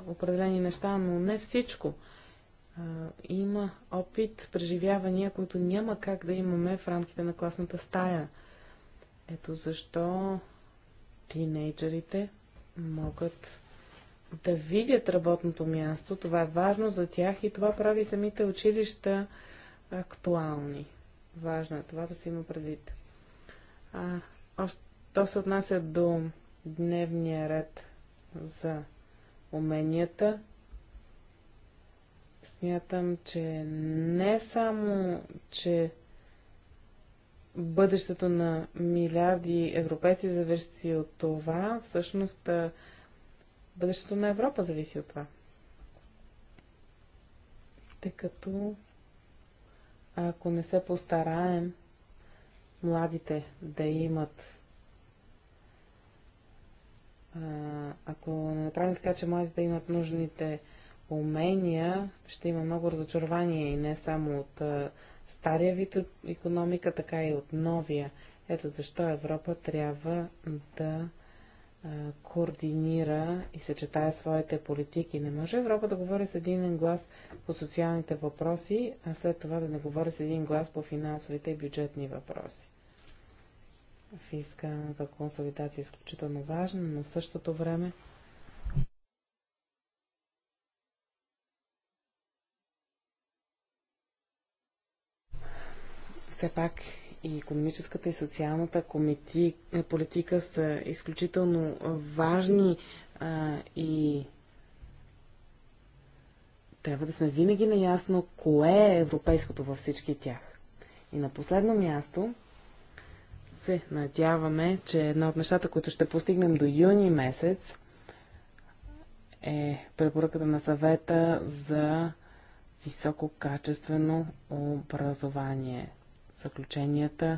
определени неща, но не всичко. А, има опит, преживявания, които няма как да имаме в рамките на класната стая. Ето защо тинейджерите могат да видят работното място. Това е важно за тях и това прави самите училища актуални. Важно е това да се има предвид. А, още, то се отнася до дневния ред за уменията. Смятам, че не само, че бъдещето на милиарди европейци зависи от това, всъщност бъдещето на Европа зависи от това. Тъй като ако не се постараем младите да имат ако не направим така, че младите да имат нужните умения, ще има много разочарование и не само от стария вид економика, така и от новия. Ето защо Европа трябва да координира и съчетае своите политики. Не може Европа да говори с един глас по социалните въпроси, а след това да не говори с един глас по финансовите и бюджетни въпроси. Фискалната консолидация е изключително важна, но в същото време все пак и економическата и социалната комити... Е, политика са изключително важни а, и трябва да сме винаги наясно кое е европейското във всички тях. И на последно място се надяваме, че една от нещата, които ще постигнем до юни месец, е препоръката на съвета за висококачествено образование заключенията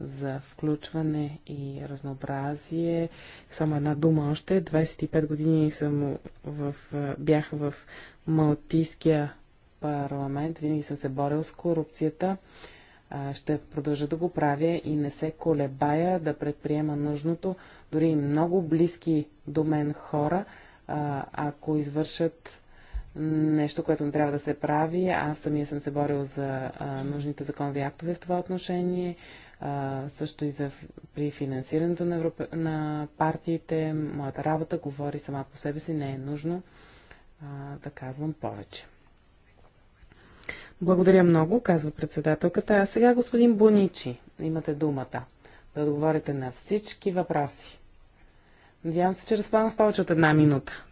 за включване и разнообразие. Само една дума още. 25 години съм в, бях в Малтийския парламент. Винаги съм се борил с корупцията. Ще продължа да го правя и не се колебая да предприема нужното. Дори много близки до мен хора, ако извършат нещо, което не трябва да се прави. Аз самия съм се борил за а, нужните законови актове в това отношение, а, също и за, при финансирането на, Европе, на партиите. Моята работа говори сама по себе си, не е нужно а, да казвам повече. Благодаря много, казва председателката. А сега, господин Боничи, имате думата да отговорите на всички въпроси. Надявам се, че разполагам с повече от една минута.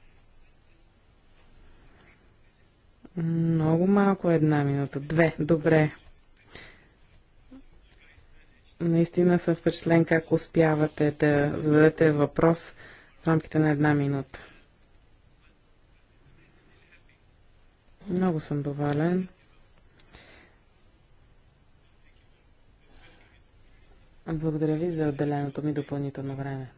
Много малко една минута. Две. Добре. Наистина съм впечатлен как успявате да зададете въпрос в рамките на една минута. Много съм доволен. Благодаря ви за отделеното ми допълнително време.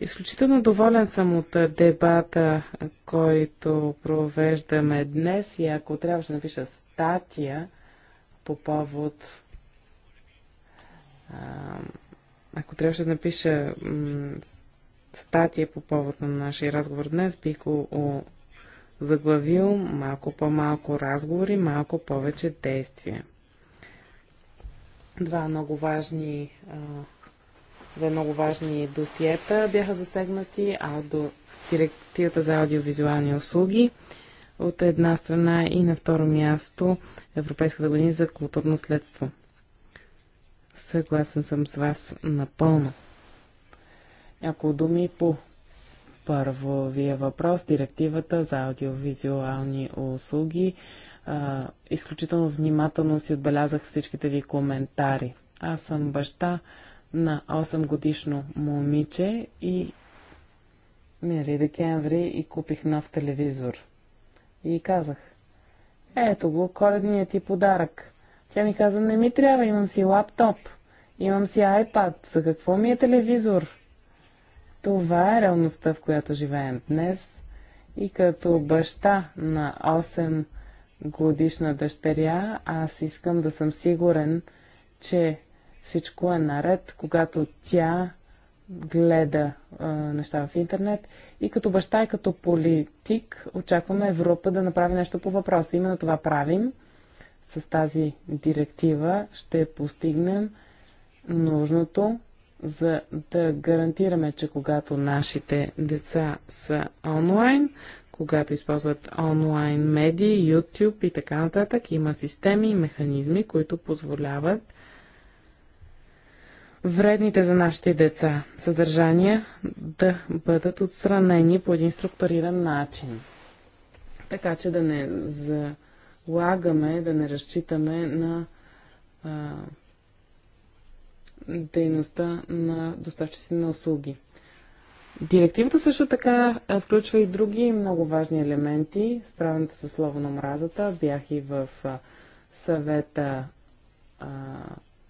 Изключително доволен съм от дебата, който провеждаме днес и ако трябваше да напиша статия по повод ако трябваше да напиша статия по повод на нашия разговор днес, бих го заглавил малко по-малко разговори, малко повече действия. Два много важни а, две много важни досиета бяха засегнати, а до директивата за аудиовизуални услуги от една страна и на второ място Европейската година за културно следство. Съгласен съм с вас напълно. Няколко думи по първовия въпрос. Директивата за аудиовизуални услуги. А, изключително внимателно си отбелязах всичките ви коментари. Аз съм баща на 8 годишно момиче и минали декември и купих нов телевизор. И казах, ето го, коледният ти подарък. Тя ми каза, не ми трябва, имам си лаптоп, имам си iPad, за какво ми е телевизор? Това е реалността, в която живеем днес. И като баща на 8 годишна дъщеря, аз искам да съм сигурен, че всичко е наред, когато тя гледа а, неща в интернет. И като баща и като политик очакваме Европа да направи нещо по въпроса. Именно това правим с тази директива. Ще постигнем нужното, за да гарантираме, че когато нашите деца са онлайн, когато използват онлайн медии, YouTube и така нататък, има системи и механизми, които позволяват вредните за нашите деца съдържания да бъдат отстранени по един структуриран начин. Така че да не залагаме, да не разчитаме на а, дейността на доставчиците на услуги. Директивата също така включва и други много важни елементи. Справенето с слово на мразата бях и в съвета а,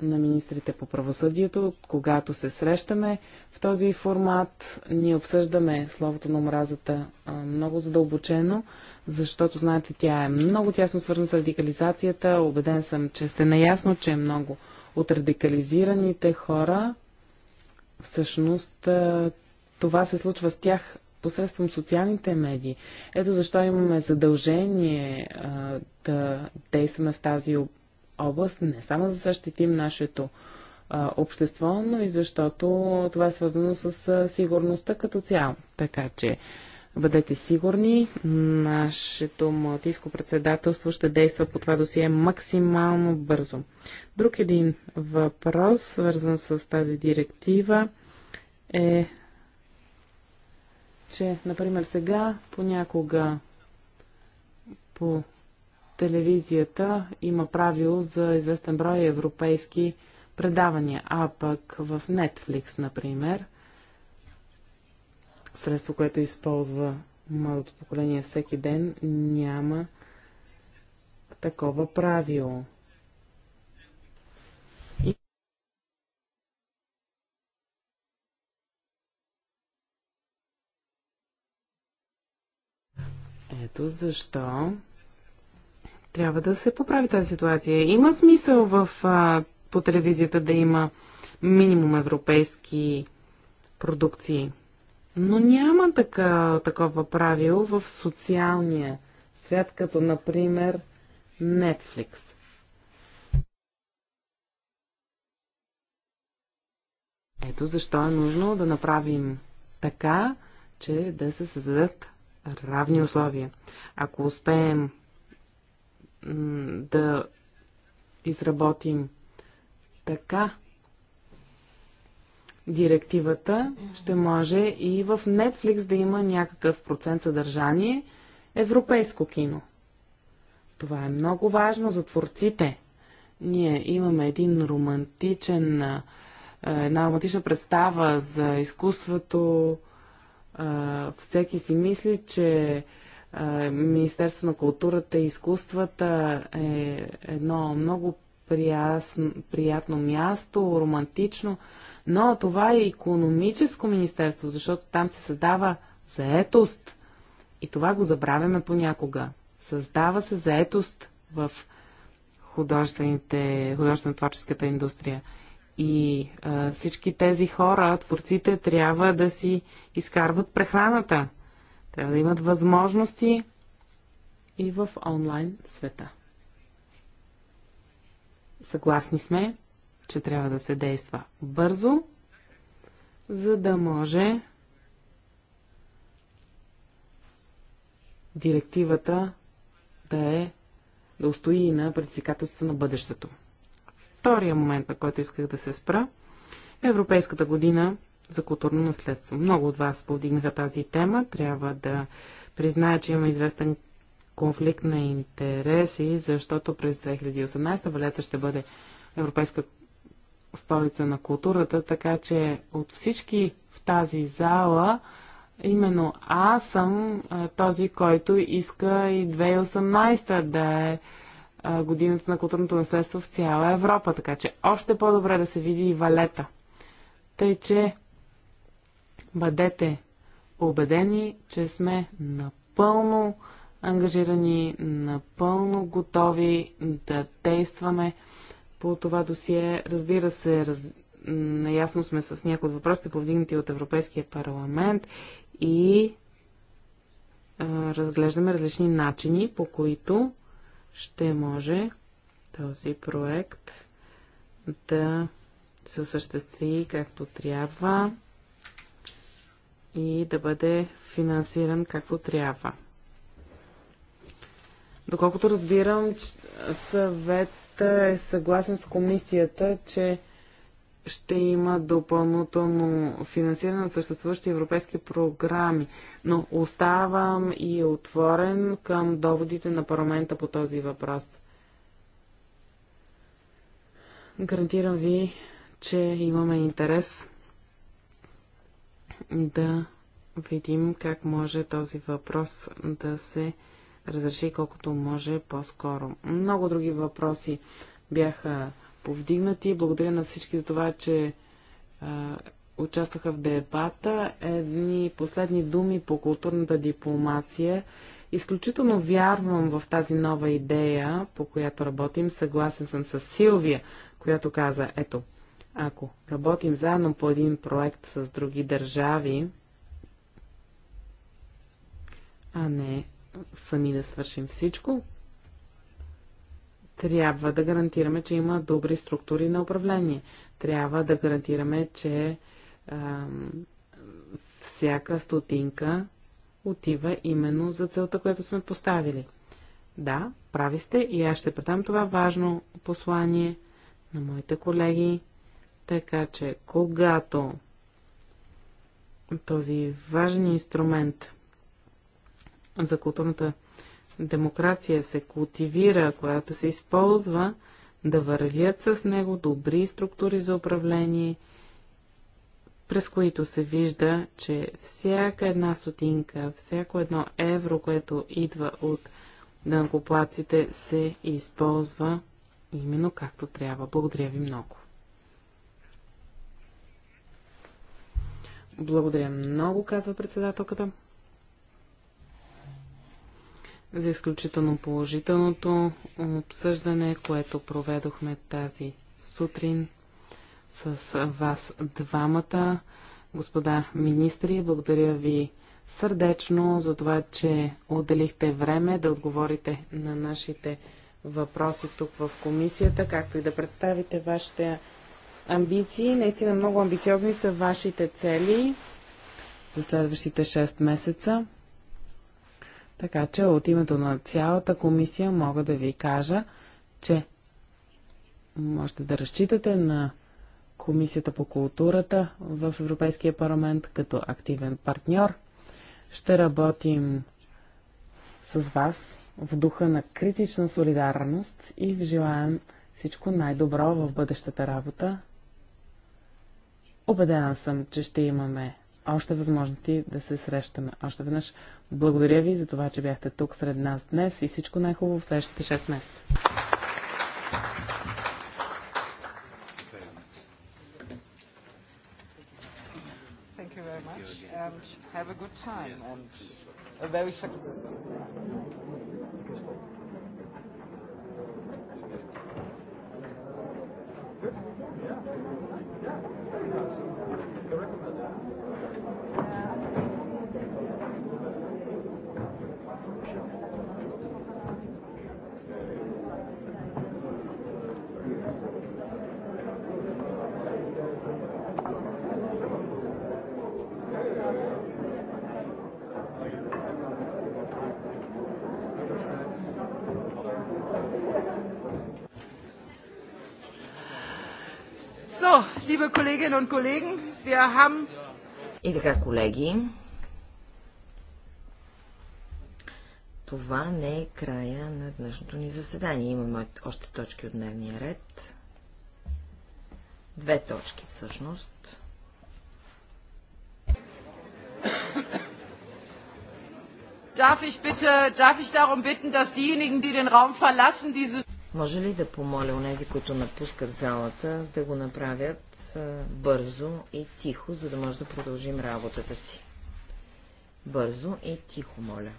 на министрите по правосъдието, когато се срещаме в този формат, ние обсъждаме словото на омразата много задълбочено, защото, знаете, тя е много тясно свързана с радикализацията. Обеден съм, че сте наясно, че е много от радикализираните хора всъщност това се случва с тях посредством социалните медии. Ето защо имаме задължение а, да действаме в тази област, не само за да защитим нашето а, общество, но и защото това е свързано с а, сигурността като цяло. Така че бъдете сигурни, нашето малтийско председателство ще действа по това досие максимално бързо. Друг един въпрос, свързан с тази директива, е че, например, сега понякога по телевизията има правило за известен брой европейски предавания, а пък в Netflix, например, средство, което използва малото поколение всеки ден, няма такова правило. Ето защо трябва да се поправи тази ситуация. Има смисъл в, а, по телевизията да има минимум европейски продукции. Но няма така, такова правило в социалния свят, като например Netflix. Ето защо е нужно да направим така, че да се създадат равни условия. Ако успеем да изработим така директивата, ще може и в Netflix да има някакъв процент съдържание европейско кино. Това е много важно за творците. Ние имаме един романтичен, една романтична представа за изкуството. Всеки си мисли, че Министерство на културата и изкуствата е едно много приясно, приятно място, романтично, но това е економическо министерство, защото там се създава заетост. И това го забравяме понякога. Създава се заетост в художествено-творческата индустрия. И а, всички тези хора, творците, трябва да си изкарват прехраната. Трябва да имат възможности и в онлайн света. Съгласни сме, че трябва да се действа бързо, за да може директивата да е да устои на предизвикателството на бъдещето. Втория момент, на който исках да се спра, е Европейската година за културно наследство. Много от вас повдигнаха тази тема. Трябва да призная, че има известен конфликт на интереси, защото през 2018 Валета ще бъде Европейска столица на културата, така че от всички в тази зала именно аз съм този, който иска и 2018 да е годината на културното наследство в цяла Европа, така че още по-добре да се види и Валета. Тъй, че Бъдете убедени, че сме напълно ангажирани, напълно готови да действаме по това досие. Разбира се, раз... наясно сме с някои от въпросите, повдигнати от Европейския парламент и а, разглеждаме различни начини, по които ще може този проект да се осъществи както трябва и да бъде финансиран както трябва. Доколкото разбирам, съветът е съгласен с комисията, че ще има допълнително финансиране на съществуващи европейски програми, но оставам и отворен към доводите на парламента по този въпрос. Гарантирам ви, че имаме интерес да видим как може този въпрос да се разреши колкото може по-скоро. Много други въпроси бяха повдигнати. Благодаря на всички за това, че а, участваха в дебата. Едни последни думи по културната дипломация. Изключително вярвам в тази нова идея, по която работим. Съгласен съм с Силвия, която каза, ето, ако работим заедно по един проект с други държави, а не сами да свършим всичко, трябва да гарантираме, че има добри структури на управление. Трябва да гарантираме, че а, всяка стотинка отива именно за целта, която сме поставили. Да, прави сте и аз ще предам това важно послание на моите колеги, така че, когато този важен инструмент за културната демокрация се култивира, която се използва, да вървят с него добри структури за управление, през които се вижда, че всяка една стотинка, всяко едно евро, което идва от дънкоплаците, се използва именно както трябва. Благодаря ви много. Благодаря много, казва председателката, за изключително положителното обсъждане, което проведохме тази сутрин с вас двамата, господа министри. Благодаря ви сърдечно за това, че отделихте време да отговорите на нашите въпроси тук в комисията, както и да представите вашите амбиции. Наистина много амбициозни са вашите цели за следващите 6 месеца. Така че от името на цялата комисия мога да ви кажа, че можете да разчитате на Комисията по културата в Европейския парламент като активен партньор. Ще работим с вас в духа на критична солидарност и желаем всичко най-добро в бъдещата работа Обедена съм, че ще имаме още възможности да се срещаме. Още веднъж благодаря ви за това, че бяхте тук сред нас днес и всичко най-хубаво в следващите 6 месеца. and have Yeah. И така, колеги, това не е края на днешното ни заседание. Имаме още точки от дневния ред. Две точки, всъщност. Darf ich bitte, darf ich darum bitten, dass diejenigen, die den Raum verlassen, dieses... Може ли да помоля онези, които напускат залата, да го направят бързо и тихо, за да може да продължим работата си? Бързо и тихо, моля.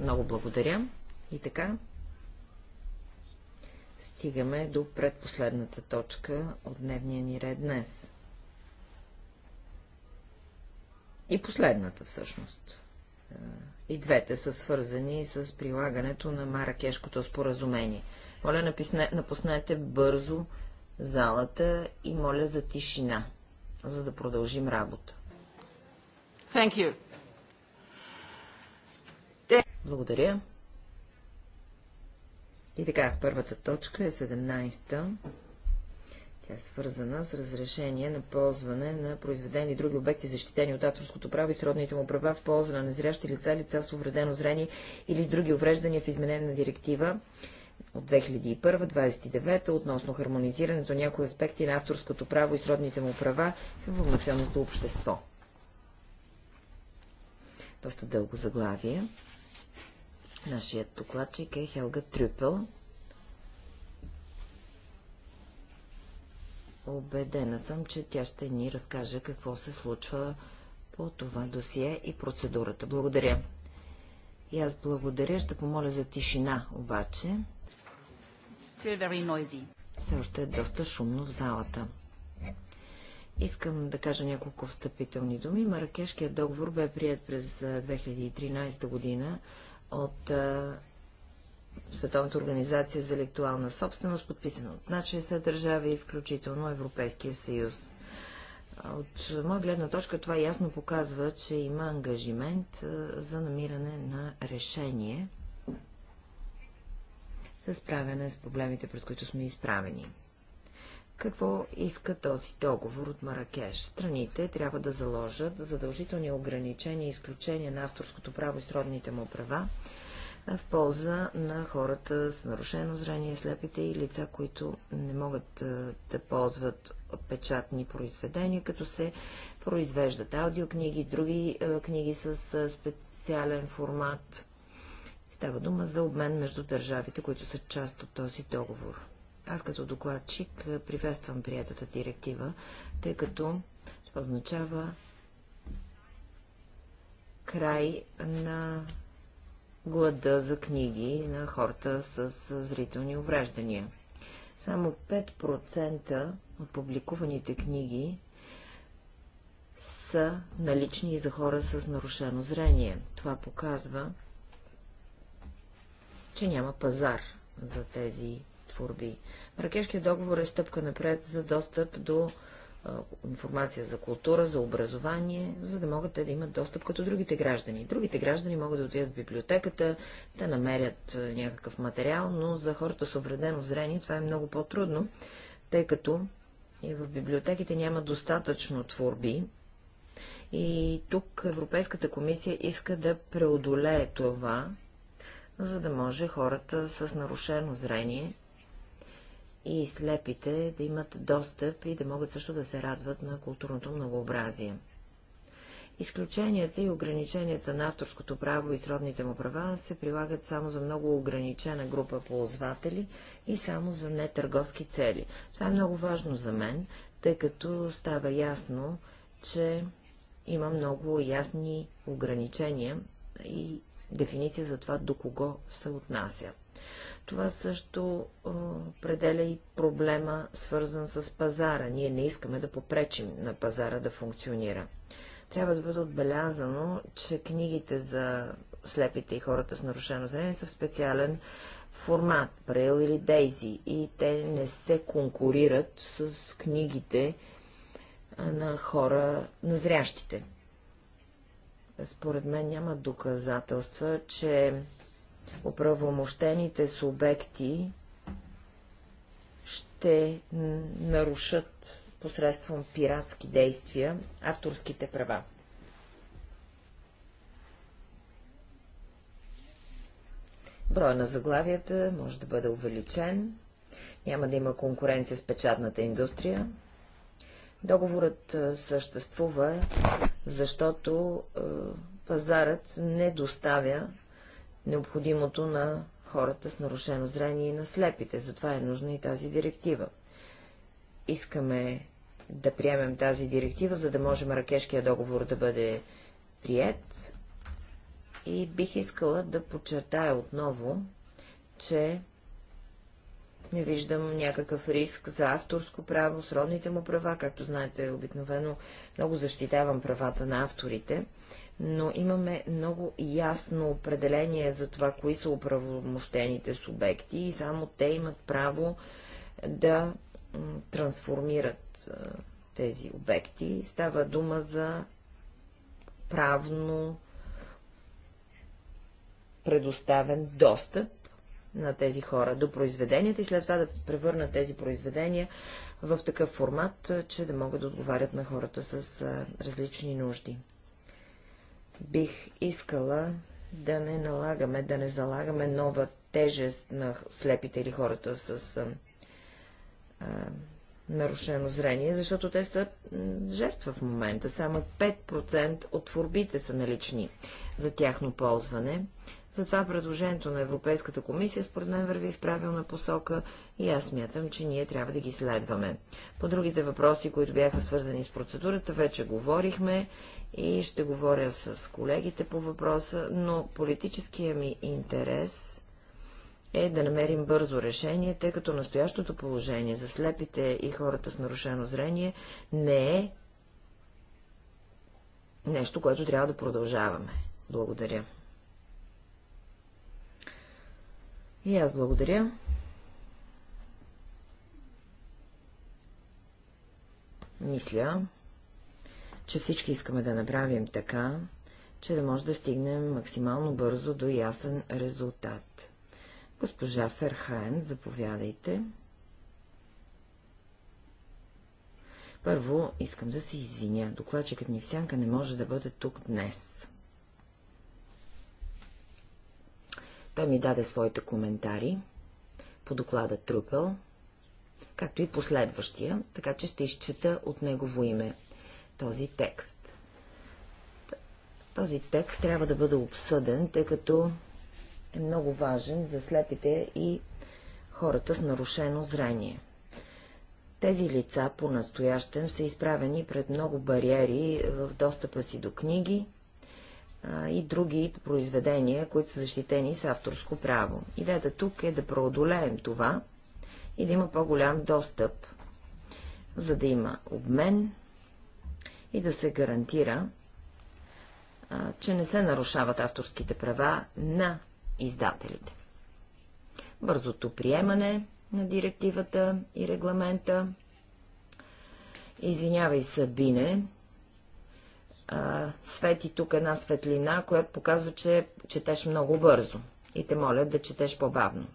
Много благодаря. И така, стигаме до предпоследната точка от дневния ни ред днес. И последната, всъщност. Е, и двете са свързани с прилагането на Маракешкото споразумение. Моля, написне, напуснете бързо залата и моля за тишина, за да продължим работа. Thank you. Е, Благодаря. И така, първата точка е 17-та е свързана с разрешение на ползване на произведени и други обекти, защитени от авторското право и сродните му права в полза на незрящи лица, лица с увредено зрение или с други увреждания в изменена директива от 2001-29 относно хармонизирането на някои аспекти на авторското право и сродните му права в информационното общество. Доста дълго заглавие. Нашият докладчик е Хелга Трюпел. Обедена съм, че тя ще ни разкаже какво се случва по това досие и процедурата. Благодаря. И аз благодаря. Ще помоля за тишина, обаче. Все още е доста шумно в залата. Искам да кажа няколко встъпителни думи. Маракешкият договор бе прият през 2013 година от Световната организация за електуална собственост, подписана от над 60 държави, включително Европейския съюз. От моя гледна точка това ясно показва, че има ангажимент за намиране на решение за справяне с проблемите, пред които сме изправени. Какво иска този договор от Маракеш? Страните трябва да заложат задължителни ограничения и изключения на авторското право и сродните му права в полза на хората с нарушено зрение, слепите и лица, които не могат да ползват печатни произведения, като се произвеждат аудиокниги, други книги с специален формат. Става дума за обмен между държавите, които са част от този договор. Аз като докладчик приветствам приятата директива, тъй като това означава край на глада за книги на хората с зрителни увреждания. Само 5% от публикуваните книги са налични за хора с нарушено зрение. Това показва, че няма пазар за тези творби. Маракешкият договор е стъпка напред за достъп до информация за култура, за образование, за да могат те да имат достъп като другите граждани. Другите граждани могат да отидат в библиотеката, да намерят някакъв материал, но за хората с увредено зрение това е много по-трудно, тъй като и в библиотеките няма достатъчно творби. И тук Европейската комисия иска да преодолее това, за да може хората с нарушено зрение и слепите да имат достъп и да могат също да се радват на културното многообразие. Изключенията и ограниченията на авторското право и сродните му права се прилагат само за много ограничена група ползватели и само за нетърговски цели. Това е много важно за мен, тъй като става ясно, че има много ясни ограничения и дефиниция за това до кого се отнасят. Това също определя и проблема, свързан с пазара. Ние не искаме да попречим на пазара да функционира. Трябва да бъде отбелязано, че книгите за слепите и хората с нарушено зрение са в специален формат, Брел или Дейзи, и те не се конкурират с книгите на хора, на зрящите. Според мен няма доказателства, че оправомощените субекти ще нарушат посредством пиратски действия авторските права. Броя на заглавията може да бъде увеличен, няма да има конкуренция с печатната индустрия. Договорът съществува, защото пазарът не доставя необходимото на хората с нарушено зрение и на слепите, затова е нужна и тази директива. Искаме да приемем тази директива, за да може Маракешкия договор да бъде прият и бих искала да подчертая отново, че не виждам някакъв риск за авторско право, сродните му права, както знаете, обикновено много защитавам правата на авторите, но имаме много ясно определение за това, кои са оправомощените субекти и само те имат право да трансформират тези обекти. Става дума за правно предоставен достъп на тези хора до произведенията и след това да превърнат тези произведения в такъв формат, че да могат да отговарят на хората с различни нужди. Бих искала да не налагаме, да не залагаме нова тежест на слепите или хората с а, а, нарушено зрение, защото те са жертва в момента. Само 5% от творбите са налични за тяхно ползване. Затова предложението на Европейската комисия според мен върви в правилна посока и аз смятам, че ние трябва да ги следваме. По другите въпроси, които бяха свързани с процедурата, вече говорихме и ще говоря с колегите по въпроса, но политическия ми интерес е да намерим бързо решение, тъй като настоящото положение за слепите и хората с нарушено зрение не е нещо, което трябва да продължаваме. Благодаря. И аз благодаря. Мисля, че всички искаме да направим така, че да може да стигнем максимално бързо до ясен резултат. Госпожа Ферхайн, заповядайте. Първо, искам да се извиня. Докладчикът ни всянка сянка не може да бъде тук днес. Той ми даде своите коментари по доклада Трупел, както и последващия, така че ще изчета от негово име този текст. Този текст трябва да бъде обсъден, тъй като е много важен за слепите и хората с нарушено зрение. Тези лица по-настоящем са изправени пред много бариери в достъпа си до книги а, и други произведения, които са защитени с авторско право. Идеята тук е да преодолеем това и да има по-голям достъп, за да има обмен, и да се гарантира, а, че не се нарушават авторските права на издателите. Бързото приемане на директивата и регламента. Извинявай, Сабине, а, свети тук една светлина, която показва, че четеш много бързо и те молят да четеш по-бавно.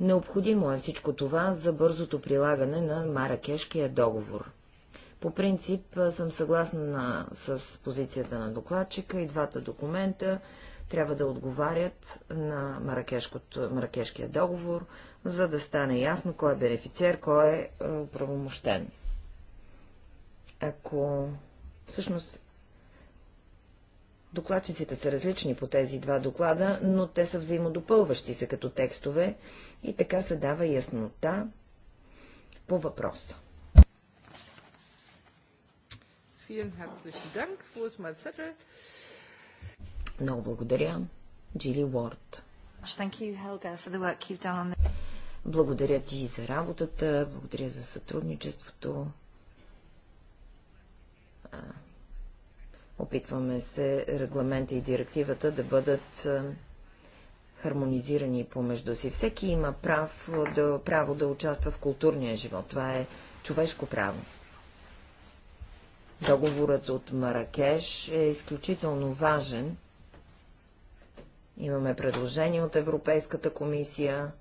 Необходимо е всичко това за бързото прилагане на Маракешкия договор. По принцип съм съгласна на, с позицията на докладчика и двата документа трябва да отговарят на Маракешкия договор, за да стане ясно кой е бенефициер, кой е правомощен. Ако всъщност Докладчиците са различни по тези два доклада, но те са взаимодопълващи се като текстове и така се дава яснота по въпроса. Много благодаря. Джили Уорд. Благодаря ти за работата, благодаря за сътрудничеството. Опитваме се регламента и директивата да бъдат хармонизирани помежду си. Всеки има право да, право да участва в културния живот. Това е човешко право. Договорът от Маракеш е изключително важен. Имаме предложение от Европейската комисия.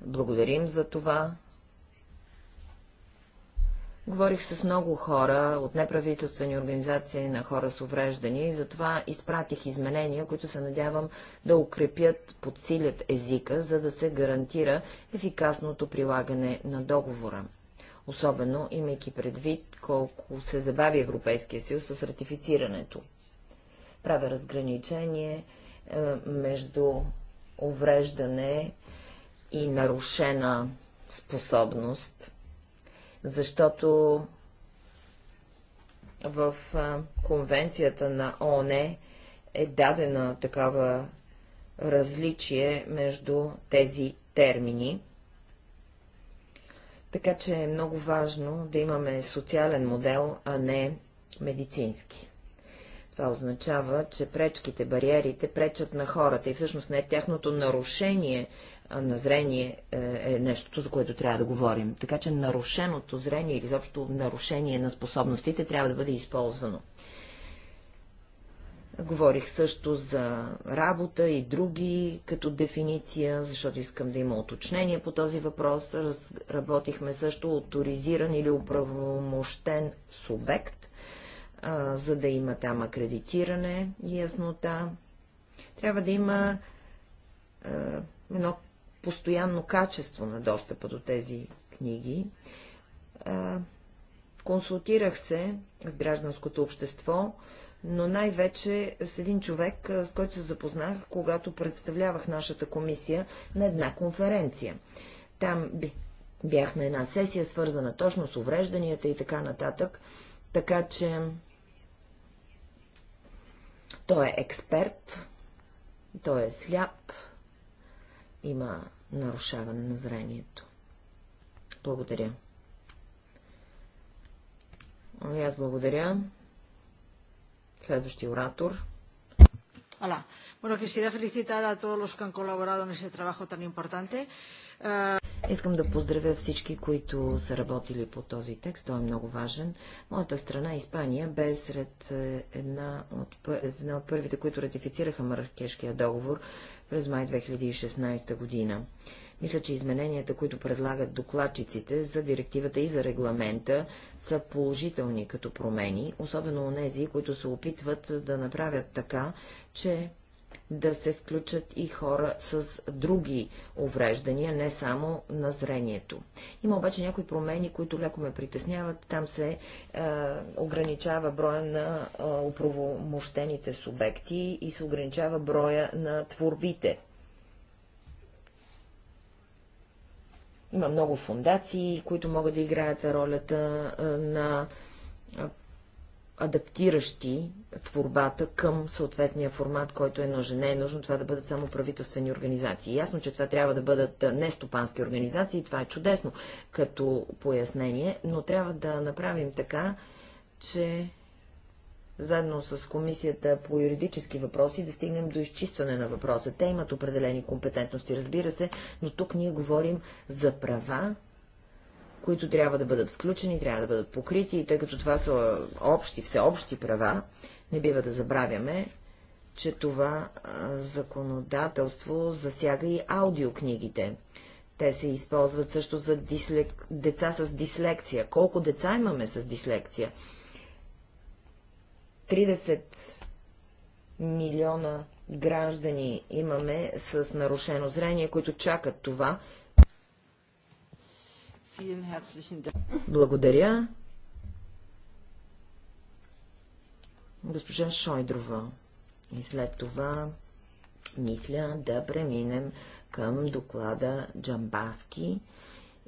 Благодарим за това. Говорих с много хора от неправителствени организации на хора с увреждания и затова изпратих изменения, които се надявам да укрепят, подсилят езика, за да се гарантира ефикасното прилагане на договора. Особено имайки предвид колко се забави Европейския съюз с ратифицирането. Правя разграничение е, между увреждане и нарушена способност, защото в е, конвенцията на ООН е дадена такава различие между тези термини така че е много важно да имаме социален модел, а не медицински. Това означава, че пречките, бариерите пречат на хората и всъщност не е тяхното нарушение на зрение е, е нещото, за което трябва да говорим. Така че нарушеното зрение или изобщо нарушение на способностите трябва да бъде използвано. Говорих също за работа и други като дефиниция, защото искам да има уточнение по този въпрос. Работихме също авторизиран или управомощен субект, а, за да има там акредитиране и яснота. Трябва да има а, едно постоянно качество на достъпа до тези книги. А, консултирах се с гражданското общество, но най-вече с един човек, с който се запознах, когато представлявах нашата комисия на една конференция. Там бях на една сесия, свързана точно с уврежданията и така нататък, така че той е експерт, той е сляп, има нарушаване на зрението. Благодаря. аз благодаря. Следващия оратор. Hola. Bueno, quisiera felicitar a todos los que han colaborado en este trabajo tan importante. Eh, Искам да поздравя всички, които са работили по този текст. Той е много важен. Моята страна, Испания, бе сред е, една от, една от първите, които ратифицираха Маракешкия договор през май 2016 година. Мисля, че измененията, които предлагат докладчиците за директивата и за регламента, са положителни като промени, особено у нези, които се опитват да направят така, че да се включат и хора с други увреждания, не само на зрението. Има обаче някои промени, които леко ме притесняват. Там се е, ограничава броя на е, оправомощените субекти и се ограничава броя на творбите. Има много фундации, които могат да играят ролята на адаптиращи творбата към съответния формат, който е нужен. Не е нужно това да бъдат само правителствени организации. Ясно, че това трябва да бъдат нестопански организации, това е чудесно като пояснение, но трябва да направим така, че заедно с Комисията по юридически въпроси да стигнем до изчистване на въпроса. Те имат определени компетентности, разбира се, но тук ние говорим за права, които трябва да бъдат включени, трябва да бъдат покрити, и тъй като това са общи, всеобщи права, не бива да забравяме, че това законодателство засяга и аудиокнигите. Те се използват също за дислек... деца с дислекция. Колко деца имаме с дислекция? 30 милиона граждани имаме с нарушено зрение, които чакат това. Благодаря. Госпожа Шойдрова. И след това мисля да преминем към доклада Джамбаски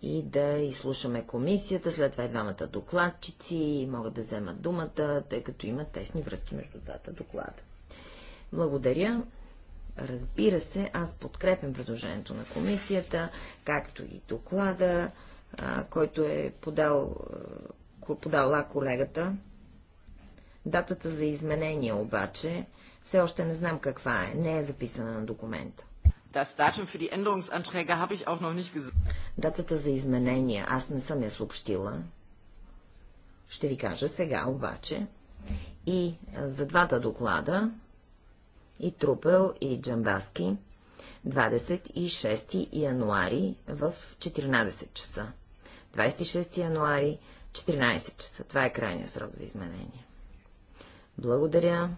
и да изслушаме комисията, след това и двамата докладчици могат да вземат думата, тъй като има тесни връзки между двата доклада. Благодаря. Разбира се, аз подкрепям предложението на комисията, както и доклада, който е подал, подала колегата. Датата за изменение обаче все още не знам каква е, не е записана на документа. Das Datum für die Änderungsanträge habe ich auch noch nicht Датата за изменения аз не съм я съобщила. Ще ви кажа сега обаче. И за двата доклада, и Трупел, и Джамбаски, 26 януари в 14 часа. 26 януари, 14 часа. Това е крайния срок за изменение. Благодаря.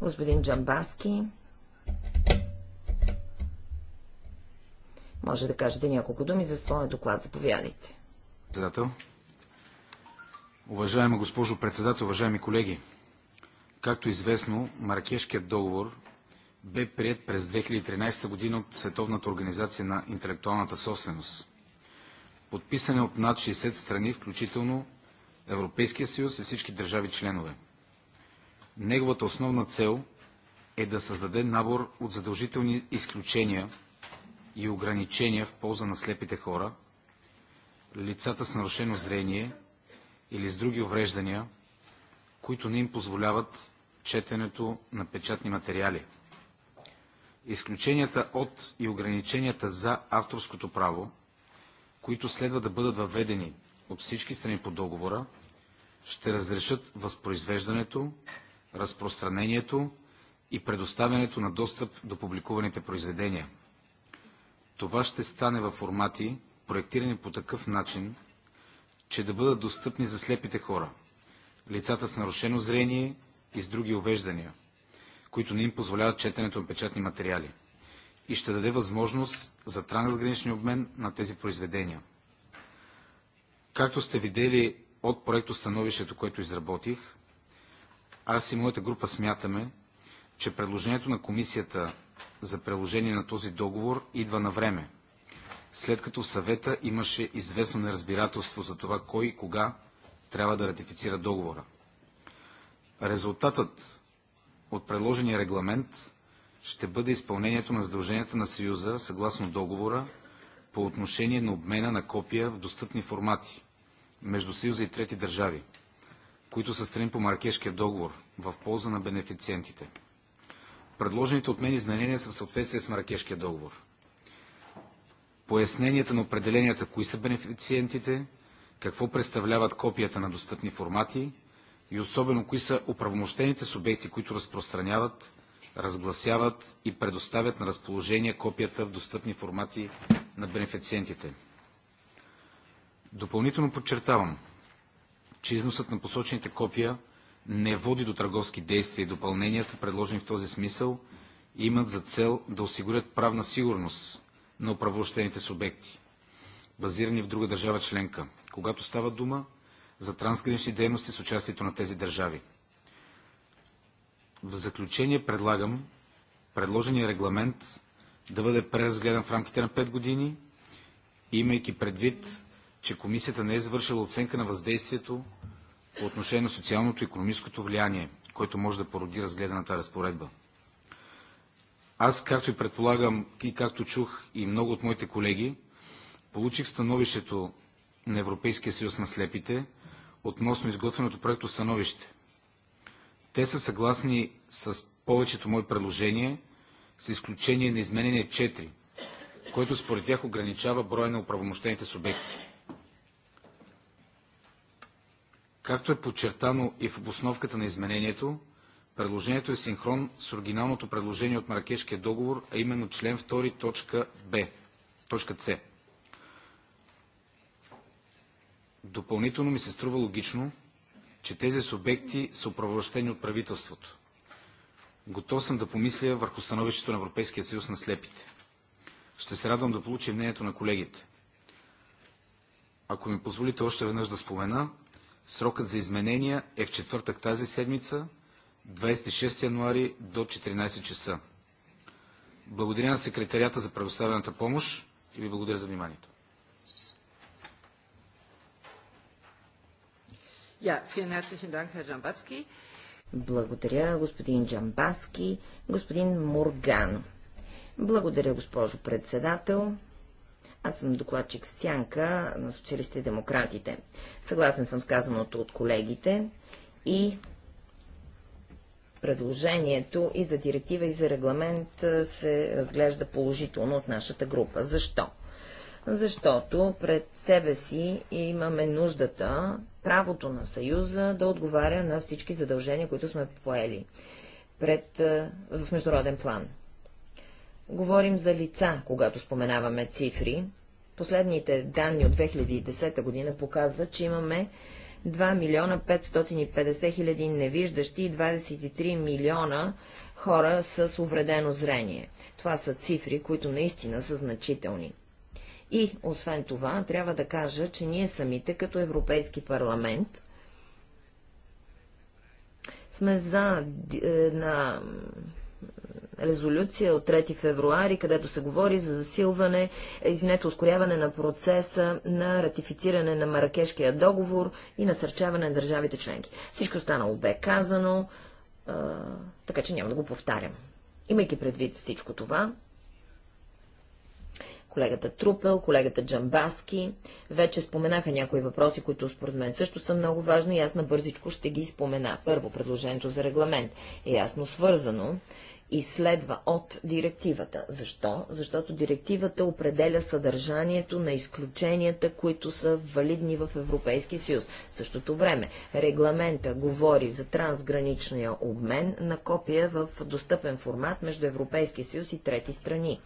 Господин Джамбаски. Може да кажете няколко думи за своя доклад. Заповядайте. Председател. Уважаема госпожо председател, уважаеми колеги, както е известно, Маракешкият договор бе прият през 2013 година от Световната организация на интелектуалната собственост. Подписан е от над 60 страни, включително Европейския съюз и всички държави членове. Неговата основна цел е да създаде набор от задължителни изключения – и ограничения в полза на слепите хора, лицата с нарушено зрение или с други увреждания, които не им позволяват четенето на печатни материали. Изключенията от и ограниченията за авторското право, които следва да бъдат въведени от всички страни по договора, ще разрешат възпроизвеждането, разпространението и предоставянето на достъп до публикуваните произведения, това ще стане във формати, проектирани по такъв начин, че да бъдат достъпни за слепите хора, лицата с нарушено зрение и с други увеждания, които не им позволяват четенето на печатни материали и ще даде възможност за трансграничен обмен на тези произведения. Както сте видели от проекто становището, което изработих, аз и моята група смятаме, че предложението на комисията за приложение на този договор идва на време, след като в съвета имаше известно неразбирателство за това кой и кога трябва да ратифицира договора. Резултатът от предложения регламент ще бъде изпълнението на задълженията на Съюза съгласно договора по отношение на обмена на копия в достъпни формати между Съюза и трети държави, които са страни по Маркешкия договор в полза на бенефициентите. Предложените от мен изменения са в съответствие с Маракешкия договор. Поясненията на определенията, кои са бенефициентите, какво представляват копията на достъпни формати и особено кои са оправомощените субекти, които разпространяват, разгласяват и предоставят на разположение копията в достъпни формати на бенефициентите. Допълнително подчертавам, че износът на посочените копия не води до търговски действия и допълненията, предложени в този смисъл, имат за цел да осигурят правна сигурност на управлощените субекти, базирани в друга държава членка, когато става дума за трансгранични дейности с участието на тези държави. В заключение предлагам предложения регламент да бъде преразгледан в рамките на 5 години, имайки предвид, че комисията не е извършила оценка на въздействието по отношение на социалното и економическото влияние, което може да породи разгледаната разпоредба. Аз, както и предполагам, и както чух и много от моите колеги, получих становището на Европейския съюз на слепите относно изготвеното проекто становище. Те са съгласни с повечето мои предложения, с изключение на изменение 4, което според тях ограничава броя на оправомощените субекти. Както е подчертано и в обосновката на изменението, предложението е синхрон с оригиналното предложение от Маракешкия договор, а именно член 2, точка Б, точка С. Допълнително ми се струва логично, че тези субекти са управлащени от правителството. Готов съм да помисля върху становището на Европейския съюз на слепите. Ще се радвам да получа мнението на колегите. Ако ми позволите още веднъж да спомена, Срокът за изменения е в четвъртък тази седмица, 26 януари до 14 часа. Благодаря на секретарията за предоставената помощ и ви благодаря за вниманието. благодаря, господин Джамбаски, господин Морган. Благодаря, госпожо председател. Аз съм докладчик в сянка на социалистите и демократите. Съгласен съм с казаното от колегите и предложението и за директива, и за регламент се разглежда положително от нашата група. Защо? Защото пред себе си имаме нуждата, правото на Съюза да отговаря на всички задължения, които сме поели пред, в международен план говорим за лица, когато споменаваме цифри. Последните данни от 2010 година показват, че имаме 2 милиона 550 хиляди невиждащи и 23 милиона хора с увредено зрение. Това са цифри, които наистина са значителни. И, освен това, трябва да кажа, че ние самите, като Европейски парламент, сме за е, на резолюция от 3 февруари, където се говори за засилване, извинете, ускоряване на процеса на ратифициране на Маракешкия договор и насърчаване на държавите членки. Всичко останало бе казано, а, така че няма да го повтарям. Имайки предвид всичко това, колегата Трупел, колегата Джамбаски. Вече споменаха някои въпроси, които според мен също са много важни и аз набързичко ще ги спомена. Първо, предложението за регламент е ясно свързано изследва от директивата. Защо? Защото директивата определя съдържанието на изключенията, които са валидни в Европейския съюз. В същото време регламента говори за трансграничния обмен на копия в достъпен формат между Европейския съюз и трети страни.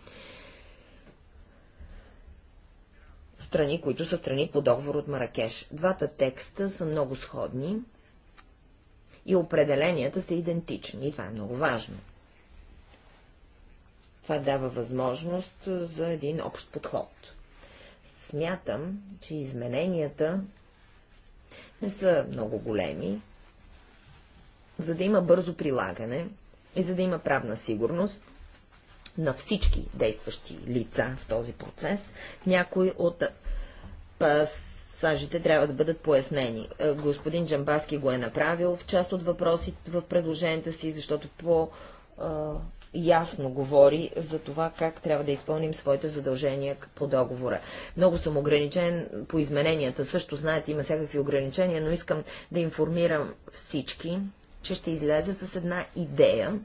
Страни, които са страни по договор от Маракеш. Двата текста са много сходни и определенията са идентични. И това е много важно. Това дава възможност за един общ подход. Смятам, че измененията не са много големи, за да има бързо прилагане и за да има правна сигурност на всички действащи лица в този процес, някои от пасажите трябва да бъдат пояснени. Е, господин Джамбаски го е направил в част от въпросите в предложенията си, защото по ясно говори за това, как трябва да изпълним своите задължения по договора. Много съм ограничен по измененията. Също, знаете, има всякакви ограничения, но искам да информирам всички, че ще излезе с една идея,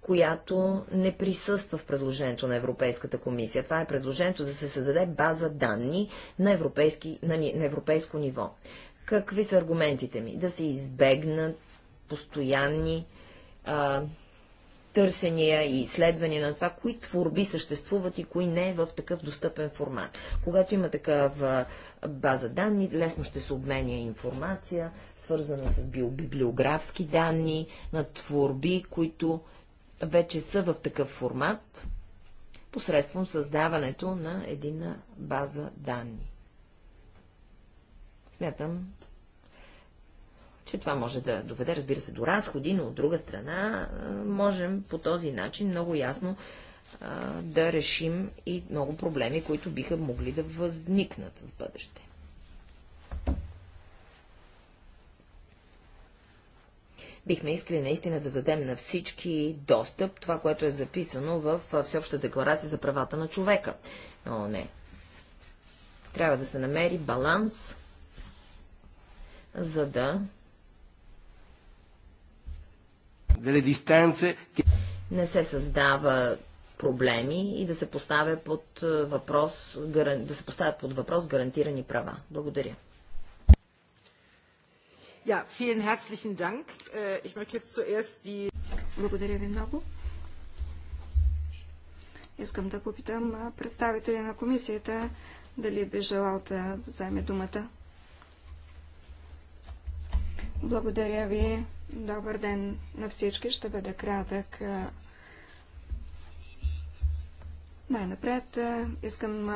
която не присъства в предложението на Европейската комисия. Това е предложението да се създаде база данни на, европейски, на, на европейско ниво. Какви са аргументите ми? Да се избегнат постоянни а, търсения и изследвания на това, кои творби съществуват и кои не в такъв достъпен формат. Когато има такава база данни, лесно ще се обменя информация, свързана с библиографски данни на творби, които вече са в такъв формат, посредством създаването на едина база данни. Смятам, че това може да доведе, разбира се, до разходи, но от друга страна можем по този начин много ясно да решим и много проблеми, които биха могли да възникнат в бъдеще. бихме искали наистина да дадем на всички достъп, това, което е записано в Всеобща декларация за правата на човека. Но не. Трябва да се намери баланс, за да delle distanze che... Не се създава проблеми и да се поставя под е, въпрос, да се поставят под въпрос гарантирани права. Благодаря. Ja, vielen herzlichen Dank. Äh, ich möchte jetzt zuerst die... Благодаря ви много. Искам да попитам представителя на комисията дали би желал да вземе думата. Благодаря ви. Добър ден на всички. Ще бъда кратък. Най-напред искам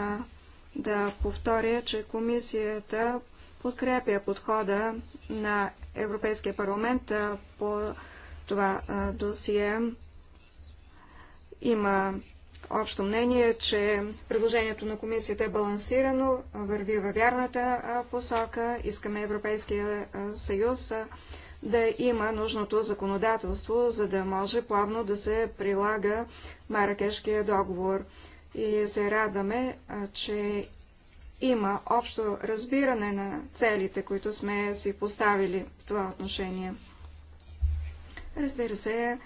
да повторя, че комисията подкрепя подхода на Европейския парламент по това досие. Има общо мнение, че предложението на комисията е балансирано, върви във вярната посока. Искаме Европейския съюз да има нужното законодателство, за да може плавно да се прилага Маракешкия договор. И се радваме, че има общо разбиране на целите, които сме си поставили в това отношение. Разбира се,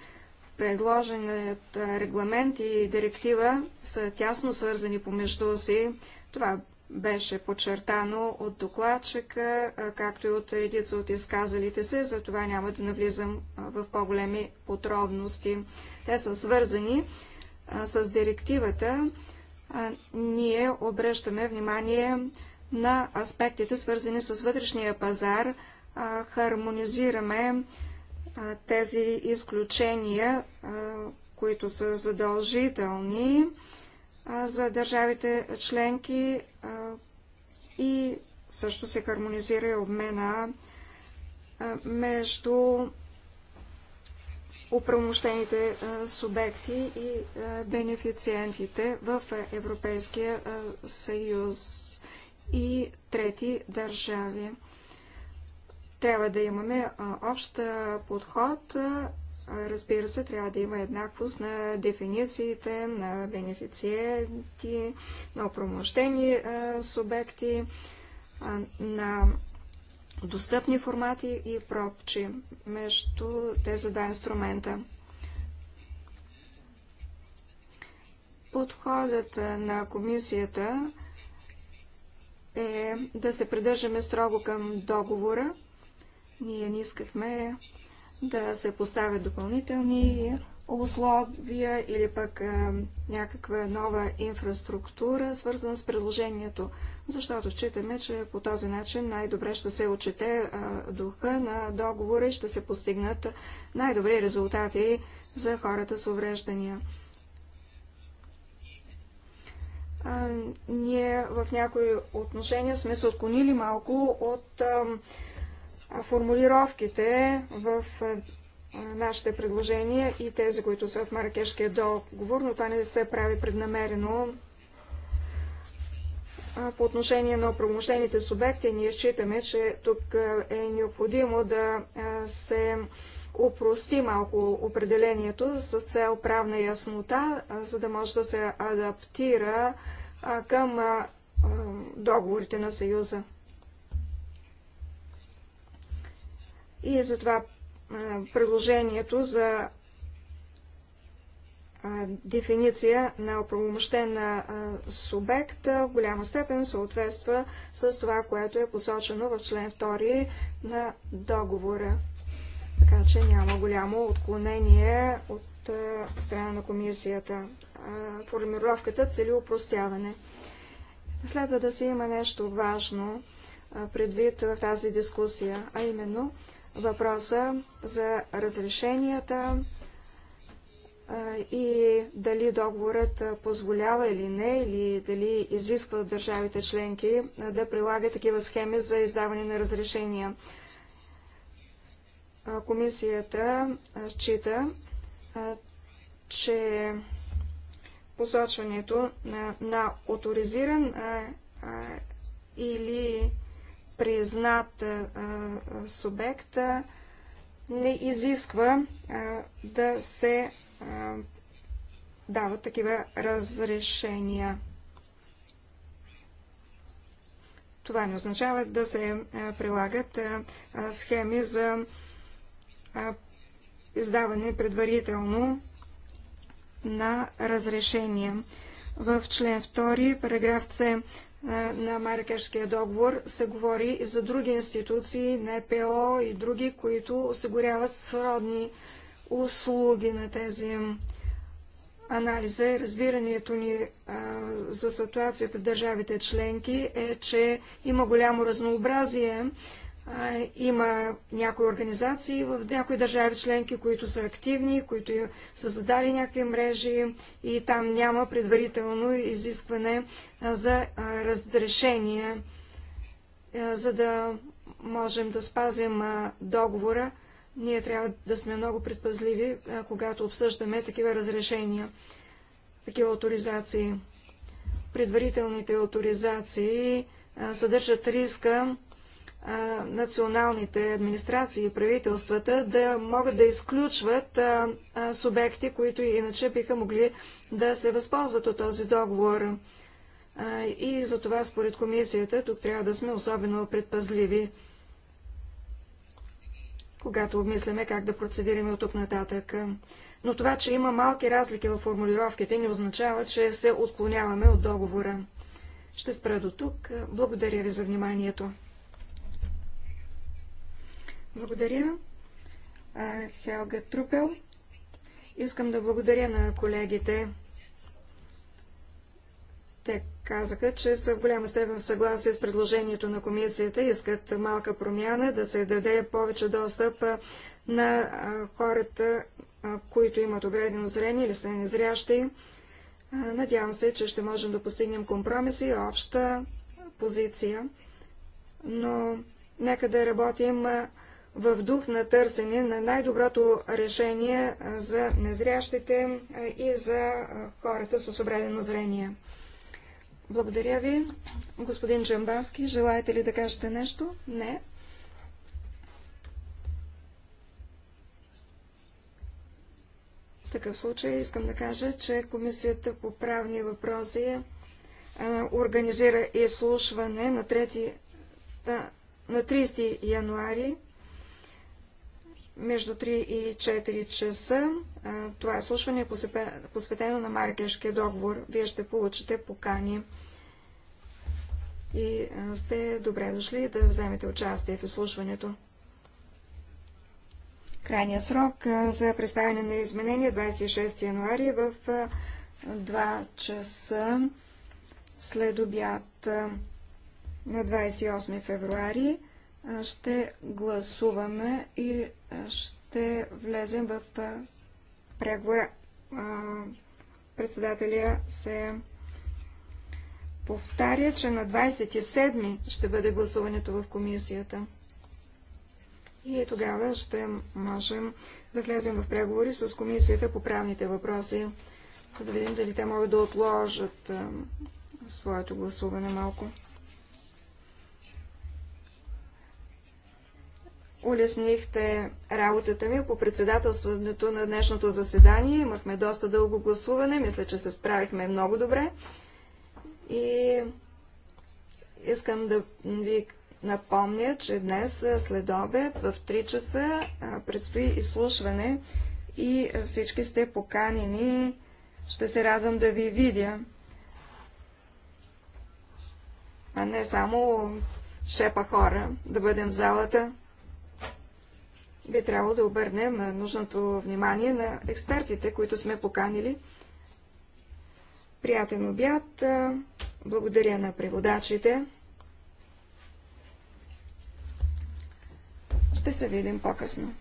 предложеният регламент и директива са тясно свързани помежду си. Това беше подчертано от докладчика, както и от редица от изказалите се, за това няма да навлизам в по-големи подробности. Те са свързани с директивата. ние обръщаме внимание на аспектите, свързани с вътрешния пазар, хармонизираме тези изключения, които са задължителни за държавите членки и също се хармонизира и обмена между управомощените субекти и бенефициентите в Европейския съюз и трети държави. Трябва да имаме общ подход Разбира се, трябва да има еднаквост на дефинициите, на бенефициенти, на опромощени субекти, на достъпни формати и пропчи между тези два инструмента. Подходът на комисията е да се придържаме строго към договора. Ние не искахме да се поставят допълнителни условия или пък а, някаква нова инфраструктура, свързана с предложението, защото считаме, че по този начин най-добре ще се отчете а, духа на договора и ще се постигнат най-добри резултати за хората с увреждания. А, ние в някои отношения сме се отклонили малко от формулировките в нашите предложения и тези, които са в Маракешкия договор, но това не се прави преднамерено. По отношение на оправомощените субекти, ние считаме, че тук е необходимо да се упрости малко определението с цел правна яснота, за да може да се адаптира към договорите на Съюза. И е затова предложението за дефиниция на оправомощен субект в голяма степен съответства с това, което е посочено в член 2 на договора. Така че няма голямо отклонение от страна на комисията. Формировката цели упростяване. Следва да се има нещо важно предвид в тази дискусия, а именно – въпроса за разрешенията и дали договорът позволява или не, или дали изисква от държавите членки да прилага такива схеми за издаване на разрешения. Комисията счита, че посочването на, на авторизиран или признат субект не изисква да се дават такива разрешения. Това не означава да се прилагат схеми за издаване предварително на разрешение. В член 2, параграф С на Маракешкия договор се говори и за други институции, НПО и други, които осигуряват сродни услуги на тези анализа и разбирането ни а, за ситуацията в държавите членки е, че има голямо разнообразие има някои организации в някои държави членки, които са активни, които са създали някакви мрежи и там няма предварително изискване за разрешение, за да можем да спазим договора. Ние трябва да сме много предпазливи, когато обсъждаме такива разрешения, такива авторизации. Предварителните авторизации съдържат риска националните администрации и правителствата да могат да изключват субекти, които иначе биха могли да се възползват от този договор. и за това, според комисията, тук трябва да сме особено предпазливи, когато обмисляме как да процедираме от тук нататък. Но това, че има малки разлики в формулировките, не означава, че се отклоняваме от договора. Ще спра до тук. Благодаря ви за вниманието. Благодаря. Хелга Трупел. Искам да благодаря на колегите. Те казаха, че са в голяма степен в съгласие с предложението на комисията. Искат малка промяна, да се даде повече достъп на хората, които имат обредено зрение или са незрящи. Надявам се, че ще можем да постигнем компромиси и обща позиция, но нека да работим в дух на търсене на най-доброто решение за незрящите и за хората с обредено зрение. Благодаря ви. Господин Джамбаски, желаете ли да кажете нещо? Не. В такъв случай искам да кажа, че Комисията по правни въпроси организира изслушване на 3, да, на 30 януари между 3 и 4 часа. Това е слушване, посветено на Маркешкия договор. Вие ще получите покани и сте добре дошли да вземете участие в изслушването. Крайният срок за представяне на изменения 26 януари в 2 часа след обяд на 28 февруари ще гласуваме и ще влезем в преговора. Председателя се повтаря, че на 27 ще бъде гласуването в комисията. И тогава ще можем да влезем в преговори с комисията по правните въпроси, за да видим дали те могат да отложат своето гласуване малко. Улеснихте работата ми по председателството на днешното заседание. Имахме доста дълго гласуване. Мисля, че се справихме много добре. И искам да ви напомня, че днес след обед в 3 часа предстои изслушване и всички сте поканени. Ще се радвам да ви видя. А не само шепа хора да бъдем в залата би трябвало да обърнем нужното внимание на експертите, които сме поканили. Приятен обяд. Благодаря на преводачите. Ще се видим по-късно.